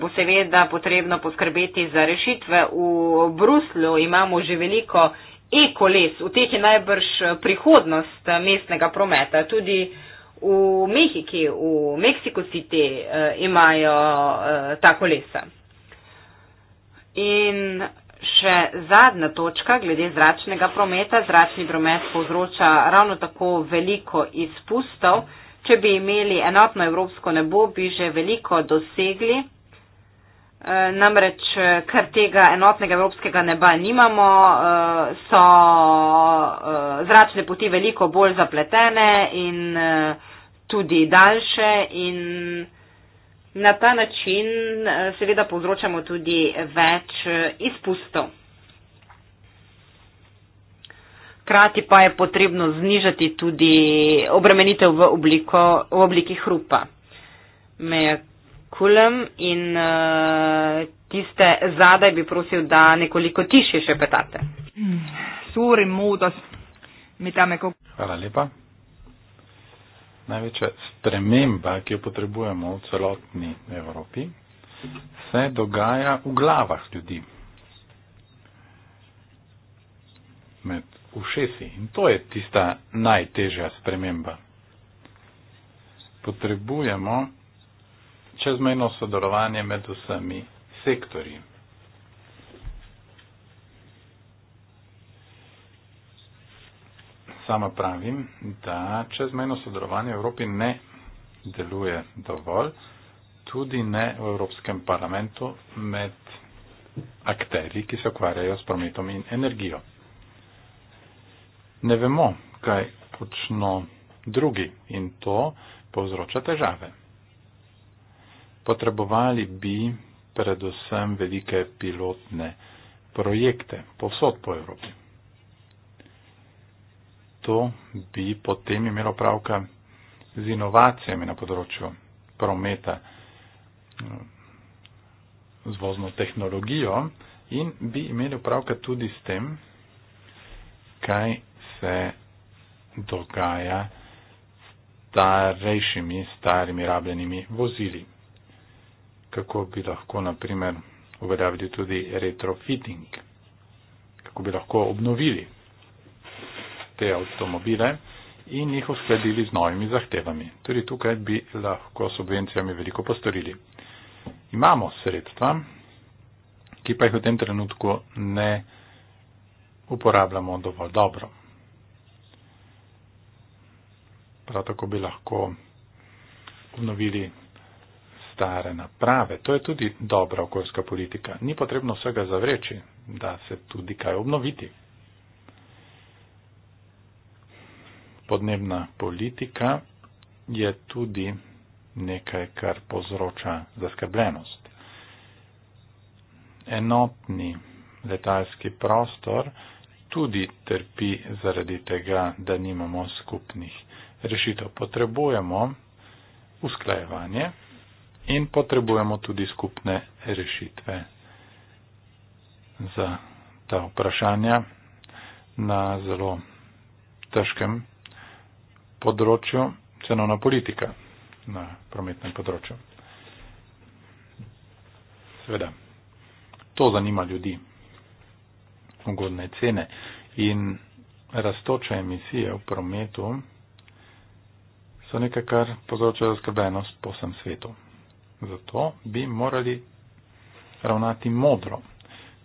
bo seveda potrebno poskrbeti za rešitve. V Bruslu imamo že veliko e-koles, v teh je najbrž eh, prihodnost eh, mestnega prometa. Tudi v Mehiki, v Mexico City eh, imajo ta kolesa. In še zadnja točka glede zračnega prometa. Zračni promet povzroča ravno tako veliko izpustov. Če bi imeli enotno evropsko nebo, bi že veliko dosegli. Eh, namreč, eh, ker tega enotnega evropskega neba nimamo, eh, so zračne poti veliko bolj zapletene in tudi daljše in na ta način seveda povzročamo tudi več izpustov. Krati pa je potrebno znižati tudi obremenitev v, obliko, v obliki hrupa. Med kulem in uh, tiste zadaj bi prosil, da nekoliko tiše še petate. Suri modos, mi tam je kako. Hvala lepa. Največja sprememba, ki jo potrebujemo v celotni Evropi, se dogaja v glavah ljudi. Med ušesi. In to je tista najtežja sprememba. Potrebujemo čezmejno sodelovanje med vsemi sektorji. Sama pravim, da čezmejno sodelovanje v Evropi ne deluje dovolj, tudi ne v Evropskem parlamentu med akteri, ki se ukvarjajo s prometom in energijo. Ne vemo, kaj počno drugi in to povzroča težave. Potrebovali bi predvsem velike pilotne projekte povsod po Evropi. To bi potem imelo pravka z inovacijami na področju prometa, z vozno tehnologijo in bi imeli pravka tudi s tem, kaj se dogaja starejšimi, starimi, rabljenimi vozili kako bi lahko naprimer uveljavili tudi retrofitting, kako bi lahko obnovili te avtomobile in jih uskladili z novimi zahtevami. Tudi tukaj bi lahko subvencijami veliko postorili. Imamo sredstva, ki pa jih v tem trenutku ne uporabljamo dovolj dobro. Prav tako bi lahko obnovili stare naprave. To je tudi dobra okoljska politika. Ni potrebno vsega zavreči, da se tudi kaj obnoviti. Podnebna politika je tudi nekaj, kar povzroča zaskrbljenost. Enotni letalski prostor tudi trpi zaradi tega, da nimamo skupnih rešitev. Potrebujemo usklajevanje in potrebujemo tudi skupne rešitve za ta vprašanja na zelo težkem področju, cenovna politika na prometnem področju. Seveda, to zanima ljudi, ugodne cene in rastoče emisije v prometu so nekaj, kar povzroča razkrbenost po vsem svetu. Zato bi morali ravnati modro.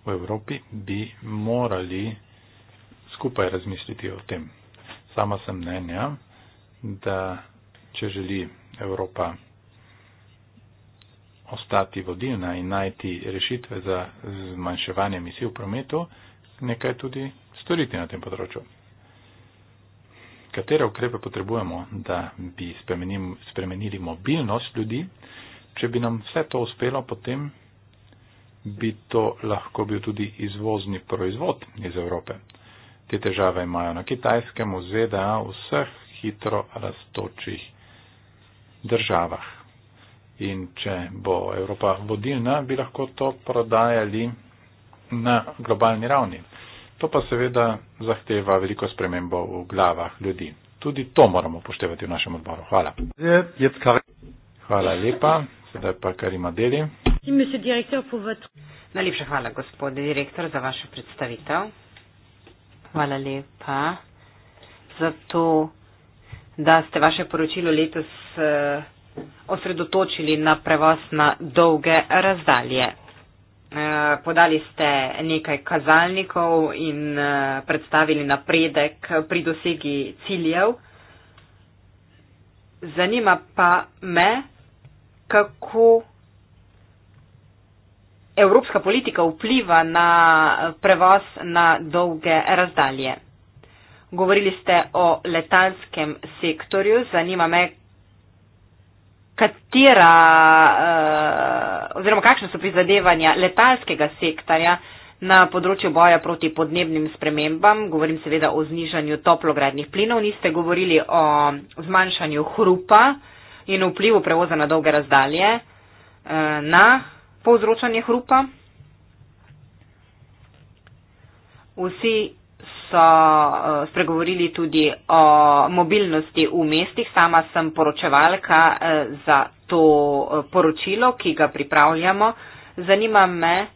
V Evropi bi morali skupaj razmisliti o tem. Sama sem mnenja, da če želi Evropa ostati vodilna in najti rešitve za zmanjševanje emisij v prometu, nekaj tudi storiti na tem področju. Katere ukrepe potrebujemo, da bi spremenili mobilnost ljudi, Če bi nam vse to uspelo, potem bi to lahko bil tudi izvozni proizvod iz Evrope. Te težave imajo na kitajskem, v ZDA, v vseh hitro raztočih državah. In če bo Evropa vodilna, bi lahko to prodajali na globalni ravni. To pa seveda zahteva veliko spremembo v glavah ljudi. Tudi to moramo upoštevati v našem odboru. Hvala. Hvala lepa. Sedaj pa Karima Deli. Najlepša hvala, gospode direktor, za vašo predstavitev. Hvala lepa za to, da ste vaše poročilo letos eh, osredotočili na prevoz na dolge razdalje. Eh, podali ste nekaj kazalnikov in eh, predstavili napredek pri dosegi ciljev. Zanima pa me, kako evropska politika vpliva na prevoz na dolge razdalje. Govorili ste o letalskem sektorju. Zanima me, katera eh, oziroma kakšne so prizadevanja letalskega sektorja na področju boja proti podnebnim spremembam. Govorim seveda o znižanju toplogradnih plinov. Niste govorili o zmanjšanju hrupa in vplivu prevoza na dolge razdalje eh, na povzročanje hrupa. Vsi so eh, spregovorili tudi o mobilnosti v mestih. Sama sem poročevalka eh, za to poročilo, ki ga pripravljamo. Zanima me,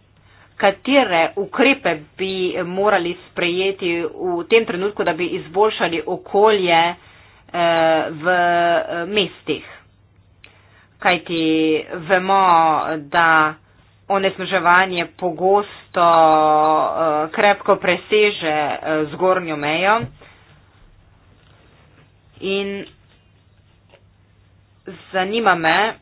katere ukrepe bi morali sprejeti v tem trenutku, da bi izboljšali okolje v mestih kajti vemo, da onesnaževanje pogosto eh, krepko preseže eh, zgornjo mejo. In zanima me,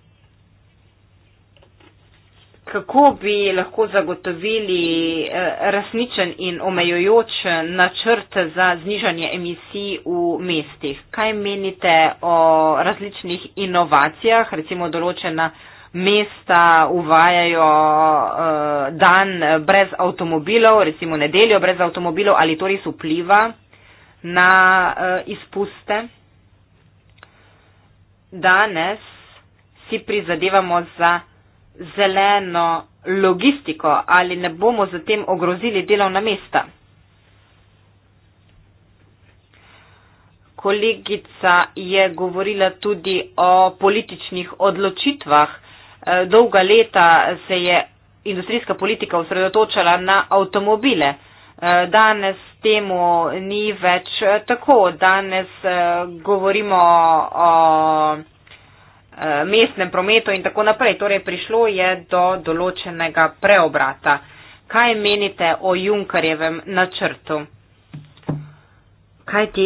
kako bi lahko zagotovili eh, resničen in omejujoč načrt za znižanje emisij v mestih. Kaj menite o različnih inovacijah, recimo določena mesta uvajajo eh, dan brez avtomobilov, recimo nedeljo brez avtomobilov, ali to res vpliva na eh, izpuste? Danes si prizadevamo za zeleno logistiko ali ne bomo z tem ogrozili delovna mesta. Kolegica je govorila tudi o političnih odločitvah. E, dolga leta se je industrijska politika osredotočala na avtomobile. E, danes temu ni več tako. Danes e, govorimo o Eh, mestnem prometu in tako naprej. Torej, prišlo je do določenega preobrata. Kaj menite o Junkarjevem načrtu? Kaj ti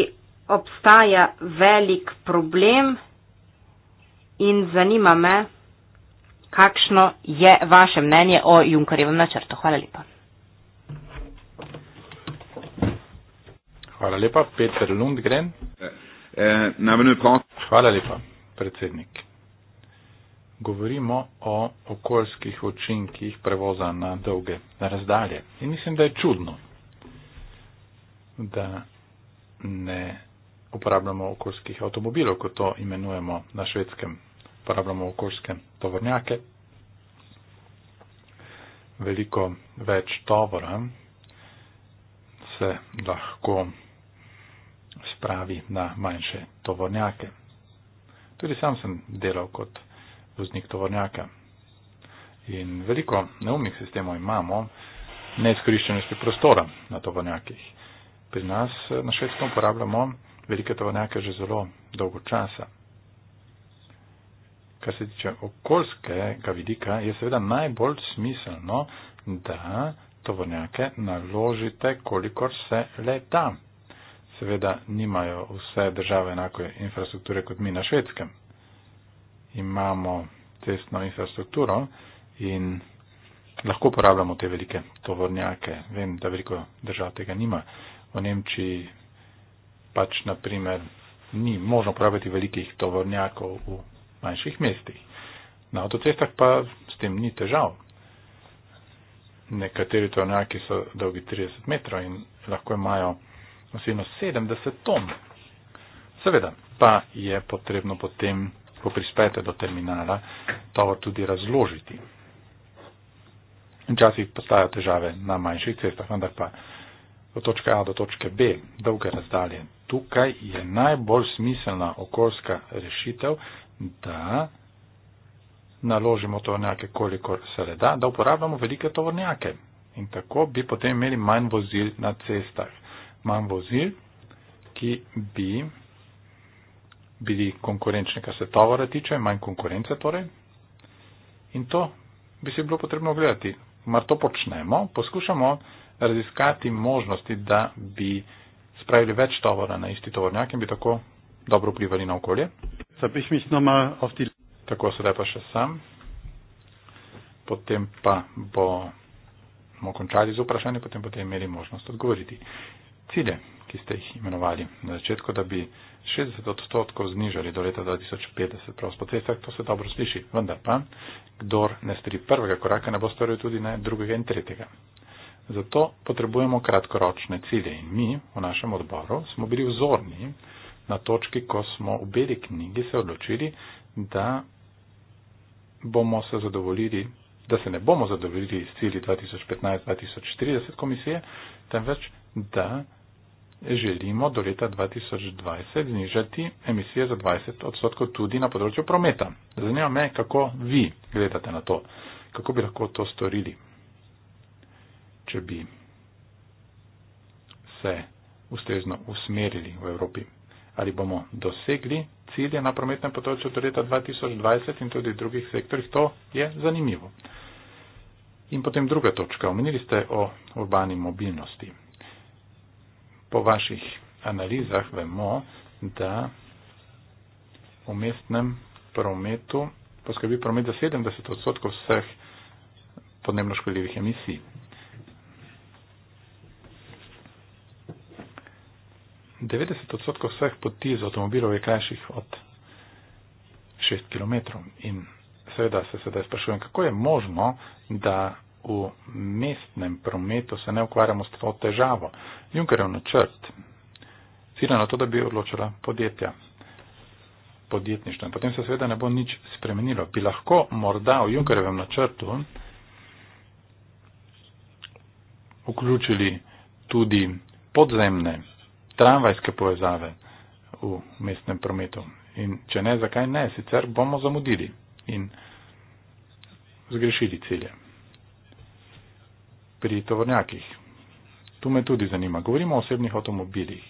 obstaja velik problem in zanima me, kakšno je vaše mnenje o Junkarjevem načrtu. Hvala lepa. Hvala lepa, Peter Lundgren. Eh, eh, Hvala lepa, predsednik govorimo o okoljskih učinkih prevoza na dolge razdalje. In mislim, da je čudno, da ne uporabljamo okoljskih avtomobilov, kot to imenujemo na švedskem, uporabljamo okoljske tovornjake. Veliko več tovora se lahko spravi na manjše tovornjake. Tudi sam sem delal kot voznik tovornjaka. In veliko neumnih sistemov imamo, neizkoriščenosti prostora na tovornjakih. Pri nas eh, na švedskem uporabljamo velike tovornjake že zelo dolgo časa. Kar se tiče okoljskega vidika, je seveda najbolj smiselno, da tovornjake naložite, kolikor se le da. Seveda nimajo vse države enako infrastrukture kot mi na švedskem imamo cestno infrastrukturo in lahko uporabljamo te velike tovornjake. Vem, da veliko držav tega nima. V Nemčiji pač naprimer ni možno uporabljati velikih tovornjakov v manjših mestih. Na avtocestah pa s tem ni težav. Nekateri tovornjaki so dolgi 30 metrov in lahko imajo nosilnost 70 ton. Seveda pa je potrebno potem ko prispete do terminala, tovor tudi razložiti. Včasih postajajo težave na manjših cestah, vendar pa od točke A do točke B, dolge razdalje. Tukaj je najbolj smiselna okoljska rešitev, da naložimo tovornjake, kolikor se le da, da uporabljamo velike tovornjake. In tako bi potem imeli manj vozil na cestah. Manj vozil, ki bi bili konkurenčni, kar se tovora tiče, manj konkurence torej. In to bi si bilo potrebno gledati. Mar to počnemo, poskušamo raziskati možnosti, da bi spravili več tovora na isti tovornjak in bi tako dobro vplivali na okolje. Tako sedaj pa še sam. Potem pa bomo končali z vprašanjem, potem pa imeli možnost odgovoriti. Cilje ki ste jih imenovali na začetku, da bi 60 odstotkov znižali do leta 2050. Prav po cestah to se dobro sliši, vendar pa, kdor ne stori prvega koraka, ne bo storil tudi ne drugega in tretjega. Zato potrebujemo kratkoročne cilje in mi v našem odboru smo bili vzorni na točki, ko smo v beli knjigi se odločili, da bomo se zadovoljili da se ne bomo zadovoljili s cilji 2015-2030 komisije, temveč da želimo do leta 2020 znižati emisije za 20 odstotkov tudi na področju prometa. Zanima me, kako vi gledate na to, kako bi lahko to storili, če bi se ustrezno usmerili v Evropi. Ali bomo dosegli cilje na prometnem področju do leta 2020 in tudi v drugih sektorjih, to je zanimivo. In potem druga točka. Omenili ste o urbani mobilnosti po vaših analizah vemo, da v mestnem prometu poskrbi promet za 70 odstotkov vseh podnebno škodljivih emisij. devetdeset odstotkov vseh poti z avtomobilov je krajših od šest kilometrov in seveda se sedaj sprašujem, kako je možno, da v mestnem prometu se ne ukvarjamo s to težavo. Junkerjev načrt cilja na to, da bi odločila podjetja, podjetništvo. Potem se seveda ne bo nič spremenilo. Bi lahko morda v Junkerjevem načrtu vključili tudi podzemne tramvajske povezave v mestnem prometu. In če ne, zakaj ne? Sicer bomo zamudili in zgrešili ciljem pri tovornjakih. Tu me tudi zanima. Govorimo o osebnih avtomobilih.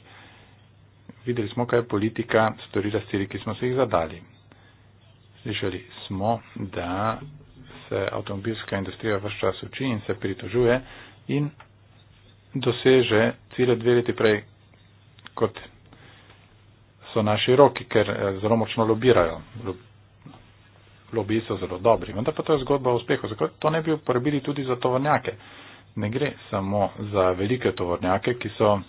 Videli smo, kaj je politika storila s cilji, ki smo se jih zadali. Slišali smo, da se avtomobilska industrija vse čas uči in se pritožuje in doseže cilje dve leti prej, kot so naši roki, ker eh, zelo močno lobirajo. Lobiji so zelo dobri. Vendar pa to je zgodba o uspehu. Zakaj to ne bi uporabili tudi za tovornjake? ne gre samo za velike tovornjake, ki so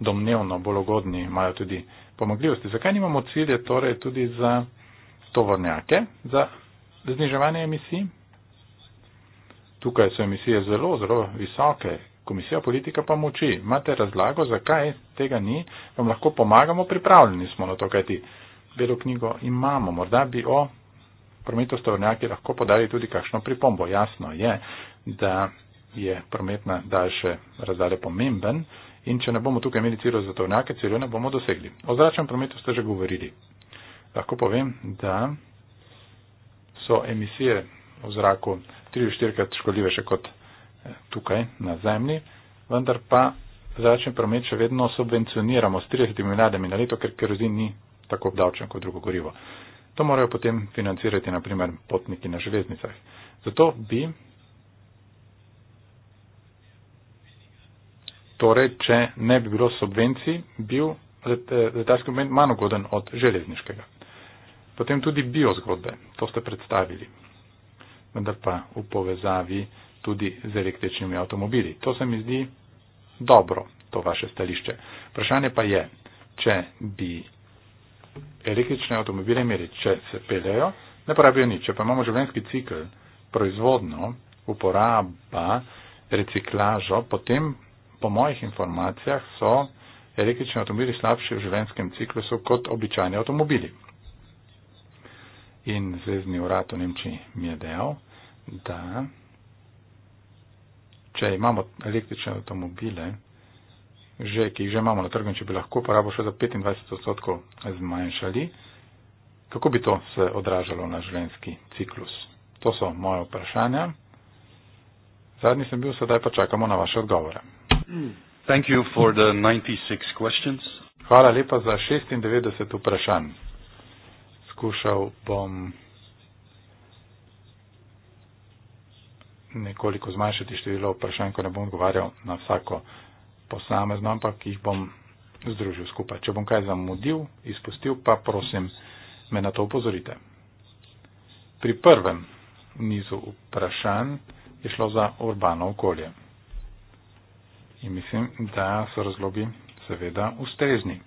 domnevno bolj ugodni, imajo tudi pomagljivosti. Zakaj nimamo cilje torej tudi za tovornjake, za zniževanje emisij? Tukaj so emisije zelo, zelo visoke. Komisija politika pa moči. Imate razlago, zakaj tega ni? Vam lahko pomagamo, pripravljeni smo na to, kajti belo knjigo imamo. Morda bi o prometu s tovornjaki lahko podali tudi kakšno pripombo. Jasno je, da je promet na daljše razdalje pomemben in če ne bomo tukaj imeli ciljev za tovnjake, ciljev ne bomo dosegli. O zračnem prometu ste že govorili. Lahko povem, da so emisije v zraku 3-4krat škodljive še kot eh, tukaj na zemlji, vendar pa zračni promet še vedno subvencioniramo s 30 milijardami na leto, ker kerozin ni tako obdavčen kot drugo gorivo. To morajo potem financirati naprimer potniki na železnicah. Zato bi Torej, če ne bi bilo subvencij, bil eh, letalski moment manj ugoden od železniškega. Potem tudi bio zgodbe, to ste predstavili, vendar pa v povezavi tudi z električnimi avtomobili. To se mi zdi dobro, to vaše stališče. Vprašanje pa je, če bi električne avtomobile imeli, če se peljajo, ne porabijo nič. Če pa imamo življenjski cikl, proizvodno, uporaba, reciklažo, potem po mojih informacijah so električni avtomobili slabši v življenjskem ciklusu kot običajni avtomobili. In zvezdni urad v Nemčiji mi je dejal, da če imamo električne avtomobile, že, ki jih že imamo na trgu, če bi lahko porabo še za 25 odstotkov zmanjšali, kako bi to se odražalo na življenjski ciklus? To so moje vprašanja. Zadnji sem bil, sedaj pa čakamo na vaše odgovore. Thank you for the 96 questions. Hvala lepa za 96 vprašanj. Skušal bom nekoliko zmanjšati število vprašanj, ko ne bom odgovarjal na vsako posamezno, ampak jih bom združil skupaj. Če bom kaj zamudil, izpustil, pa prosim, me na to upozorite. Pri prvem nizu vprašanj je šlo za urbano okolje. In mislim, da so razlogi seveda ustrezni.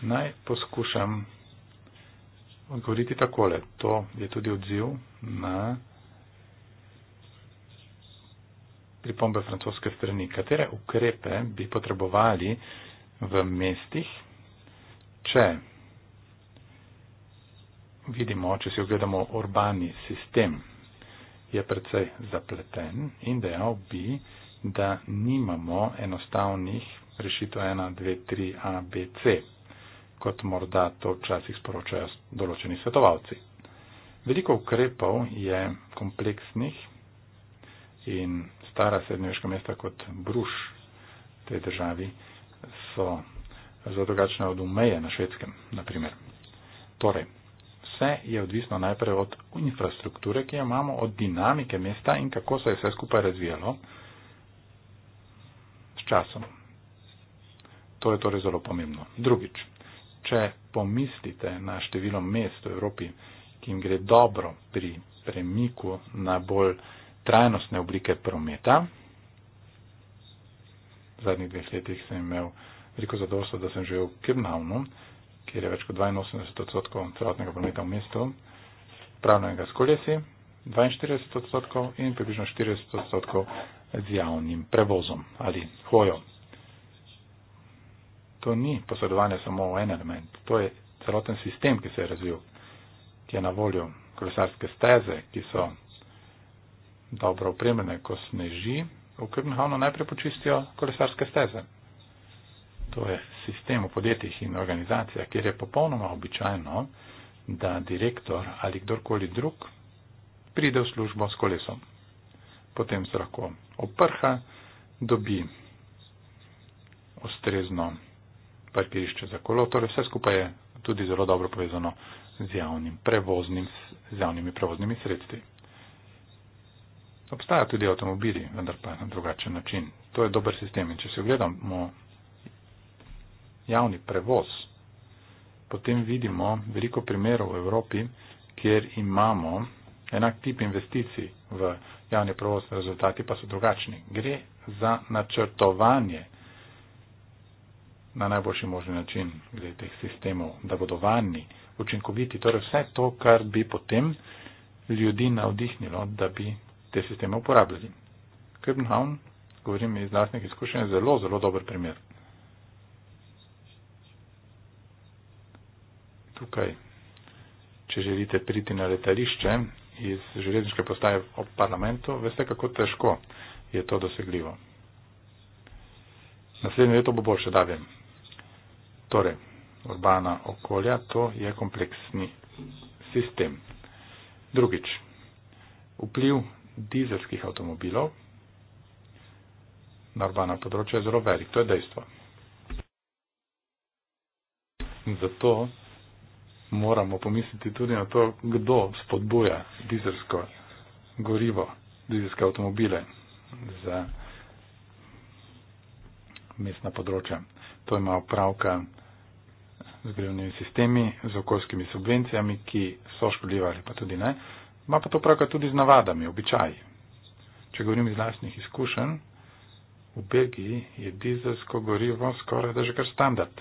Naj poskušam odgovoriti takole. To je tudi odziv na pripombe francoske strani. Katere ukrepe bi potrebovali v mestih, če vidimo, če si ogledamo urbani sistem, je precej zapleten in dejal bi, da nimamo enostavnih rešitev 1, 2, 3, A, B, C, kot morda to včasih sporočajo določeni svetovalci. Veliko ukrepov je kompleksnih in stara srednjeveška mesta kot bruš tej državi so zelo drugačne od umeje na švedskem, na primer. Torej, vse je odvisno najprej od infrastrukture, ki jo imamo, od dinamike mesta in kako se je vse skupaj razvijalo s časom. To je torej zelo pomembno. Drugič, če pomislite na število mest v Evropi, ki jim gre dobro pri premiku na bolj trajnostne oblike prometa, v zadnjih dveh letih sem imel veliko zadovoljstvo, da sem živel v Kibnavnu, kjer je več kot 82 odstotkov celotnega prometa v mestu, pravnega s kolesi 42 odstotkov in približno 40 odstotkov z javnim prevozom ali hojo. To ni posredovanje samo v en element, to je celoten sistem, ki se je razvil, ki je na voljo kolesarske steze, ki so dobro opremljene, ko sneži, v Krbnhavnu najprej počistijo kolesarske steze to je sistem v podjetjih in organizacijah, kjer je popolnoma običajno, da direktor ali kdorkoli drug pride v službo s kolesom. Potem se lahko oprha, dobi ustrezno parkirišče za kolo, torej vse skupaj je tudi zelo dobro povezano z, javnim, prevoznim, z javnimi prevoznimi sredstvi. Obstajajo tudi avtomobili, vendar pa na drugačen način. To je dober sistem in če se ogledamo javni prevoz. Potem vidimo veliko primerov v Evropi, kjer imamo enak tip investicij v javni prevoz, rezultati pa so drugačni. Gre za načrtovanje na najboljši možni način glede teh sistemov, da bodo vanni učinkoviti. Torej vse to, kar bi potem ljudi navdihnilo, da bi te sisteme uporabljali. Krbenhavn, govorim iz lastnih izkušenj, je zelo, zelo dober primer. tukaj, če želite priti na letališče iz železniške postaje ob parlamentu, veste, kako težko je to dosegljivo. Naslednje leto bo boljše, da vem. Torej, urbana okolja, to je kompleksni sistem. Drugič, vpliv dizelskih avtomobilov na urbana področja je zelo velik, to je dejstvo. In zato moramo pomisliti tudi na to, kdo spodbuja dizelsko gorivo, dizelske avtomobile za mestna področja. To ima opravka z grevnimi sistemi, z okoljskimi subvencijami, ki so škodljive ali pa tudi ne. Ma pa to opravka tudi z navadami, običaji. Če govorim iz lastnih izkušenj, v Belgiji je dizelsko gorivo skoraj da že kar standard.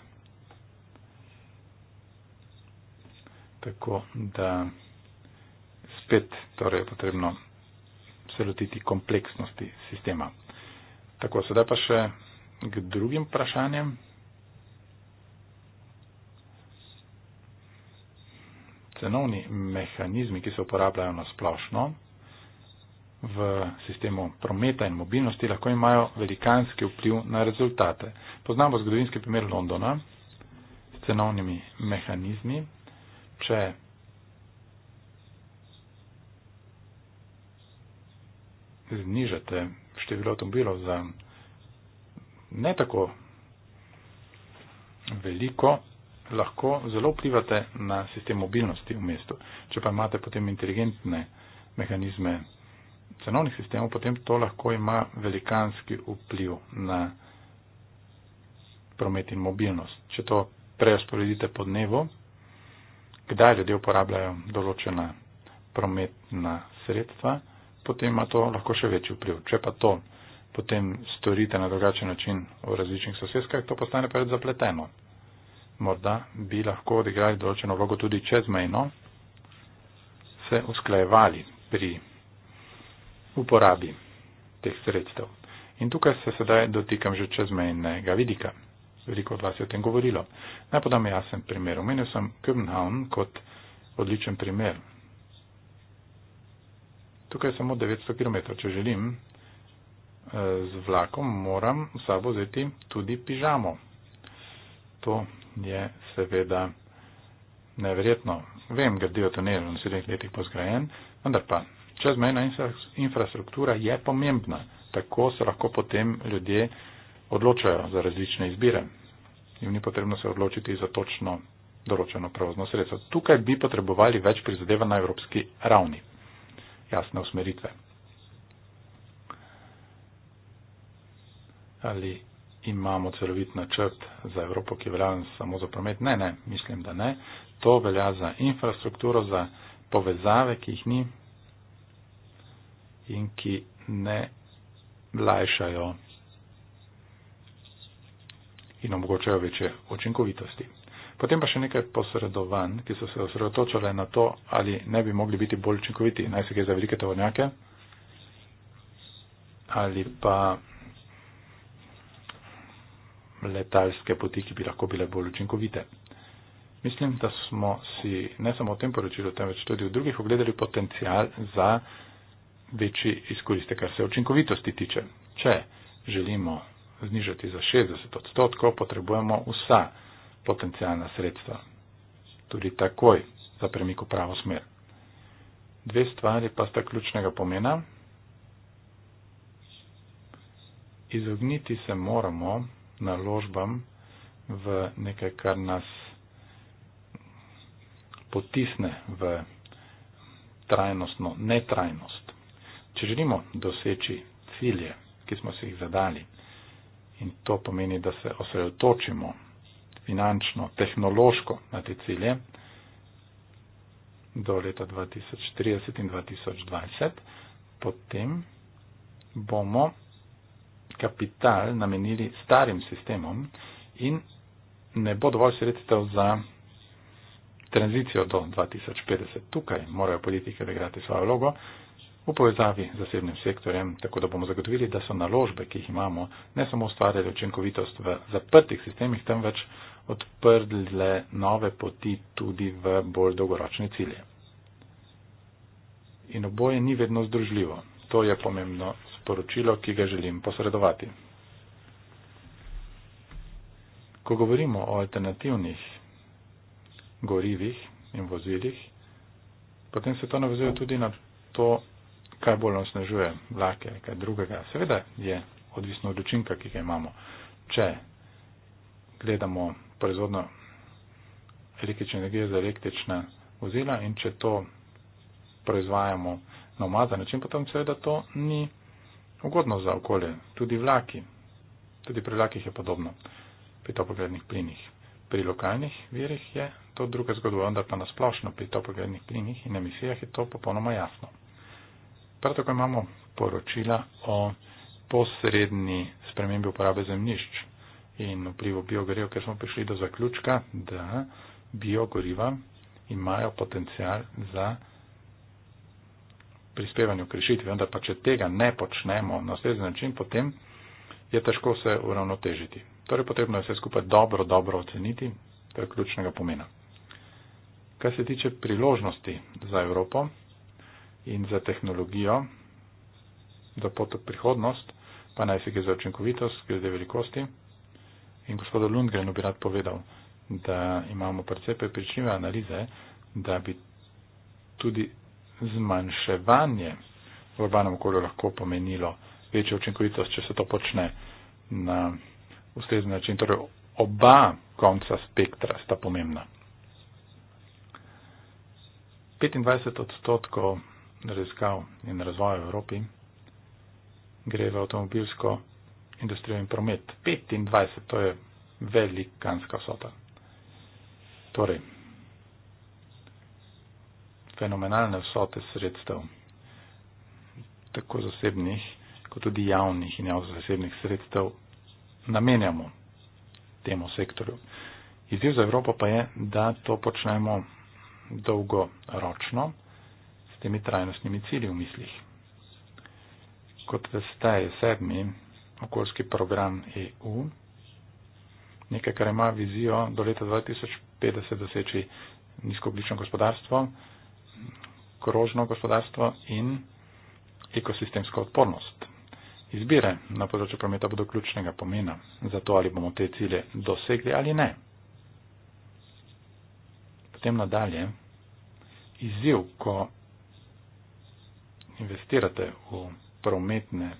tako da spet torej je potrebno se lotiti kompleksnosti sistema. Tako, sedaj pa še k drugim vprašanjem. Cenovni mehanizmi, ki se uporabljajo na splošno v sistemu prometa in mobilnosti, lahko imajo velikanski vpliv na rezultate. Poznamo zgodovinski primer Londona s cenovnimi mehanizmi, če znižate število avtomobilov za ne tako veliko, lahko zelo vplivate na sistem mobilnosti v mestu. Če pa imate potem inteligentne mehanizme cenovnih sistemov, potem to lahko ima velikanski vpliv na promet in mobilnost. Če to preusporedite po dnevu, kdaj ljudje uporabljajo določena prometna sredstva, potem ima to lahko še večji vpliv. Če pa to potem storite na drugačen način v različnih sosedskah, to postane pa zapleteno. Morda bi lahko odigrali določeno vlogo tudi čezmejno, se usklajevali pri uporabi teh sredstev. In tukaj se sedaj dotikam že čezmejnega vidika veliko od vas je o tem govorilo. Naj podam jasen primer. Omenil sem Köbenhavn kot odličen primer. Tukaj je samo 900 km. Če želim eh, z vlakom, moram v sabo vzeti tudi pižamo. To je seveda neverjetno. Vem, gradijo tunel v naslednjih letih pozgrajen, vendar pa čezmejna infrastruktura je pomembna. Tako se lahko potem ljudje odločajo za različne izbire jim ni potrebno se odločiti za točno določeno prevozno sredstvo. Tukaj bi potrebovali več prizadeva na evropski ravni. Jasne usmeritve. Ali imamo celovit načrt za Evropo, ki velja samo za promet? Ne, ne, mislim, da ne. To velja za infrastrukturo, za povezave, ki jih ni in ki ne lajšajo in omogočajo večje učinkovitosti. Potem pa še nekaj posredovanj, ki so se osredotočale na to, ali ne bi mogli biti bolj učinkoviti, naj se gre za velike tovornjake ali pa letalske poti, ki bi lahko bile bolj učinkovite. Mislim, da smo si ne samo v tem poročilu, temveč tudi v drugih ogledali potencial za večji izkoristek, kar se učinkovitosti tiče. Če želimo znižati za 60 odstotkov, potrebujemo vsa potencijalna sredstva, tudi takoj za premik v pravo smer. Dve stvari pa sta ključnega pomena. Izogniti se moramo naložbam v nekaj, kar nas potisne v trajnostno netrajnost. Če želimo doseči cilje, ki smo si jih zadali, In to pomeni, da se osredotočimo finančno, tehnološko na te cilje do leta 2030 in 2020, potem bomo kapital namenili starim sistemom in ne bo dovolj sredstev za tranzicijo do 2050. Tukaj morajo politike odigrati svojo vlogo, v povezavi z zasebnim sektorjem, tako da bomo zagotovili, da so naložbe, ki jih imamo, ne samo ustvarjale učinkovitost v zaprtih sistemih, temveč odprle nove poti tudi v bolj dolgoročne cilje. In oboje ni vedno združljivo. To je pomembno sporočilo, ki ga želim posredovati. Ko govorimo o alternativnih gorivih in vozilih, potem se to navezuje tudi na to, kaj bolj osnažuje vlake ali kaj drugega. Seveda je odvisno od učinka, ki ga imamo. Če gledamo proizvodno električne energije za električna vozila in če to proizvajamo na umazan način, potem seveda to ni ugodno za okolje. Tudi vlaki, tudi pri vlakih je podobno pri topogrednih plinih. Pri lokalnih virih je to druga zgodba, vendar pa na splošno pri topogrednih plinih in emisijah je to popolnoma jasno. Prav tako imamo poročila o posredni spremembi uporabe zemljišč in vplivu biogorev, ker smo prišli do zaključka, da biogoriva imajo potencial za prispevanje k rešitvi, vendar pa če tega ne počnemo na ustrezen način, potem je težko se uravnotežiti. Torej potrebno je vse skupaj dobro, dobro oceniti, to je ključnega pomena. Kar se tiče priložnosti za Evropo, in za tehnologijo, za pot v prihodnost, pa naj se gre za učinkovitost, glede velikosti. In gospodu Lundgrenu bi rad povedal, da imamo precej prepričljive analize, da bi tudi zmanjševanje v urbanem okolju lahko pomenilo večjo učinkovitost, če se to počne na ustrezni način. Torej, oba konca spektra sta pomembna. 25 odstotkov raziskav in razvoja v Evropi, gre v avtomobilsko industrijo in promet. 25, to je velikanska vsota. Torej, fenomenalne vsote sredstev, tako zasebnih, kot tudi javnih in javno zasebnih sredstev, namenjamo temu sektorju. Izziv za Evropo pa je, da to počnemo dolgoročno, temi trajnostnimi cilji v mislih. Kot veste, je sedmi okoljski program EU, nekaj, kar ima vizijo do leta 2050 doseči nizkoglično gospodarstvo, krožno gospodarstvo in ekosistemsko odpornost. Izbire na področju prometa bodo ključnega pomena za to, ali bomo te cilje dosegli ali ne. Potem nadalje, izziv, ko investirate v prometne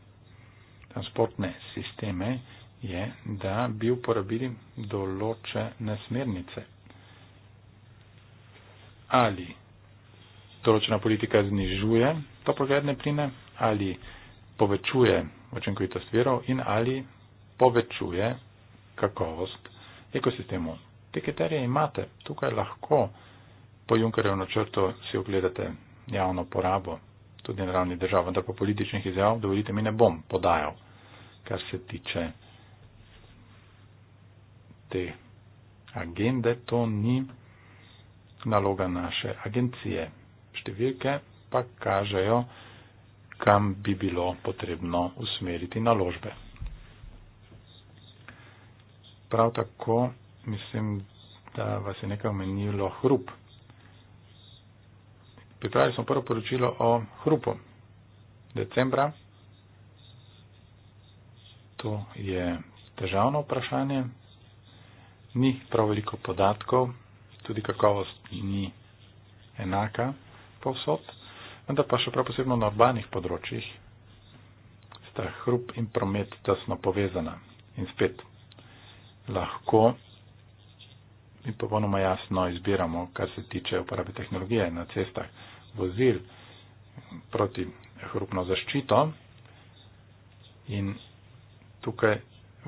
transportne sisteme, je, da bi uporabili določene smernice. Ali določena politika znižuje to progledne pline, ali povečuje očinkovitost virov in ali povečuje kakovost ekosistemu. Te kriterije imate, tukaj lahko po Junkerjev načrtu si ogledate javno porabo tudi na ravni držav, vendar pa političnih izjav, dovolite mi, ne bom podajal, kar se tiče te agende, to ni naloga naše agencije. Številke pa kažejo, kam bi bilo potrebno usmeriti naložbe. Prav tako mislim, da vas je nekaj omenilo hrup. Pripravili smo prvo poročilo o hrupu. Decembra. To je težavno vprašanje. Ni prav veliko podatkov, tudi kakovost ni enaka povsod, vendar pa še prav posebno na urbanih področjih sta hrup in promet tesno povezana. In spet, lahko in popolnoma jasno izbiramo, kar se tiče uporabe tehnologije na cestah vozil proti hrupno zaščito. In tukaj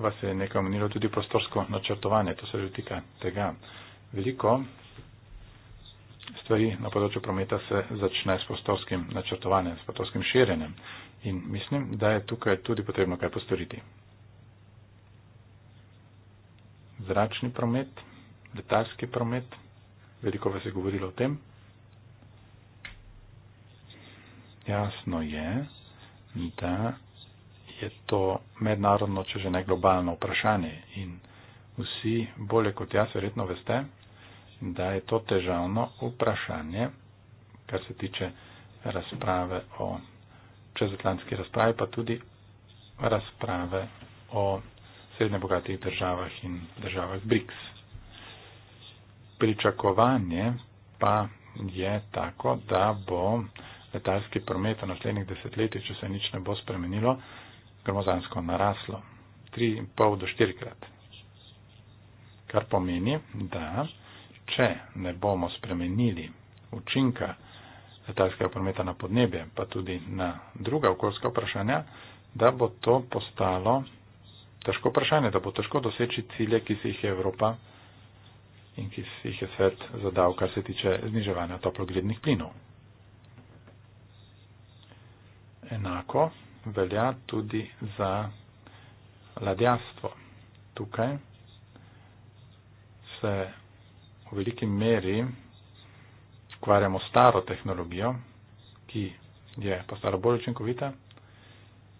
vas je nekaj omenilo tudi prostorsko načrtovanje, to se že tika tega. Veliko stvari na področju prometa se začne s prostorskim načrtovanjem, s prostorskim širjenjem. In mislim, da je tukaj tudi potrebno kaj postoriti. Zračni promet, letalski promet, veliko vas je govorilo o tem. jasno je, da je to mednarodno, če že ne globalno vprašanje in vsi bolje kot jaz verjetno veste, da je to težavno vprašanje, kar se tiče razprave o čezatlantski razpravi, pa tudi razprave o srednje bogatih državah in državah BRICS. Pričakovanje pa je tako, da bo letalski promet v naslednjih desetletjih, če se nič ne bo spremenilo, gromozansko naraslo 3,5 do 4 krat. Kar pomeni, da če ne bomo spremenili učinka letalskega prometa na podnebje, pa tudi na druga okoljska vprašanja, da bo to postalo težko vprašanje, da bo težko doseči cilje, ki si jih je Evropa in ki si jih je svet zadal, kar se tiče zniževanja toplogrednih plinov enako velja tudi za ladjastvo. Tukaj se v veliki meri ukvarjamo staro tehnologijo, ki je postala bolj učinkovita,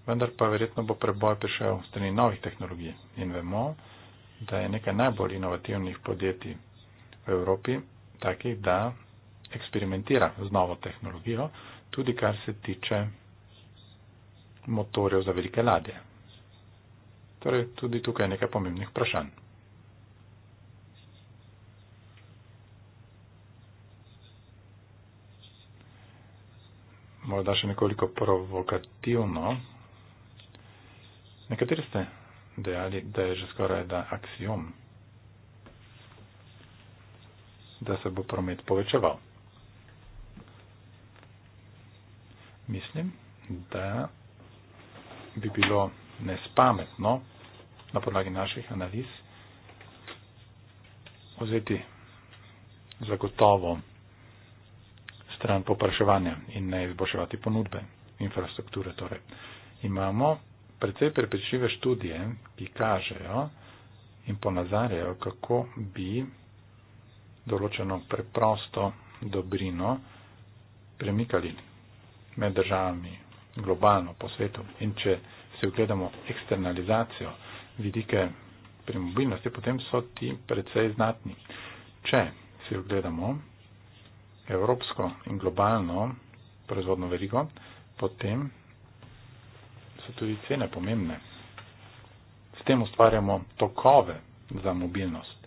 vendar pa verjetno bo preboj prišel strani novih tehnologij. In vemo, da je nekaj najbolj inovativnih podjetij v Evropi takih, da eksperimentira z novo tehnologijo, tudi kar se tiče motorjev za velike ladje. Torej, tudi tukaj je nekaj pomembnih vprašanj. Morda še nekoliko provokativno. Nekateri ste dejali, da je že skoraj da aksijom, da se bo promet povečeval. Mislim, da bi bilo nespametno na podlagi naših analiz vzeti zagotovo stran popraševanja in ne izboljševati ponudbe infrastrukture. Torej. Imamo precej prepričljive študije, ki kažejo in ponazarjajo, kako bi določeno preprosto dobrino premikali med državami globalno po svetu in če se ogledamo eksternalizacijo vidike pri mobilnosti, potem so ti predvsej znatni. Če se ogledamo evropsko in globalno proizvodno verigo, potem so tudi cene pomembne. S tem ustvarjamo tokove za mobilnost.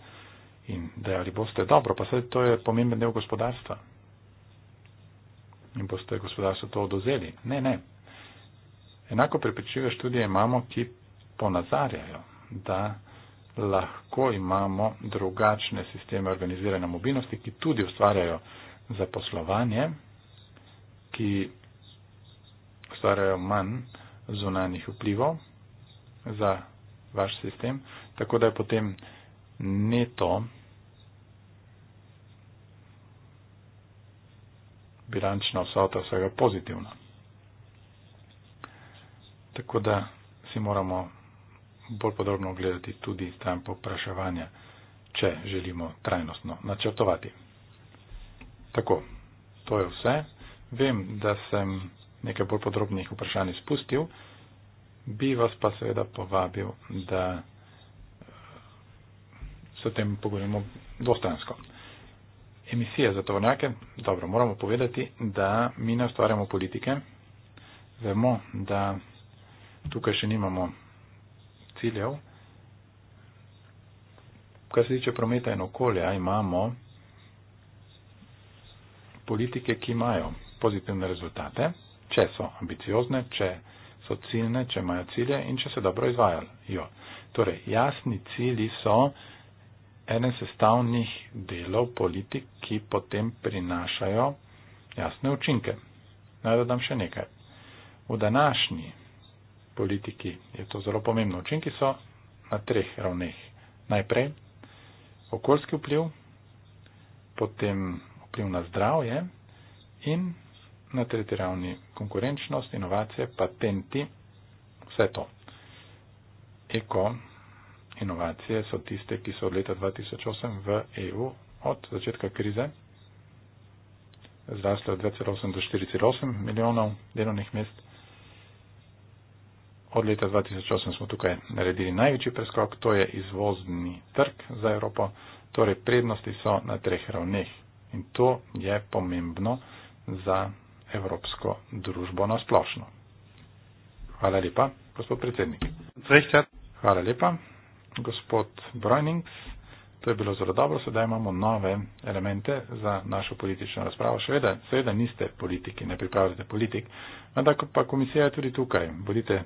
In da ali boste dobro, pa sedaj to je pomemben del gospodarstva. In boste gospodarstvo to odozeli. Ne, ne, Enako prepričuje študije imamo, ki ponazarjajo, da lahko imamo drugačne sisteme organizirane mobilnosti, ki tudi ustvarjajo zaposlovanje, ki ustvarjajo manj zunanih vplivov za vaš sistem, tako da je potem neto bilančna vsota vsega pozitivna. Tako da si moramo bolj podrobno gledati tudi stran popraševanja, če želimo trajnostno načrtovati. Tako, to je vse. Vem, da sem nekaj bolj podrobnih vprašanj izpustil, bi vas pa seveda povabil, da eh, se o tem pogovorimo dostansko. Emisije za tovornjake, dobro, moramo povedati, da mi ne ustvarjamo politike. Vemo, da tukaj še nimamo ciljev. Kar se tiče prometa in okolja, imamo politike, ki imajo pozitivne rezultate, če so ambiciozne, če so ciljne, če imajo cilje in če se dobro izvajajo. Torej, jasni cilji so eden sestavnih delov politik, ki potem prinašajo jasne učinke. Naj dodam še nekaj. V današnji politiki je to zelo pomembno. Učinki so na treh ravneh. Najprej okoljski vpliv, potem vpliv na zdravje in na tretji ravni konkurenčnost, inovacije, patenti, vse to. Eko inovacije so tiste, ki so od leta 2008 v EU od začetka krize zrasle od 2,8 do 4,8 milijonov delovnih mest od leta 2008 smo tukaj naredili največji preskok, to je izvozni trg za Evropo, torej prednosti so na treh ravneh in to je pomembno za evropsko družbo na splošno. Hvala lepa, gospod predsednik. Hvala lepa, gospod Brojnings. To je bilo zelo dobro, sedaj imamo nove elemente za našo politično razpravo. Še vedno, seveda niste politiki, ne pripravljate politik, vendar pa komisija je tudi tukaj. Bodite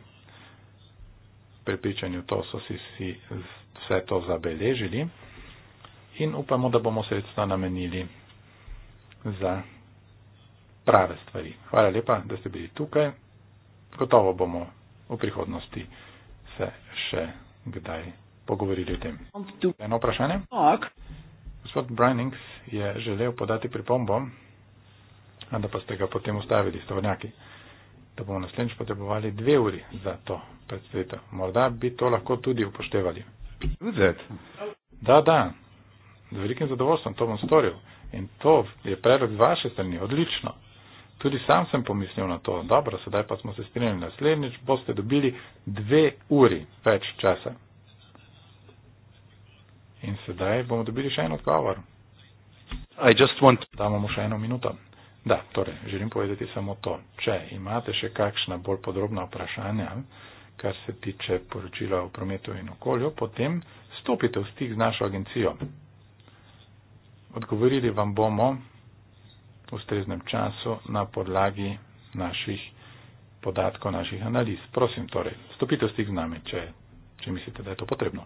prepričanju to so si, si vse to zabeležili in upamo, da bomo sredstva namenili za prave stvari. Hvala lepa, da ste bili tukaj. Gotovo bomo v prihodnosti se še kdaj pogovorili o tem. Eno vprašanje? Gospod Brinings je želel podati pripombo, da pa ste ga potem ustavili, stovnjaki da bomo naslednjič potrebovali dve uri za to predstavitev. Morda bi to lahko tudi upoštevali. Da, da, z velikim zadovoljstvom to bom storil. In to je predlog z vaše strani, odlično. Tudi sam sem pomislil na to. Dobro, sedaj pa smo se strinjali naslednjič, boste dobili dve uri več časa. In sedaj bomo dobili še en odgovor. I just want... Damo mu še eno minuto. Da, torej, želim povedati samo to. Če imate še kakšna bolj podrobna vprašanja, kar se tiče poročila o prometu in okolju, potem stopite v stik z našo agencijo. Odgovorili vam bomo v streznem času na podlagi naših podatkov, naših analiz. Prosim, torej, stopite v stik z nami, če, če mislite, da je to potrebno.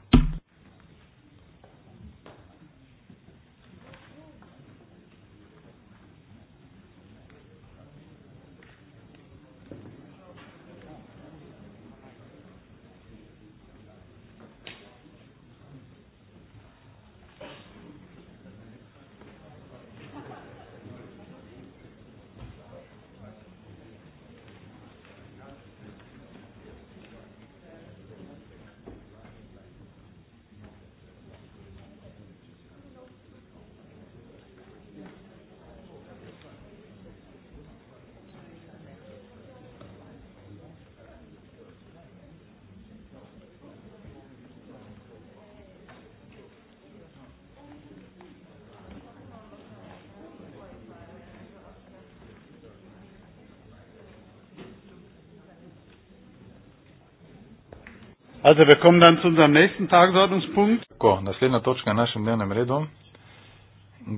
Also, wir kommen dann zu unserem nächsten Tagesordnungspunkt. Ko, naslednja točka na našem dnevnem redu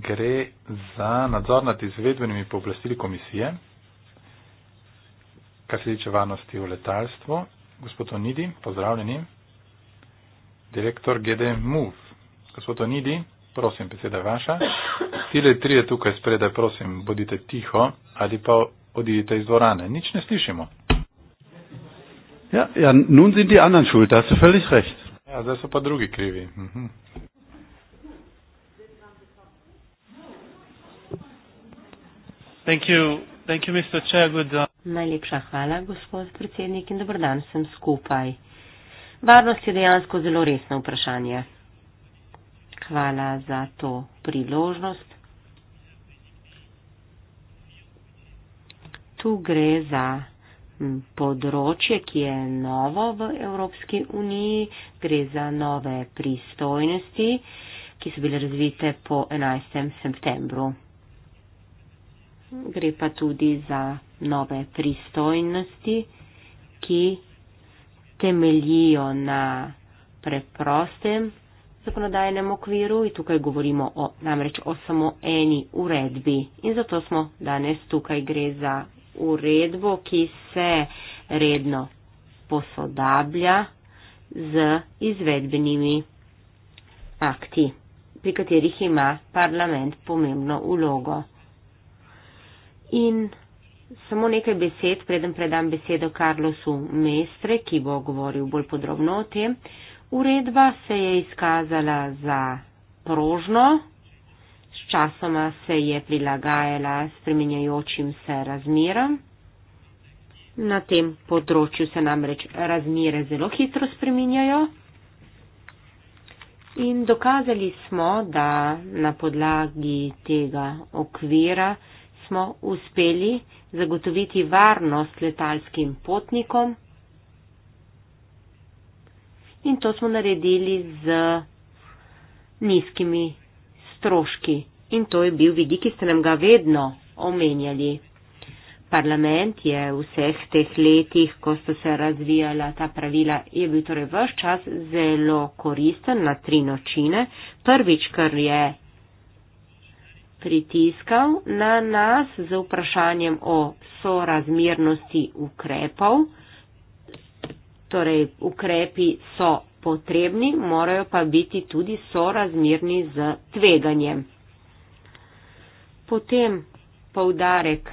gre za nadzor nad izvedbenimi pooblastili komisije, kar se tiče varnosti v letalstvu. Gospod Onidi, pozdravljeni. Direktor GD MUV. Gospod Onidi, prosim, beseda je vaša. Tile tri je tukaj spredaj, prosim, bodite tiho ali pa odidite iz dvorane. Nič ne slišimo. Ja, ja, nun sind die anderen schuld, da hast du völlig recht. Ja, das ist ein paar Druge Krivi. Mhm. Thank you. Thank you, Mr. Chair. Good uh, Najlepša hvala, gospod predsednik, in dobr dan sem skupaj. Varnost je dejansko zelo resno vprašanje. Hvala za to priložnost. Tu gre za področje, ki je novo v Evropski uniji, gre za nove pristojnosti, ki so bile razvite po 11. septembru. Gre pa tudi za nove pristojnosti, ki temeljijo na preprostem zakonodajnem okviru in tukaj govorimo o, namreč o samo eni uredbi in zato smo danes tukaj gre za uredbo, ki se redno posodablja z izvedbenimi akti, pri katerih ima parlament pomembno ulogo. In samo nekaj besed, preden predam besedo Karlosu Mestre, ki bo govoril bolj podrobno o tem. Uredba se je izkazala za prožno sčasoma se je prilagajala spremenjajočim se razmeram. Na tem področju se namreč razmere zelo hitro spreminjajo. In dokazali smo, da na podlagi tega okvira smo uspeli zagotoviti varnost letalskim potnikom. In to smo naredili z nizkimi stroški in to je bil vidik, ki ste nam ga vedno omenjali. Parlament je v vseh teh letih, ko so se razvijala ta pravila, je bil torej vaš čas zelo koristen na tri načine. Prvič, kar je pritiskal na nas z vprašanjem o sorazmernosti ukrepov, torej ukrepi so potrebni, morajo pa biti tudi sorazmerni z tveganjem. Potem poudarek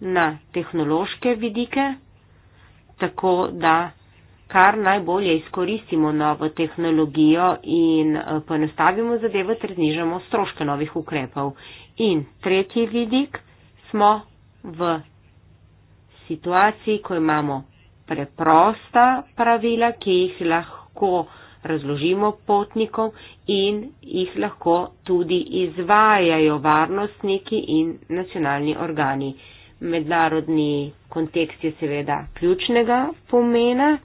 na tehnološke vidike, tako da kar najbolje izkoristimo novo tehnologijo in eh, poenostavimo zadevo ter znižamo stroške novih ukrepov. In tretji vidik, smo v situaciji, ko imamo preprosta pravila, ki jih lahko lahko razložimo potnikom in jih lahko tudi izvajajo varnostniki in nacionalni organi. Mednarodni kontekst je seveda ključnega pomena.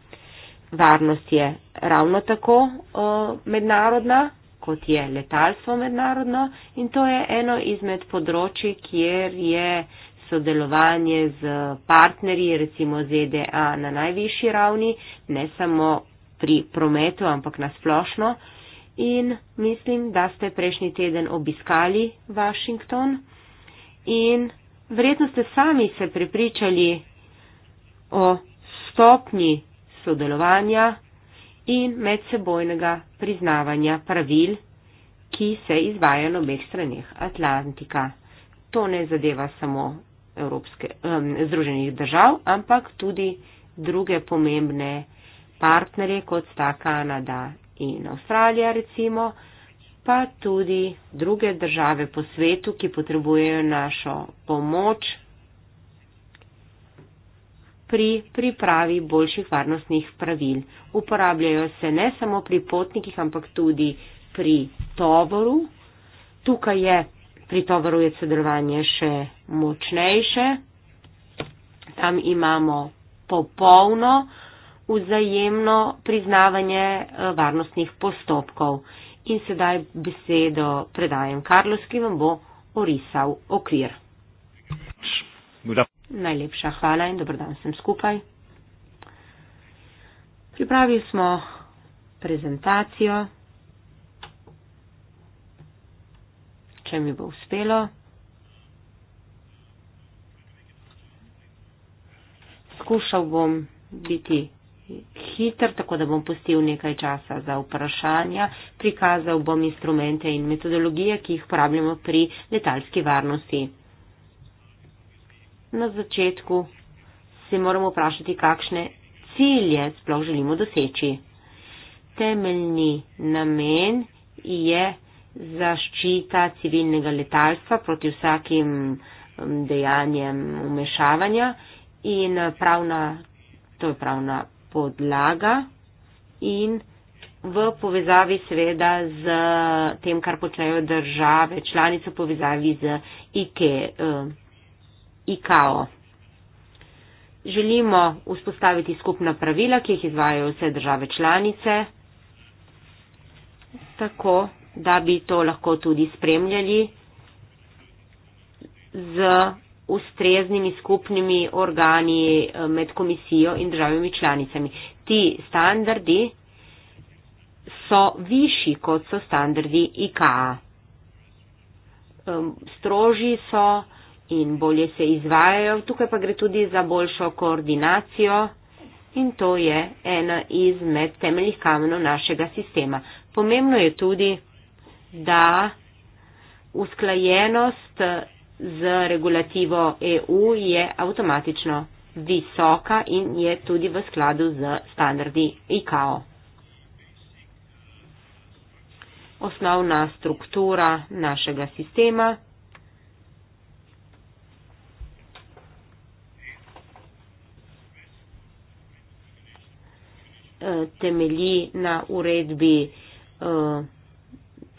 Varnost je ravno tako o, mednarodna, kot je letalstvo mednarodno in to je eno izmed področji, kjer je sodelovanje z partnerji, recimo ZDA na najvišji ravni, ne samo pri prometu, ampak nasplošno. In mislim, da ste prejšnji teden obiskali Washington in verjetno ste sami se prepričali o stopni sodelovanja in medsebojnega priznavanja pravil, ki se izvajajo na obeh straneh Atlantika. To ne zadeva samo Evropske, eh, Združenih držav, ampak tudi druge pomembne partnerje, kot sta Kanada in Avstralija recimo, pa tudi druge države po svetu, ki potrebujejo našo pomoč pri pripravi boljših varnostnih pravil. Uporabljajo se ne samo pri potnikih, ampak tudi pri tovoru. Tukaj je pri tovoru je sodelovanje še močnejše. Tam imamo popolno uh, vzajemno priznavanje eh, varnostnih postopkov. In sedaj besedo predajem Karlos, ki vam bo orisal okvir. Buda. Najlepša hvala in dobro dan sem skupaj. Pripravili smo prezentacijo. Če mi bo uspelo. Skušal bom biti hiter, tako da bom pustil nekaj časa za vprašanja. Prikazal bom instrumente in metodologije, ki jih uporabljamo pri letalski varnosti. Na začetku se moramo vprašati, kakšne cilje sploh želimo doseči. Temeljni namen je zaščita civilnega letalstva proti vsakim um, dejanjem umešavanja in uh, pravna, to je pravna podlaga in v povezavi seveda z tem, kar počnejo države, članice v povezavi z IKE, uh, IKO. Želimo vzpostaviti skupna pravila, ki jih izvajo vse države članice, tako da bi to lahko tudi spremljali z ustreznimi skupnimi organi eh, med komisijo in državami članicami. Ti standardi so višji, kot so standardi IKA. Stroži so in bolje se izvajajo, tukaj pa gre tudi za boljšo koordinacijo in to je ena izmed temeljih kamenov našega sistema. Pomembno je tudi, da usklajenost z regulativo EU je avtomatično visoka in je tudi v skladu z standardi ICAO. Osnovna struktura našega sistema. E, temelji na uredbi 300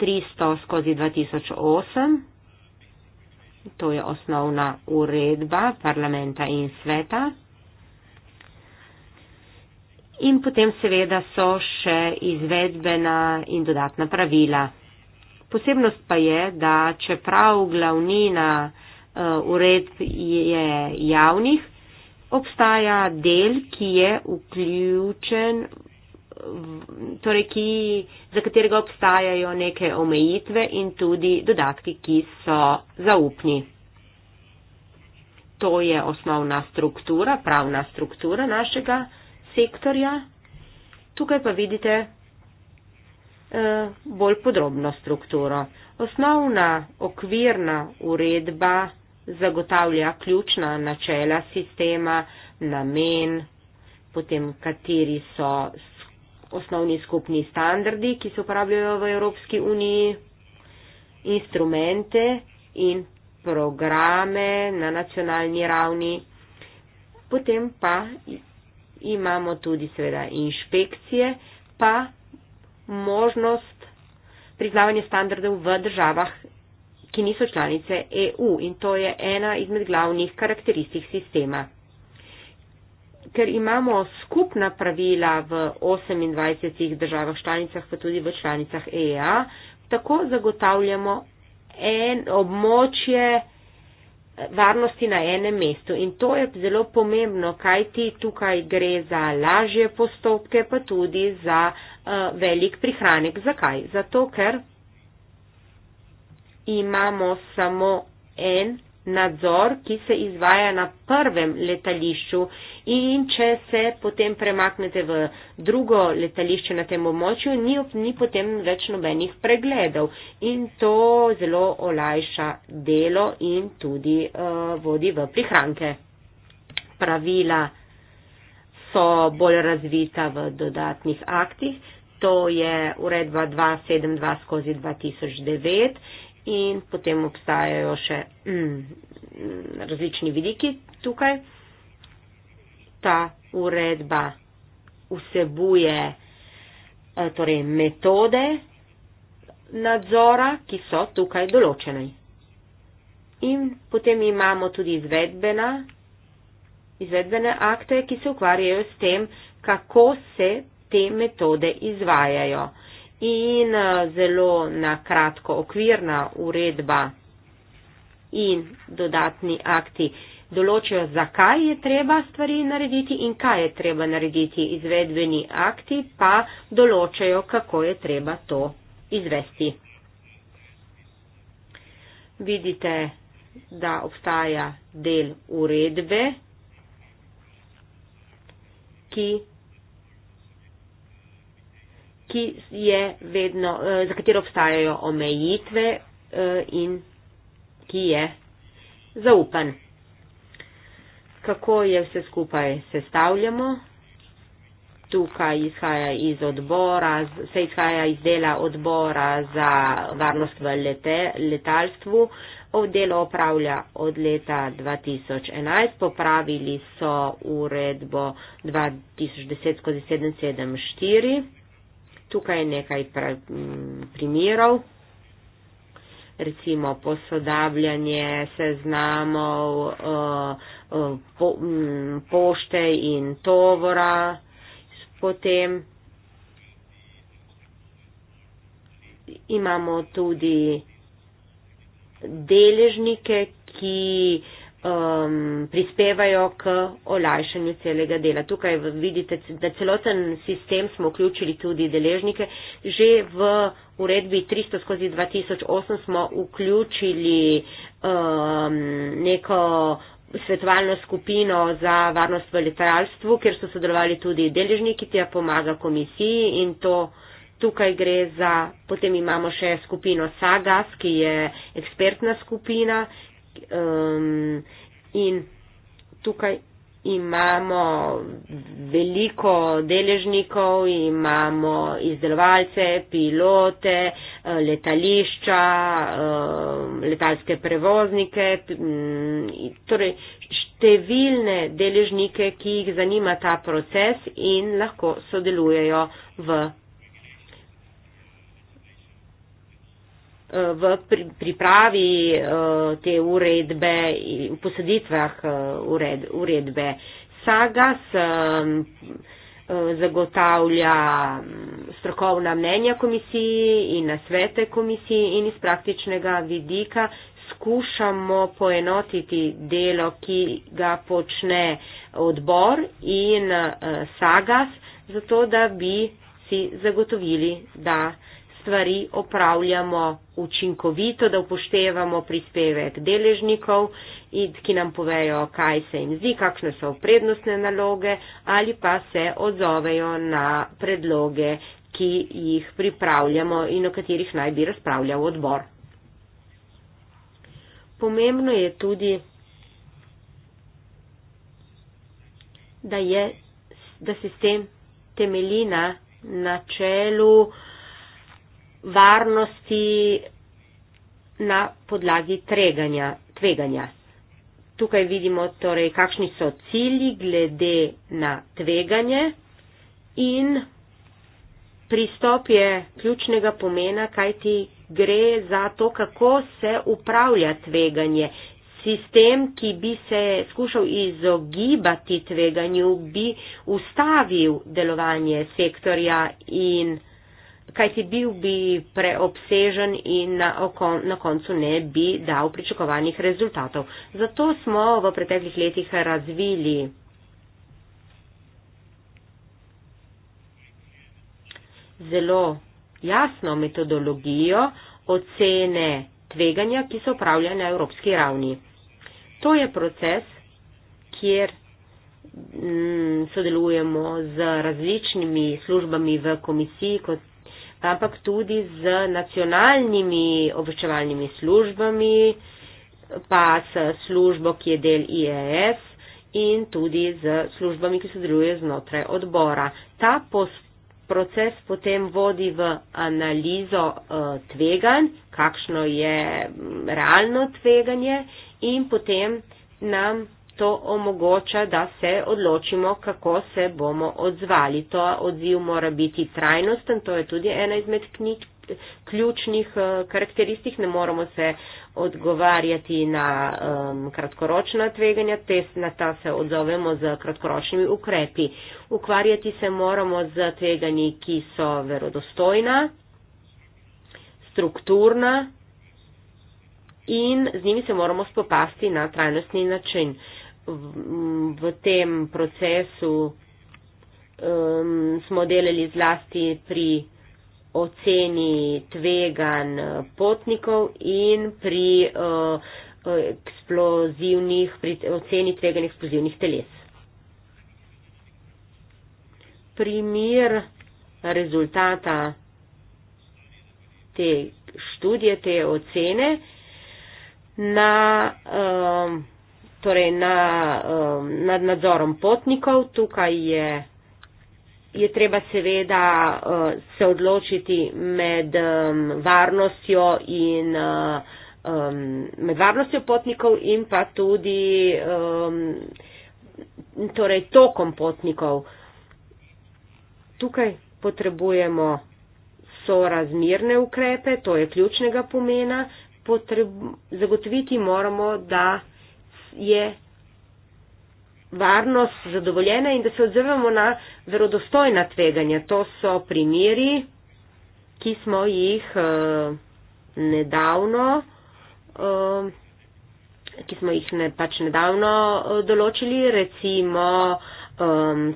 e, skozi 2008 to je osnovna uredba parlamenta in sveta. In potem seveda so še izvedbena in dodatna pravila. Posebnost pa je, da čeprav glavnina eh, uredb je javnih, obstaja del, ki je vključen torej ki, za katerega obstajajo neke omejitve in tudi dodatki, ki so zaupni. To je osnovna struktura, pravna struktura našega sektorja. Tukaj pa vidite eh, bolj podrobno strukturo. Osnovna okvirna uredba zagotavlja ključna načela sistema, namen, potem kateri so osnovni skupni standardi, ki se uporabljajo v Evropski uniji, instrumente in programe na nacionalni ravni. Potem pa imamo tudi seveda inšpekcije, pa možnost priznavanja standardov v državah, ki niso članice EU in to je ena izmed glavnih karakteristik sistema ker imamo skupna pravila v 28 državah članicah, pa tudi v članicah EEA, tako zagotavljamo en območje eh, varnosti na enem mestu. In to je zelo pomembno, kaj ti tukaj gre za lažje postopke, pa tudi za uh, velik prihranek. Zakaj? Zato, ker imamo samo en nadzor, ki se izvaja na prvem letališču in če se potem premaknete v drugo letališče na tem območju, ni, ni potem več nobenih pregledov in to zelo olajša delo in tudi uh, vodi v prihranke. Pravila so bolj razvita v dodatnih aktih, to je uredba 272 skozi 2009 in potem obstajajo še mm, različni vidiki tukaj. Ta uredba vsebuje eh, torej, metode nadzora, ki so tukaj določene. In potem imamo tudi izvedbena, izvedbene akte, ki se ukvarjajo s tem, kako se te metode izvajajo in eh, zelo nakratko okvirna uredba in dodatni akti določijo, zakaj je treba stvari narediti in kaj je treba narediti. Izvedbeni akti pa določajo, kako je treba to izvesti. Vidite, da obstaja del uredbe, ki ki je vedno, uh, za katero obstajajo omejitve uh, in ki je zaupan. Kako je vse skupaj sestavljamo? Tukaj izhaja iz odbora, se izhaja iz dela odbora za varnost v lete, letalstvu. Ovo delo opravlja od leta 2011, popravili so uredbo 2010 skozi 774 tukaj nekaj pra, mm, primerov, recimo posodabljanje seznamov, eh, eh, mm, pošte in tovora, potem imamo tudi deležnike, ki uh, um, prispevajo k olajšanju celega dela. Tukaj vidite, da celoten sistem smo vključili tudi deležnike. Že v uredbi 300 skozi 2008 smo vključili um, neko svetovalno skupino za varnost v letalstvu, kjer so sodelovali tudi deležniki, ki je pomaga komisiji in to tukaj gre za, potem imamo še skupino SAGAS, ki je ekspertna skupina, um, in tukaj imamo veliko deležnikov, imamo izdelovalce, pilote, eh, letališča, eh, letalske prevoznike, mm, torej številne deležnike, ki jih zanima ta proces in lahko sodelujejo v Eh, v pripravi eh, te uredbe, v posaditvah eh, uredbe. SAGAS zagotavlja mm, strokovna mnenja komisiji in na svete komisiji in iz praktičnega vidika skušamo poenotiti delo, ki ga počne odbor in SAGAS, zato da bi si zagotovili, da stvari opravljamo učinkovito, da upoštevamo prispevek deležnikov, ki nam povejo, kaj se jim zdi, kakšne so prednostne naloge ali pa se odzovejo na predloge, ki jih pripravljamo in o katerih naj bi razpravljal odbor. Pomembno je tudi, da, je, da sistem temelji na načelu, varnosti na podlagi treganja, tveganja. Tukaj vidimo torej, kakšni so cilji glede na tveganje in pristop je ključnega pomena, kaj ti gre za to, kako se upravlja tveganje. Sistem, ki bi se skušal izogibati tveganju, bi ustavil delovanje sektorja in kajti bil bi preobsežen in na, oko, na koncu ne bi dal pričakovanih rezultatov. Zato smo v preteklih letih razvili zelo jasno metodologijo ocene tveganja, ki so upravljene na evropski ravni. To je proces, kjer mm, sodelujemo z različnimi službami v komisiji, kot ampak tudi z nacionalnimi obveščevalnimi službami, pa s službo, ki je del IES in tudi z službami, ki sodelujejo znotraj odbora. Ta proces potem vodi v analizo uh, tveganj, kakšno je mm, realno tveganje in potem nam to omogoča, da se odločimo, kako se bomo odzvali. To odziv mora biti trajnosten, to je tudi ena izmed knjig, ključnih uh, karakteristik. Ne moramo se odgovarjati na um, kratkoročna tveganja, te, na ta se odzovemo z kratkoročnimi ukrepi. Ukvarjati se moramo z tveganji, ki so verodostojna, strukturna. In z njimi se moramo spopasti na trajnostni način. Uh, v, v tem procesu um, smo delali zlasti pri oceni tvegan potnikov in pri uh, pri oceni tveganih eksplozivnih teles. Primer rezultata te študije, te ocene na um, torej na, um, nad nadzorom potnikov. Tukaj je, je treba seveda uh, se odločiti med, um, varnostjo in, uh, um, med varnostjo potnikov in pa tudi um, torej tokom potnikov. Tukaj potrebujemo sorazmirne ukrepe, to je ključnega pomena. Potreb, zagotoviti moramo, da je varnost zadovoljena in da se odzivamo na verodostojna tveganja. To so primiri, ki smo jih eh, nedavno, eh, ki smo jih ne, pač nedavno eh, določili, recimo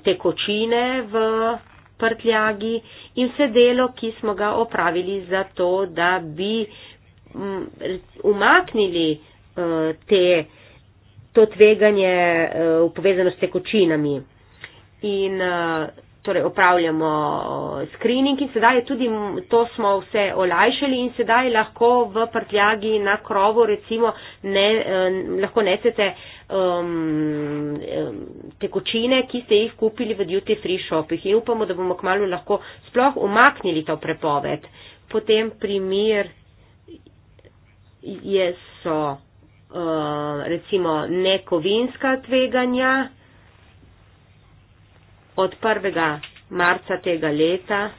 tekočine v prtljagi in vse delo, ki smo ga opravili za to, da bi mm, umaknili te tekočine to tveganje uh, povezano s tekočinami. In uh, torej opravljamo eh, skrining in sedaj tudi to smo vse olajšali in sedaj lahko v prtljagi na krovu recimo ne, uh, lahko nesete um, um, tekočine, ki ste jih kupili v duty free shopih in upamo, da bomo kmalo lahko sploh umaknili to prepoved. Potem primir je so. Eh, recimo nekovinska tveganja od 1. marca tega leta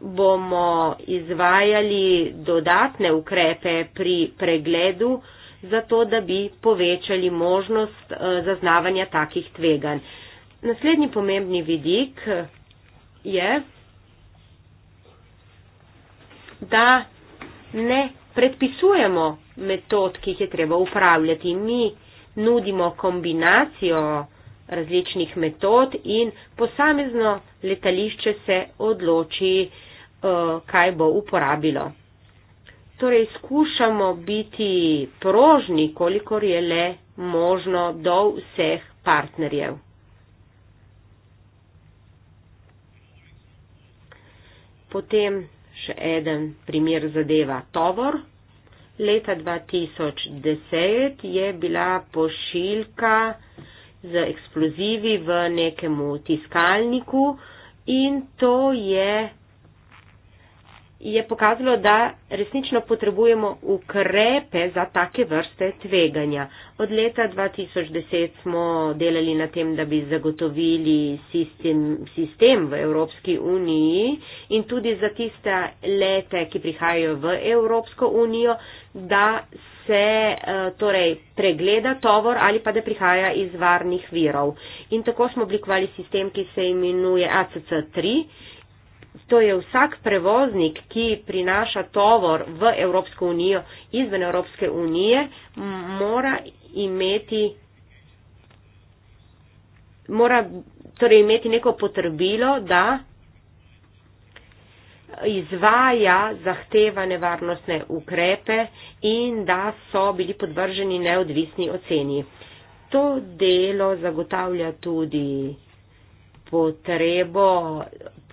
bomo izvajali dodatne ukrepe pri pregledu, zato da bi povečali možnost eh, zaznavanja takih tveganj. Naslednji pomembni vidik eh, je, da ne predpisujemo metod, ki jih je treba upravljati. Mi nudimo kombinacijo različnih metod in posamezno letališče se odloči, eh, kaj bo uporabilo. Torej, skušamo biti prožni, kolikor je le možno, do vseh partnerjev. Potem še eden primer zadeva tovor. Leta 2010 je bila pošiljka z eksplozivi v nekemu tiskalniku in to je je pokazalo, da resnično potrebujemo ukrepe za take vrste tveganja. Od leta 2010 smo delali na tem, da bi zagotovili sistem, sistem v Evropski uniji in tudi za tiste lete, ki prihajajo v Evropsko unijo, da se eh, torej pregleda tovor ali pa da prihaja iz varnih virov. In tako smo oblikovali sistem, ki se imenuje ACC3 to je vsak prevoznik, ki prinaša tovor v Evropsko unijo izven Evropske unije, mora imeti, mora, torej imeti neko potrbilo, da izvaja zahtevane varnostne ukrepe in da so bili podvrženi neodvisni oceni. To delo zagotavlja tudi potrebo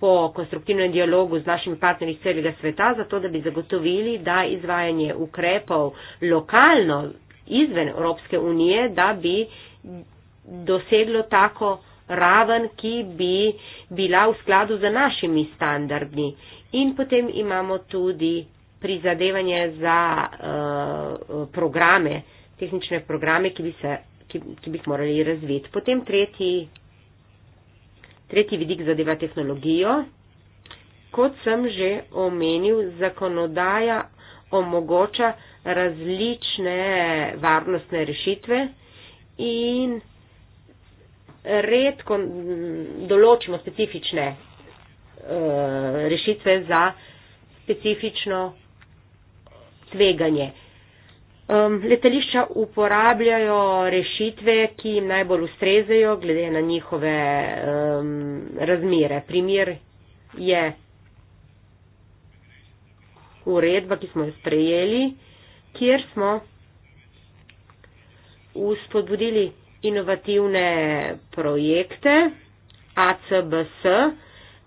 po konstruktivnem dialogu z našimi partnerji iz celega sveta, zato da bi zagotovili, da izvajanje ukrepov lokalno izven Evropske unije, da bi doseglo tako raven, ki bi bila v skladu z našimi standardi. In potem imamo tudi prizadevanje za uh, programe, tehnične programe, ki bi, se, ki, ki bi jih morali razviti. Potem tretji Tretji vidik zadeva tehnologijo. Kot sem že omenil, zakonodaja omogoča različne varnostne rešitve in redko določimo specifične eh, rešitve za specifično tveganje. Um, letališča uporabljajo rešitve, ki jim najbolj ustrezajo, glede na njihove um, razmere. Primer je uredba, ki smo jo sprejeli, kjer smo uspodbudili inovativne projekte ACBS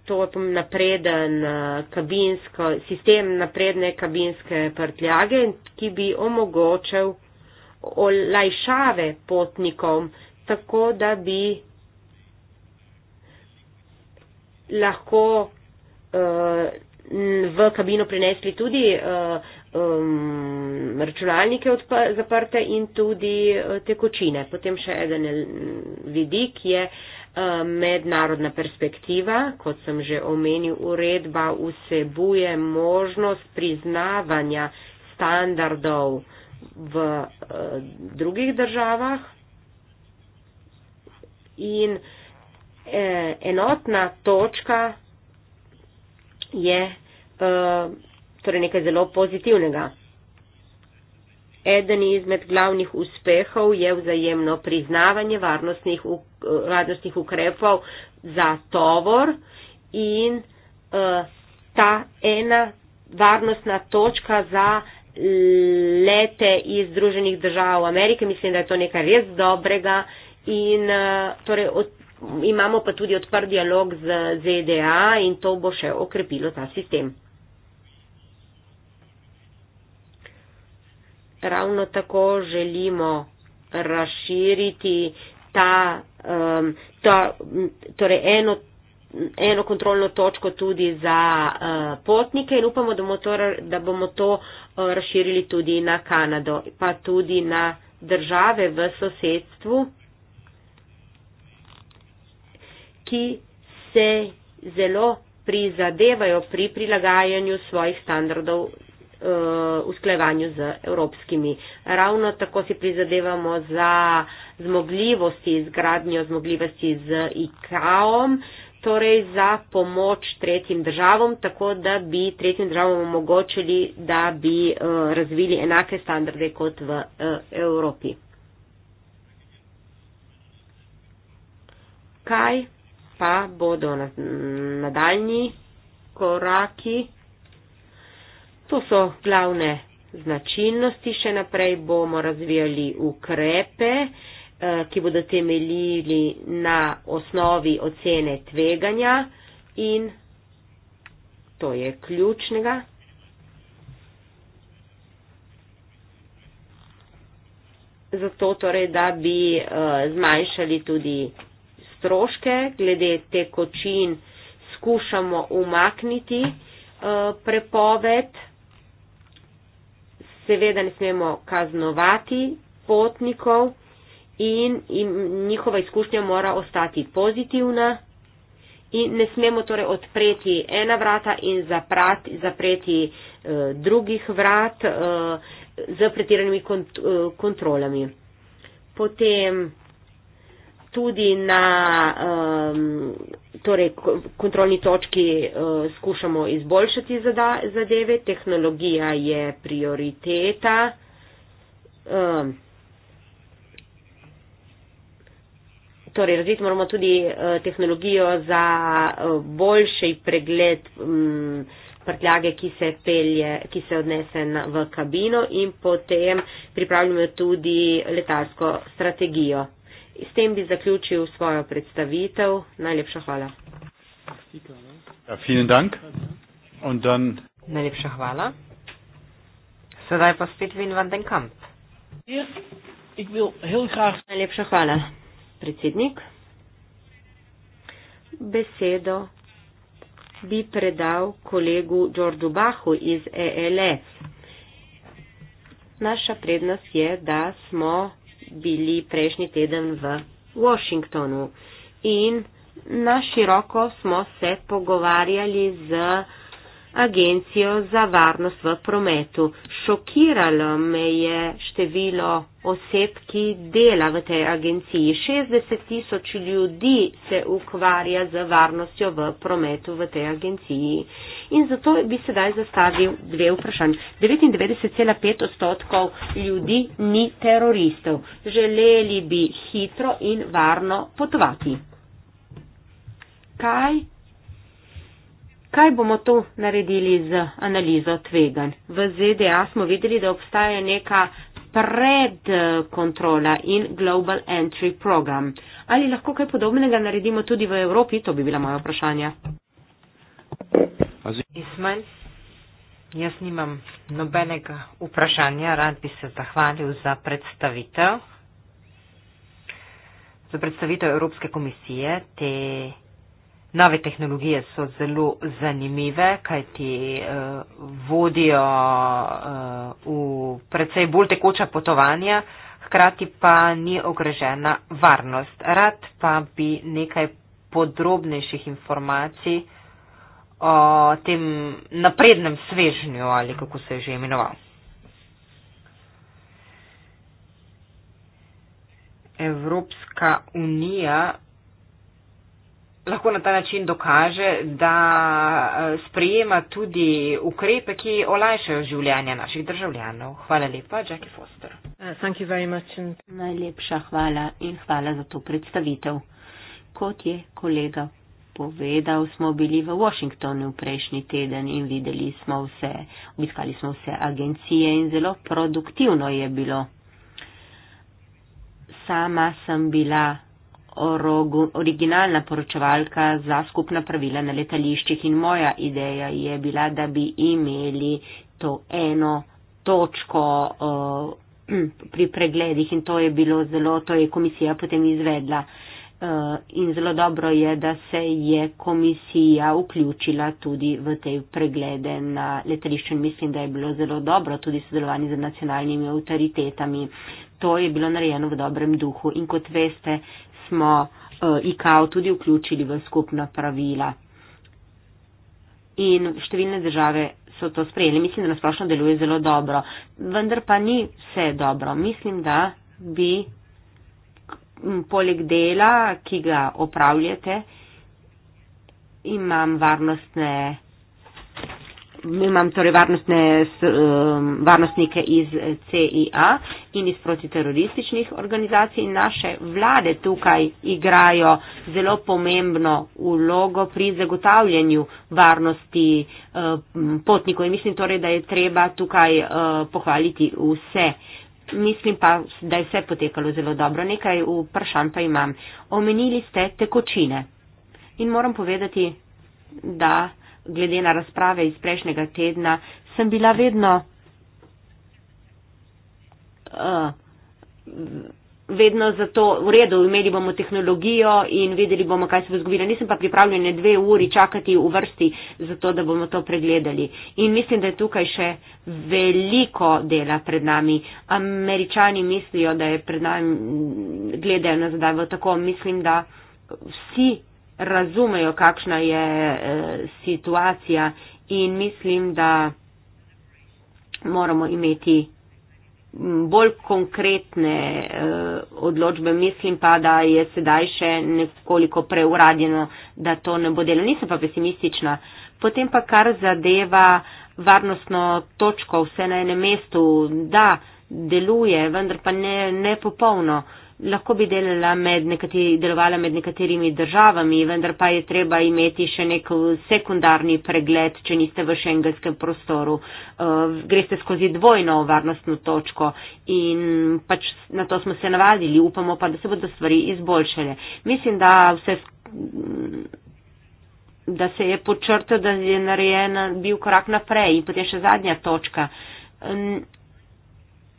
to napreden eh, kabinsko, sistem napredne kabinske prtljage, ki bi omogočal olajšave potnikom, tako da bi lahko uh, v kabino prinesli tudi uh, um, računalnike odpa, zaprte in tudi uh, tekočine. Potem še eden vidik je uh, Eh, mednarodna perspektiva, kot sem že omenil, uredba vsebuje možnost priznavanja standardov v eh, drugih državah in eh, enotna točka je torej nekaj zelo pozitivnega. Eden izmed glavnih uspehov je vzajemno priznavanje varnostnih, varnostnih ukrepov za tovor in uh, ta ena varnostna točka za lete iz Združenih držav Amerike. Mislim, da je to nekaj res dobrega in uh, torej od, imamo pa tudi odprt dialog z ZDA in to bo še okrepilo ta sistem. ravno tako želimo razširiti ta, um, ta torej eno, eno kontrolno točko tudi za uh, potnike in upamo, da bomo to, da bomo to uh, razširili tudi na Kanado, pa tudi na države v sosedstvu, ki se zelo prizadevajo pri prilagajanju svojih standardov Eh, usklajevanju z evropskimi. Ravno tako si prizadevamo za zmogljivosti, zgradnjo zmogljivosti z IKAOM, torej za pomoč tretjim državam, tako da bi tretjim državam omogočili, da bi eh, razvili enake standarde kot v eh, Evropi. Kaj pa bodo nadaljni koraki? To so glavne značilnosti. Še naprej bomo razvijali ukrepe, eh, ki bodo temeljili na osnovi ocene tveganja in to je ključnega. Zato torej, da bi eh, zmanjšali tudi stroške, glede te kočin skušamo umakniti eh, prepoved seveda ne smemo kaznovati potnikov in, in njihova izkušnja mora ostati pozitivna in ne smemo torej odpreti ena vrata in zaprati, zapreti eh, drugih vrat eh, z pretiranimi kont, eh, kontrolami. Potem tudi na um, torej, kontrolni točki uh, skušamo izboljšati zadeve, tehnologija je prioriteta. Um, Torej, razviti moramo tudi uh, tehnologijo za uh, boljši pregled um, prtljage, ki se pelje, ki se odnese na, v kabino in potem pripravljamo tudi letalsko strategijo. S tem bi zaključil svojo predstavitev. Najlepša hvala. Ja, dank. Und dann... Najlepša hvala. Sedaj pa spet Vin van den Kamp. Graag... Najlepša hvala, predsednik. Besedo bi predal kolegu Džordu Bahu iz ELF. Naša prednost je, da smo bili prejšnji teden v Washingtonu in na široko smo se pogovarjali z agencijo za varnost v prometu. Šokiralo me je število oseb, ki dela v tej agenciji. 60 tisoč ljudi se ukvarja z varnostjo v prometu v tej agenciji. In zato bi sedaj zastavil dve vprašanj. 99,5 odstotkov ljudi ni teroristov. Želeli bi hitro in varno potovati. Kaj Kaj bomo to naredili z analizo tvegan? V ZDA smo videli, da obstaja neka predkontrola in Global Entry Program. Ali lahko kaj podobnega naredimo tudi v Evropi? To bi bila moja vprašanja. Ismail, jaz nimam nobenega vprašanja. Rad bi se zahvalil za predstavitev. Za predstavitev Evropske komisije te Nove tehnologije so zelo zanimive, kajti uh, vodijo uh, v precej bolj tekoča potovanja, hkrati pa ni ogrožena varnost. Rad pa bi nekaj podrobnejših informacij o tem naprednem svežnju ali kako se je že imenoval. Evropska unija lahko na ta način dokaže, da eh, sprejema tudi ukrepe, ki olajšajo življenje naših državljanov. Hvala lepa, Jackie Foster. Uh, Najlepša hvala in hvala za to predstavitev. Kot je kolega povedal, smo bili v Washingtonu prejšnji teden in videli smo vse, obiskali smo vse agencije in zelo produktivno je bilo. Sama sem bila originalna poročevalka za skupna pravila na letališčih in moja ideja je bila, da bi imeli to eno točko uh, pri pregledih in to je bilo zelo, to je komisija potem izvedla. In zelo dobro je, da se je komisija vključila tudi v te preglede na letališču in mislim, da je bilo zelo dobro tudi sodelovanje z nacionalnimi avtoritetami. To je bilo narejeno v dobrem duhu in kot veste, smo uh, eh, ICAO tudi vključili v skupna pravila. In številne države so to sprejeli. Mislim, da nasplošno deluje zelo dobro. Vendar pa ni vse dobro. Mislim, da bi poleg dela, ki ga opravljate, imam varnostne mi imam torej varnostne, um, varnostnike iz CIA in iz protiterorističnih organizacij in naše vlade tukaj igrajo zelo pomembno ulogo pri zagotavljanju varnosti um, potnikov in mislim torej, da je treba tukaj uh, pohvaliti vse. Mislim pa, da je vse potekalo zelo dobro. Nekaj vprašanj pa imam. Omenili ste tekočine. In moram povedati, da glede na razprave iz prejšnjega tedna, sem bila vedno, uh, vedno za to v redu. Imeli bomo tehnologijo in videli bomo, kaj se bo zgodilo. Nisem pa pripravljena dve uri čakati v vrsti za to, da bomo to pregledali. In mislim, da je tukaj še veliko dela pred nami. Američani mislijo, da je pred nami, gledajo nazadaj v tako, mislim, da vsi razumejo, kakšna je e, situacija in mislim, da moramo imeti bolj konkretne e, odločbe. Mislim pa, da je sedaj še nekoliko preuradjeno, da to ne bo delo. Nisem pa pesimistična. Potem pa kar zadeva varnostno točko, vse na enem mestu, da deluje, vendar pa ne, ne popolno. E, lahko bi delala med nekateri, delovala med nekaterimi državami, vendar pa je treba imeti še nek sekundarni pregled, če niste v šengenskem prostoru. Uh, greste skozi dvojno varnostno točko in pač na to smo se navadili, upamo pa, da se bodo stvari izboljšale. Mislim, da vse da se je počrto, da je narejen bil korak naprej in potem še zadnja točka.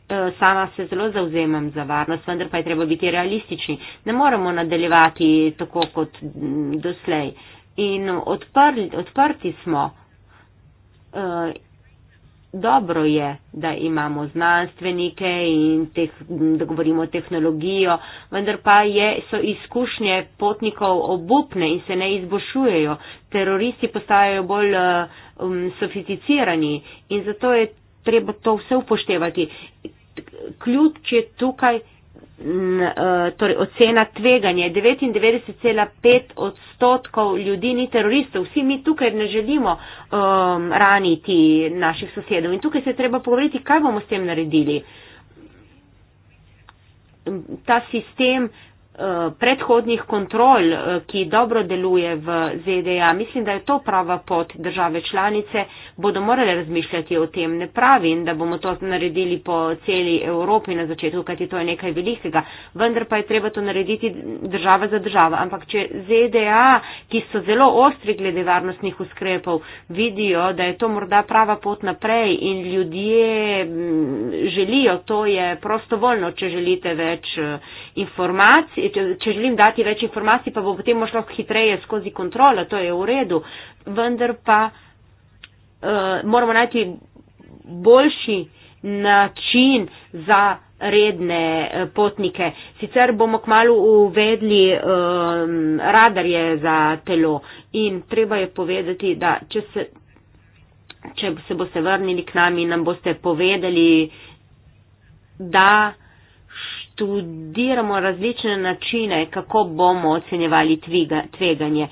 Eh, sama se zelo zauzemam za varnost, vendar pa je treba biti realistični. Ne moremo nadaljevati tako kot mm, doslej. In odprli, odprti smo. Eh, dobro je, da imamo znanstvenike in teh, da govorimo o tehnologijo, vendar pa je, so izkušnje potnikov obupne in se ne izboljšujejo. Teroristi postajajo bolj um, sofisticirani in zato je treba to vse upoštevati. Ključ je tukaj eh, torej ocena tveganja. 99,5 odstotkov ljudi ni teroristov. Vsi mi tukaj ne želimo um, raniti naših sosedov. In tukaj se je treba pogovoriti, kaj bomo s tem naredili. Ta sistem Eh, predhodnih kontrol, eh, ki dobro deluje v ZDA. Mislim, da je to prava pot. Države članice bodo morale razmišljati o tem. Ne pravim, da bomo to naredili po celi Evropi na začetku, kajti to je nekaj velikega. Vendar pa je treba to narediti država za država. Ampak če ZDA, ki so zelo ostri glede varnostnih uskrepov, vidijo, da je to morda prava pot naprej in ljudje želijo, to je prostovoljno, če želite več eh, informacij, če želim dati več informacij, pa bo potem možno hitreje skozi kontrolo, to je v redu, vendar pa uh, moramo najti boljši način za redne eh, potnike. Sicer bomo kmalo uvedli um, radarje za telo in treba je povedati, da če se, če se boste vrnili k nami, nam boste povedali, da študiramo različne načine, kako bomo ocenjevali tvega, tveganje.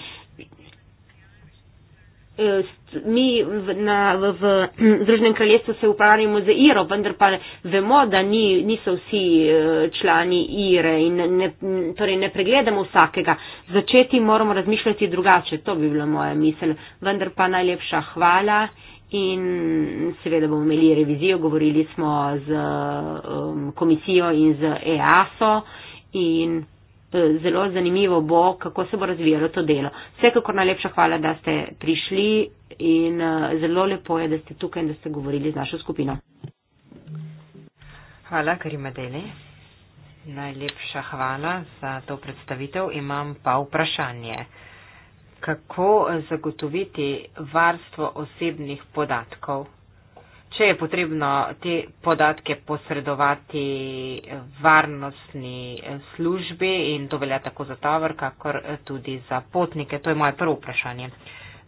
E, mi v, na, v, v Združenem kraljestvu se upravljamo z IRO, vendar pa vemo, da ni, niso vsi e, člani IRE in ne, torej ne pregledamo vsakega. Začeti moramo razmišljati drugače, to bi bila moja misel. Vendar pa najlepša hvala in seveda bomo imeli revizijo, govorili smo z um, komisijo in z EASO in e, zelo zanimivo bo, kako se bo razvijalo to delo. Vsekakor najlepša hvala, da ste prišli in e, zelo lepo je, da ste tukaj in da ste govorili z našo skupino. Hvala, Karima Deli. Najlepša hvala za to predstavitev. Imam pa vprašanje kako zagotoviti varstvo osebnih podatkov. Če je potrebno te podatke posredovati varnostni službi in to velja tako za tovr, kakor tudi za potnike, to je moje prvo vprašanje.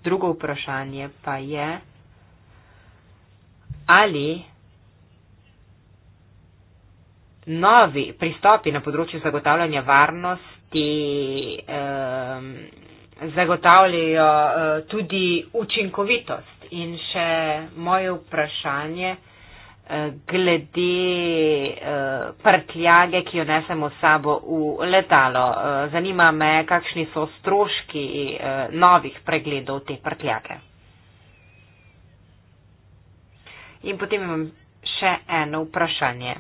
Drugo vprašanje pa je, ali novi pristopi na področju zagotavljanja varnosti. Um, zagotavljajo eh, tudi učinkovitost. In še moje vprašanje eh, glede eh, prtljage, ki jo nesemo sabo v letalo. Zanima me, kakšni so stroški novih pregledov te prtljake. In potem imam še eno vprašanje.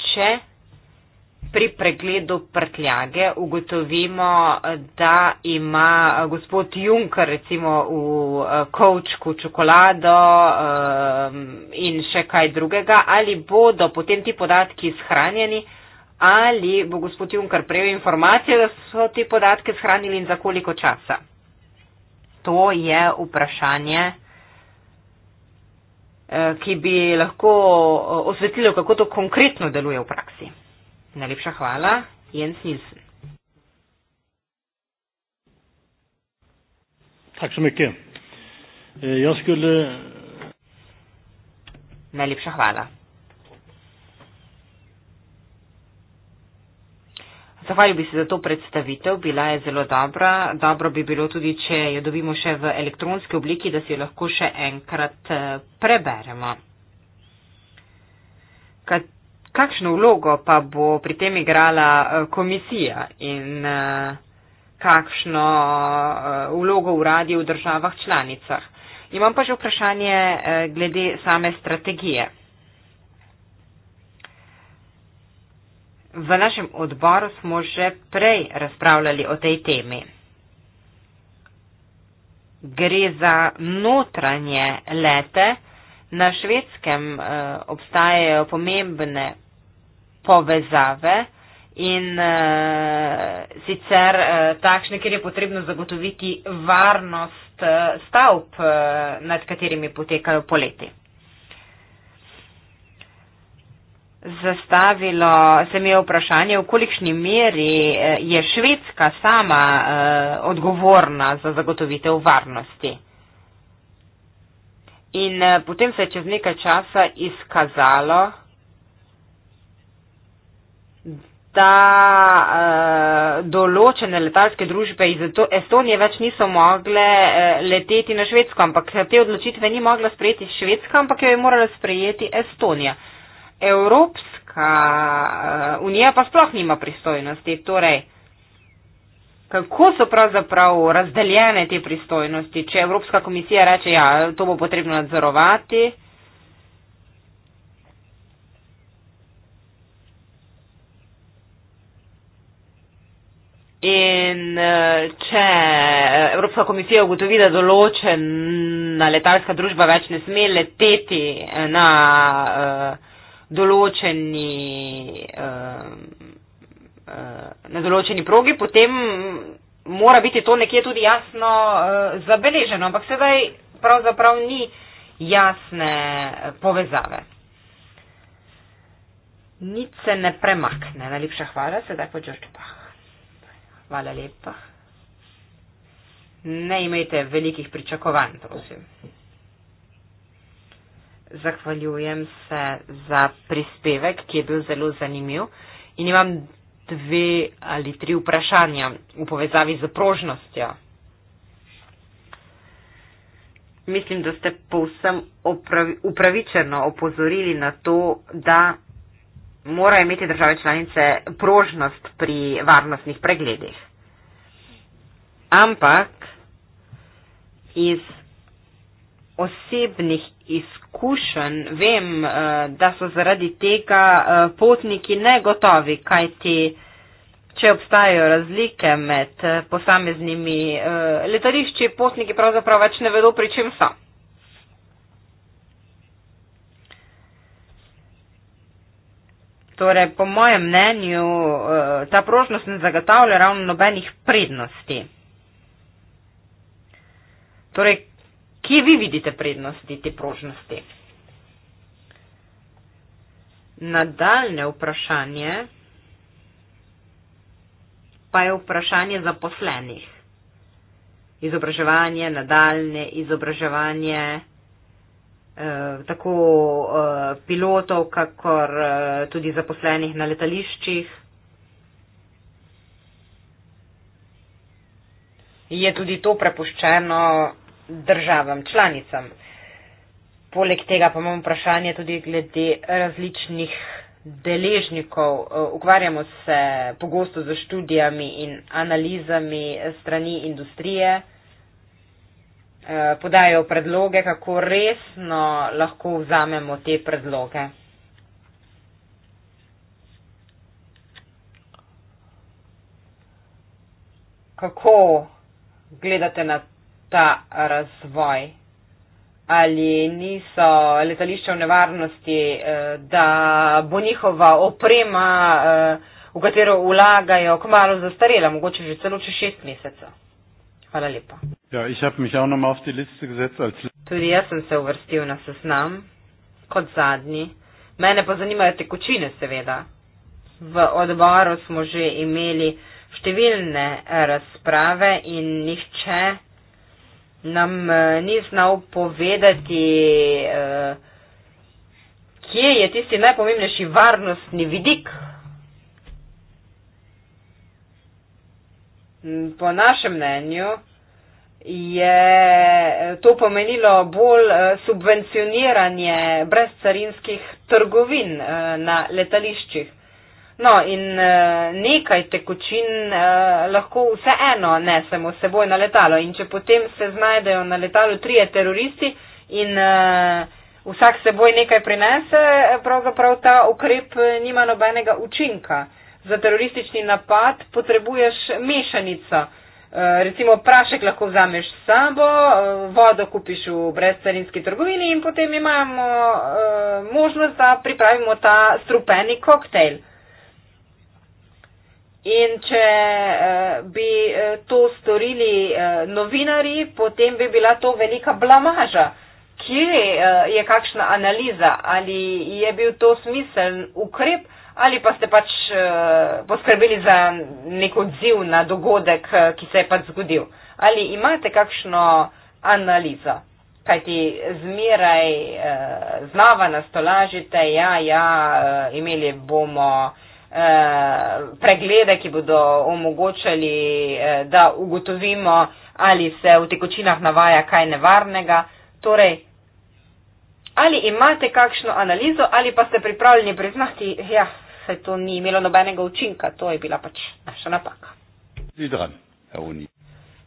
Če pri pregledu prtljage ugotovimo, da ima gospod Juncker recimo v eh, kočku čokolado eh, in še kaj drugega, ali bodo potem ti podatki shranjeni, ali bo gospod Juncker prejel informacije, da so ti podatke shranili in za koliko časa. To je vprašanje eh, ki bi lahko osvetlilo, kako to konkretno deluje v praksi. Najlepša hvala, Jens Nilsen. Tak so mykje. Eh, Jeg skulle... Najlepša hvala. Zahvaljujem bi se za to predstavitev, bila je zelo dobra. Dobro bi bilo tudi, če jo dobimo še v elektronski obliki, da si jo lahko še enkrat eh, preberemo. Kad kakšno vlogo pa bo pri tem igrala eh, komisija in eh, kakšno eh, vlogo uradi v državah članicah. Imam pa že vprašanje glede same strategije. V našem odboru smo že prej razpravljali o tej temi. Gre za notranje lete. Na švedskem obstajajo pomembne povezave in uh, sicer uh, takšne, kjer je potrebno zagotoviti varnost uh, stavb, uh, nad katerimi potekajo poleti. Zastavilo se mi je vprašanje, v kolikšni meri je Švedska sama uh, odgovorna za zagotovitev varnosti. In uh, potem se je čez nekaj časa izkazalo, da uh, določene letalske družbe iz Estonije več niso mogle uh, leteti na Švedsko, ampak te odločitve ni mogla sprejeti Švedska, ampak jo je morala sprejeti Estonija. Evropska uh, unija pa sploh nima pristojnosti. Torej, kako so pravzaprav razdeljene te pristojnosti, če Evropska komisija reče, ja, to bo potrebno nadzorovati? in uh, če eh, Evropska komisija ugotovi, da določena letalska družba več ne sme leteti eh, na uh, določeni. Uh, na določeni progi, potem mora biti to nekje tudi jasno uh, zabeleženo, ampak sedaj pravzaprav ni jasne povezave. Nič se ne premakne. Najlepša hvala, sedaj pa George Bach. Hvala lepa. Ne imejte velikih pričakovanj, prosim. Zahvaljujem se za prispevek, ki je bil zelo zanimiv in imam dve ali tri vprašanja v povezavi z prožnostjo. Mislim, da ste povsem upravičeno opozorili na to, da morajo imeti države članice prožnost pri varnostnih pregledih. Ampak iz osebnih izkušenj vem, eh, da so zaradi tega eh, potniki negotovi, kaj ti, če obstajajo razlike med eh, posameznimi letališči, potniki pravzaprav več ne vedo, pri čem so. Torej, po mojem mnenju, eh, ta prožnost ne zagotavlja ravno nobenih prednosti. Torej, kje vi vidite prednosti te prožnosti? Nadaljne vprašanje pa je vprašanje zaposlenih. Izobraževanje, nadaljne izobraževanje. Eh, tako eh, pilotov, kakor eh, tudi zaposlenih na letališčih. Je tudi to prepuščeno državam članicam. Poleg tega pa imamo vprašanje tudi glede različnih deležnikov. Ukvarjamo se pogosto z študijami in analizami strani industrije. Eh, podajajo predloge, kako resno lahko vzamemo te predloge. Kako gledate na ta razvoj? Ali niso letališča v nevarnosti, eh, da bo njihova oprema, eh, v katero vlagajo, kmalo zastarela, mogoče že celo čez šest mesecev? Hvala lepa. Ja, ich habe mich auch nochmal auf die Liste gesetzt als. Tudi jaz sem se uvrstil na seznam, kot zadnji. Mene pa zanimajo tekočine, seveda. V odboru smo že imeli številne razprave in nihče nam eh, ni znal povedati, eh, kje je tisti najpomembnejši varnostni vidik. Mm, po našem mnenju je eh, to pomenilo bolj eh, subvencioniranje brezcarinskih trgovin eh, na letališčih. No in nekaj tekočin lahko vseeno nesemo s seboj na letalo in če potem se znajdejo na letalu trije teroristi in vsak seboj nekaj prinese, pravzaprav ta ukrep nima nobenega učinka. Za teroristični napad potrebuješ mešanico. Eh, recimo prašek lahko vzameš s sabo, eh, vodo kupiš v brezcarinski trgovini in potem imamo eh, možnost, da pripravimo ta strupeni koktejl. In če bi to storili novinari, potem bi bila to velika blamaža. Kje je kakšna analiza? Ali je bil to smiseln ukrep? ali pa ste pač eh, poskrbeli za nek odziv na dogodek, eh, ki se je pač zgodil. Ali imate kakšno analizo? Kaj ti zmeraj eh, znava nastolažite, ja, ja, imeli bomo preglede, ki bodo omogočali, da ugotovimo, ali se v tekočinah navaja kaj nevarnega. Torej, ali imate kakšno analizo ali pa ste pripravljeni priznati, ja, saj to ni imelo nobenega učinka, to je bila pač naša napaka. Zidran, Euni.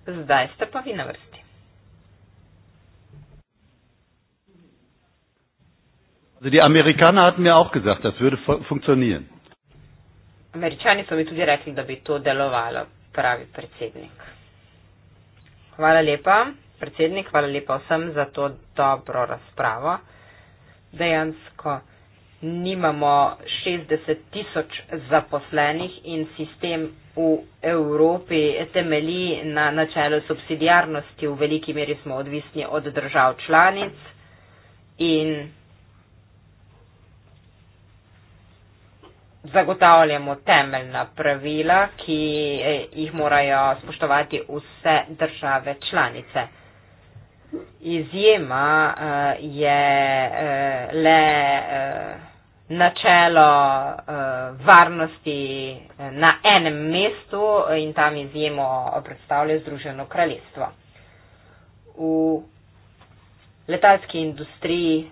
Zdaj ste pa vi na vrsti. Also die Amerikaner hatten mir auch gesagt, das würde funktionieren. Američani so mi tudi rekli, da bi to delovalo, pravi predsednik. Hvala lepa, predsednik, hvala lepa vsem za to dobro razpravo. Dejansko nimamo 60 tisoč zaposlenih in sistem v Evropi temelji na načelu subsidijarnosti. V veliki meri smo odvisni od držav članic in zagotavljamo temeljna pravila, ki eh, jih morajo spoštovati vse države članice. Izjema uh, je uh, le uh, načelo uh, varnosti eh, na enem mestu in tam izjemo predstavlja Združeno kraljestvo. V letalski industriji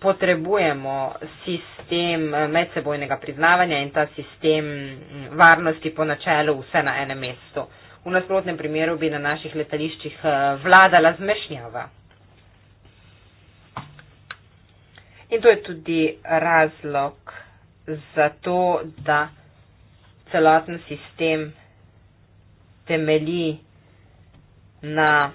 potrebujemo sistem eh, medsebojnega priznavanja in ta sistem mm, varnosti po načelu vse na enem mestu. V nasprotnem primeru bi na naših letališčih vladala zmešnjava. In to je tudi razlog za to, da celoten sistem temelji na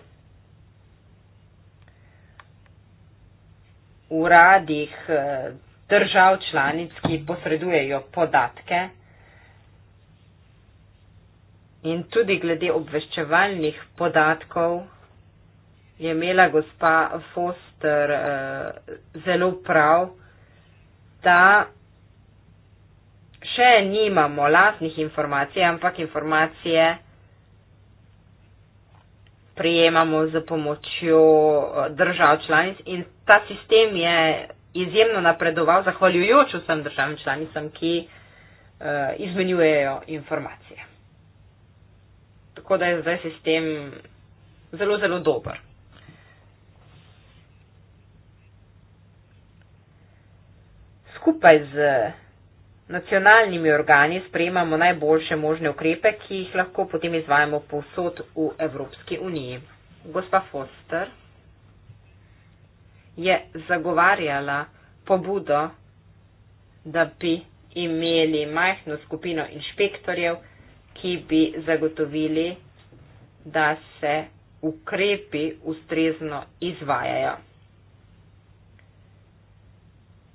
uradih eh, držav članic, ki posredujejo podatke. In tudi glede obveščevalnih podatkov je imela gospa Foster eh, zelo prav, da še nimamo lastnih informacij, ampak informacije prijemamo z pomočjo eh, držav članic in ta sistem je izjemno napredoval, zahvaljujoč vsem državam članicam, ki eh, izmenjujejo informacije. Tako da je zdaj sistem zelo, zelo dober. skupaj z nacionalnimi organi sprejemamo najboljše možne ukrepe, ki jih lahko potem izvajamo povsod v Evropski uniji. Gospa Foster je zagovarjala pobudo, da bi imeli majhno skupino inšpektorjev, ki bi zagotovili, da se ukrepi ustrezno izvajajo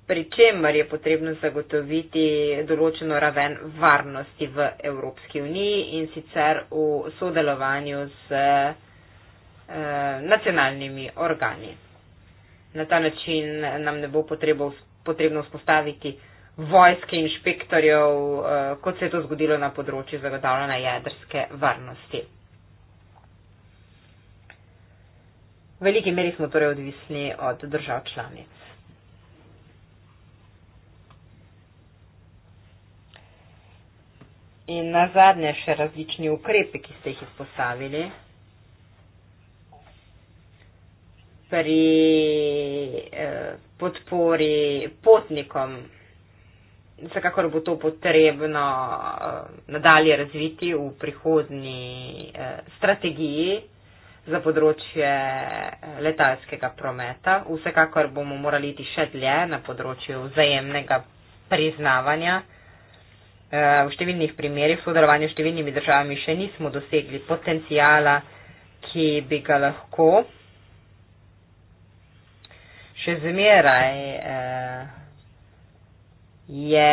pri čemer je potrebno zagotoviti določeno raven varnosti v Evropski uniji in sicer v sodelovanju z eh, nacionalnimi organi. Na ta način nam ne bo potrebno vzpostaviti vojske inšpektorjev, eh, kot se je to zgodilo na področju zagotavljanja jedrske varnosti. V veliki meri smo torej odvisni od držav članic. In na zadnje še različni ukrepi, ki ste jih izpostavili. pri eh, podpori potnikom. Vsekakor bo to potrebno eh, nadalje razviti v prihodni eh, strategiji za področje eh, letalskega prometa. Vsekakor bomo morali iti še dlje na področju vzajemnega priznavanja eh, Eh, v številnih primerjih sodelovanja s številnimi državami še nismo dosegli potencijala, ki bi ga lahko. Še zmeraj eh, je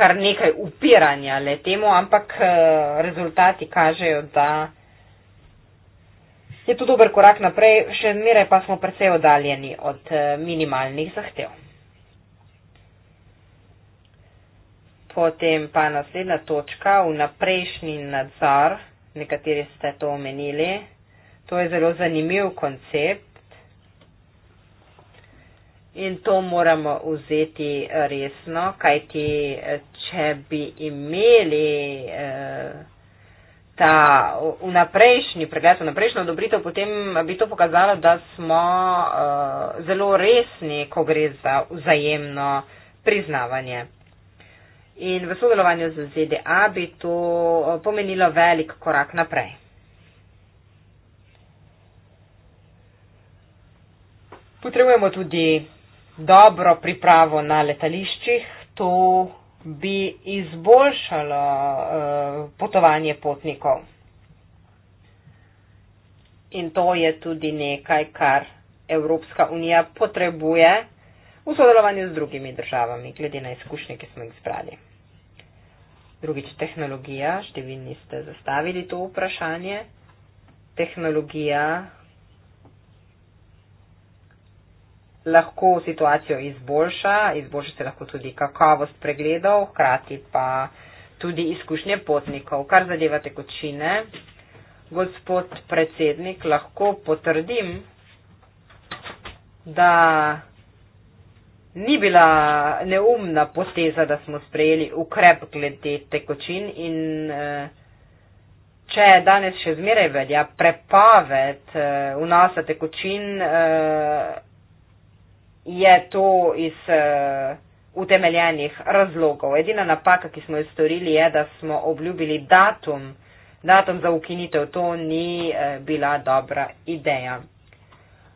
kar nekaj upiranja le temu, ampak eh, rezultati kažejo, da je to dober korak naprej, še zmeraj pa smo precej oddaljeni od minimalnih zahtev. Potem pa naslednja točka, vnaprejšnji nadzor, nekateri ste to omenili. To je zelo zanimiv koncept in to moramo vzeti resno, kajti eh, če bi imeli eh, ta vnaprejšnji pregled, vnaprejšnjo odobritev, potem bi to pokazalo, da smo eh, zelo resni, ko gre za vzajemno priznavanje in v sodelovanju z ZDA bi to eh, pomenilo velik korak naprej. Potrebujemo tudi dobro pripravo na letališčih. To bi izboljšalo uh, potovanje potnikov. In to je tudi nekaj, kar Evropska unija potrebuje v sodelovanju z drugimi državami, glede na izkušnje, ki smo jih zbrali. Drugič, tehnologija, številni ste zastavili to vprašanje. Tehnologija lahko situacijo izboljša, izboljša se lahko tudi kakovost pregledov, hkrati pa tudi izkušnje potnikov, kar zadeva tekočine. Gospod predsednik, lahko potrdim, da Ni bila neumna poteza, da smo sprejeli ukrep glede tekočin in eh, če je danes še zmeraj velja prepaved eh, v nas tekočin, eh, je to iz eh, utemeljenih razlogov. Edina napaka, ki smo jo storili, je, da smo obljubili datum, datum za ukinitev. To ni eh, bila dobra ideja.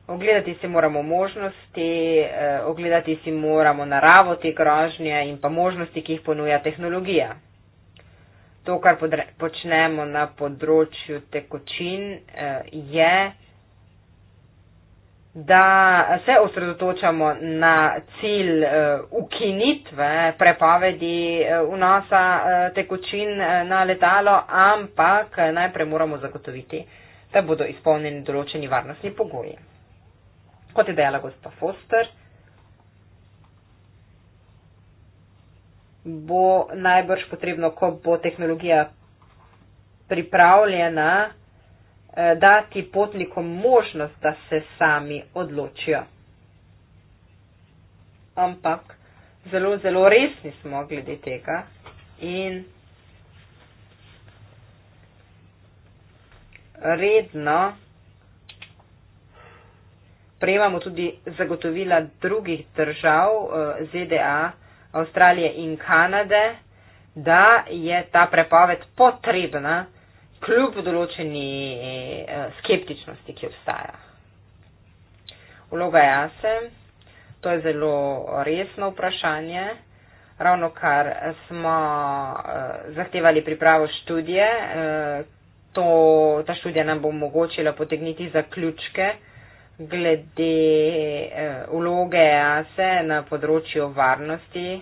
Ogledati si moramo možnosti, eh, ogledati si moramo naravo te grožnje in pa možnosti, ki jih ponuja tehnologija. To, kar počnemo na področju tekočin, eh, je, da se osredotočamo na cilj eh, ukinitve prepovedi vnosa tekočin na letalo, ampak najprej moramo zagotoviti, da bodo izpolnjeni določeni varnostni pogoji kot je dejala gospa Foster, bo najbrž potrebno, ko bo tehnologija pripravljena, eh, dati potnikom možnost, da se sami odločijo. Ampak zelo, zelo resni smo glede tega in redno prejemamo tudi zagotovila drugih držav, eh, ZDA, Avstralije in Kanade, da je ta prepoved potrebna kljub določeni eh, skeptičnosti, ki obstaja. Vloga jase, to je zelo resno vprašanje. Ravno kar smo eh, zahtevali pripravo študije, to, ta študija nam bo omogočila potegniti zaključke glede eh, vloge ASE na področju varnosti,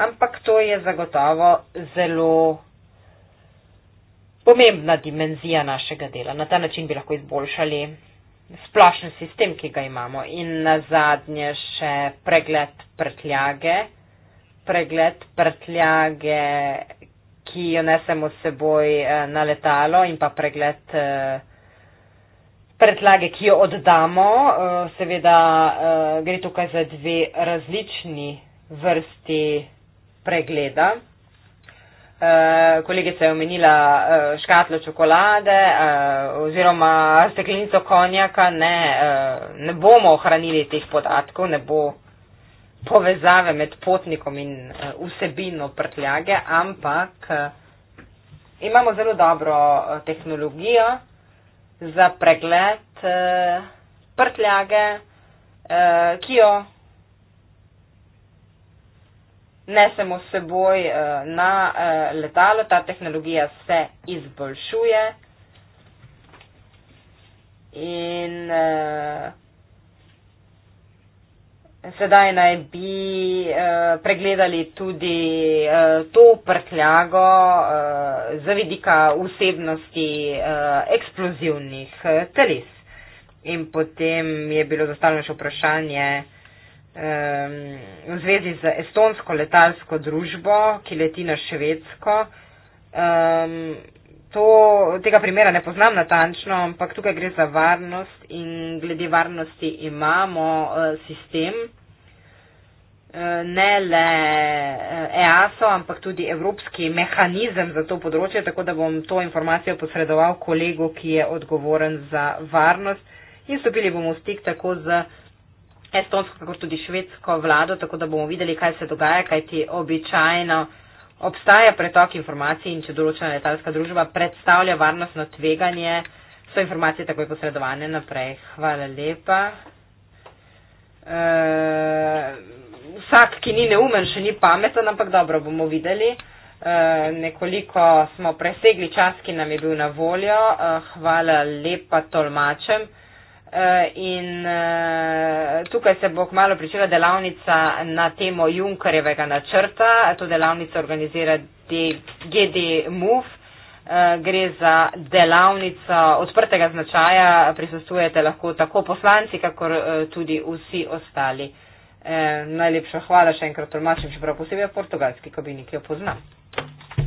ampak to je zagotovo zelo pomembna dimenzija našega dela. Na ta način bi lahko izboljšali splošen sistem, ki ga imamo. In na zadnje še pregled prtljage. Pregled prtljage, ki jo nesemo s seboj eh, na letalo in pa pregled eh, pretlage, ki jo oddamo, eh, seveda eh, gre tukaj za dve različni vrsti pregleda. Eh, kolegica je omenila škatlo čokolade oziroma steklenico konjaka. Ne, ne bomo ohranili teh podatkov, ne bo povezave med potnikom in vsebino prtljage, ampak imamo zelo dobro tehnologijo, za pregled eh, prtljage, eh, ki jo nesemo s seboj eh, na eh, letalo. Ta tehnologija se izboljšuje in eh, Sedaj naj bi eh, pregledali tudi eh, to prtljago eh, z vidika vsebnosti eh, eksplozivnih eh, teles. In potem je bilo zastavljeno še vprašanje eh, v zvezi z estonsko letalsko družbo, ki leti na švedsko. Eh, to, tega primera ne poznam natančno, ampak tukaj gre za varnost in glede varnosti imamo eh, sistem, eh, ne le EASO, eh, e ampak tudi evropski mehanizem za to področje, tako da bom to informacijo posredoval kolegu, ki je odgovoren za varnost in stopili bomo v stik tako z estonsko, kako tudi švedsko vlado, tako da bomo videli, kaj se dogaja, kaj ti običajno obstaja pretok informacij in če določena letalska družba predstavlja varnostno tveganje, so informacije takoj posredovane naprej. Hvala lepa. E, vsak, ki ni neumen, še ni pameten, ampak dobro bomo videli. E, nekoliko smo presegli čas, ki nam je bil na voljo. E, hvala lepa tolmačem. Eh, in eh, tukaj se bo kmalo pričela delavnica na temo Junkarjevega načrta. To delavnico organizira GD MOV. Eh, gre za delavnico odprtega značaja, prisostujete lahko tako poslanci, kakor tudi vsi ostali. Najlepša hvala še enkrat, Tomaš, še prav posebej portugalski kabini, ki jo poznam.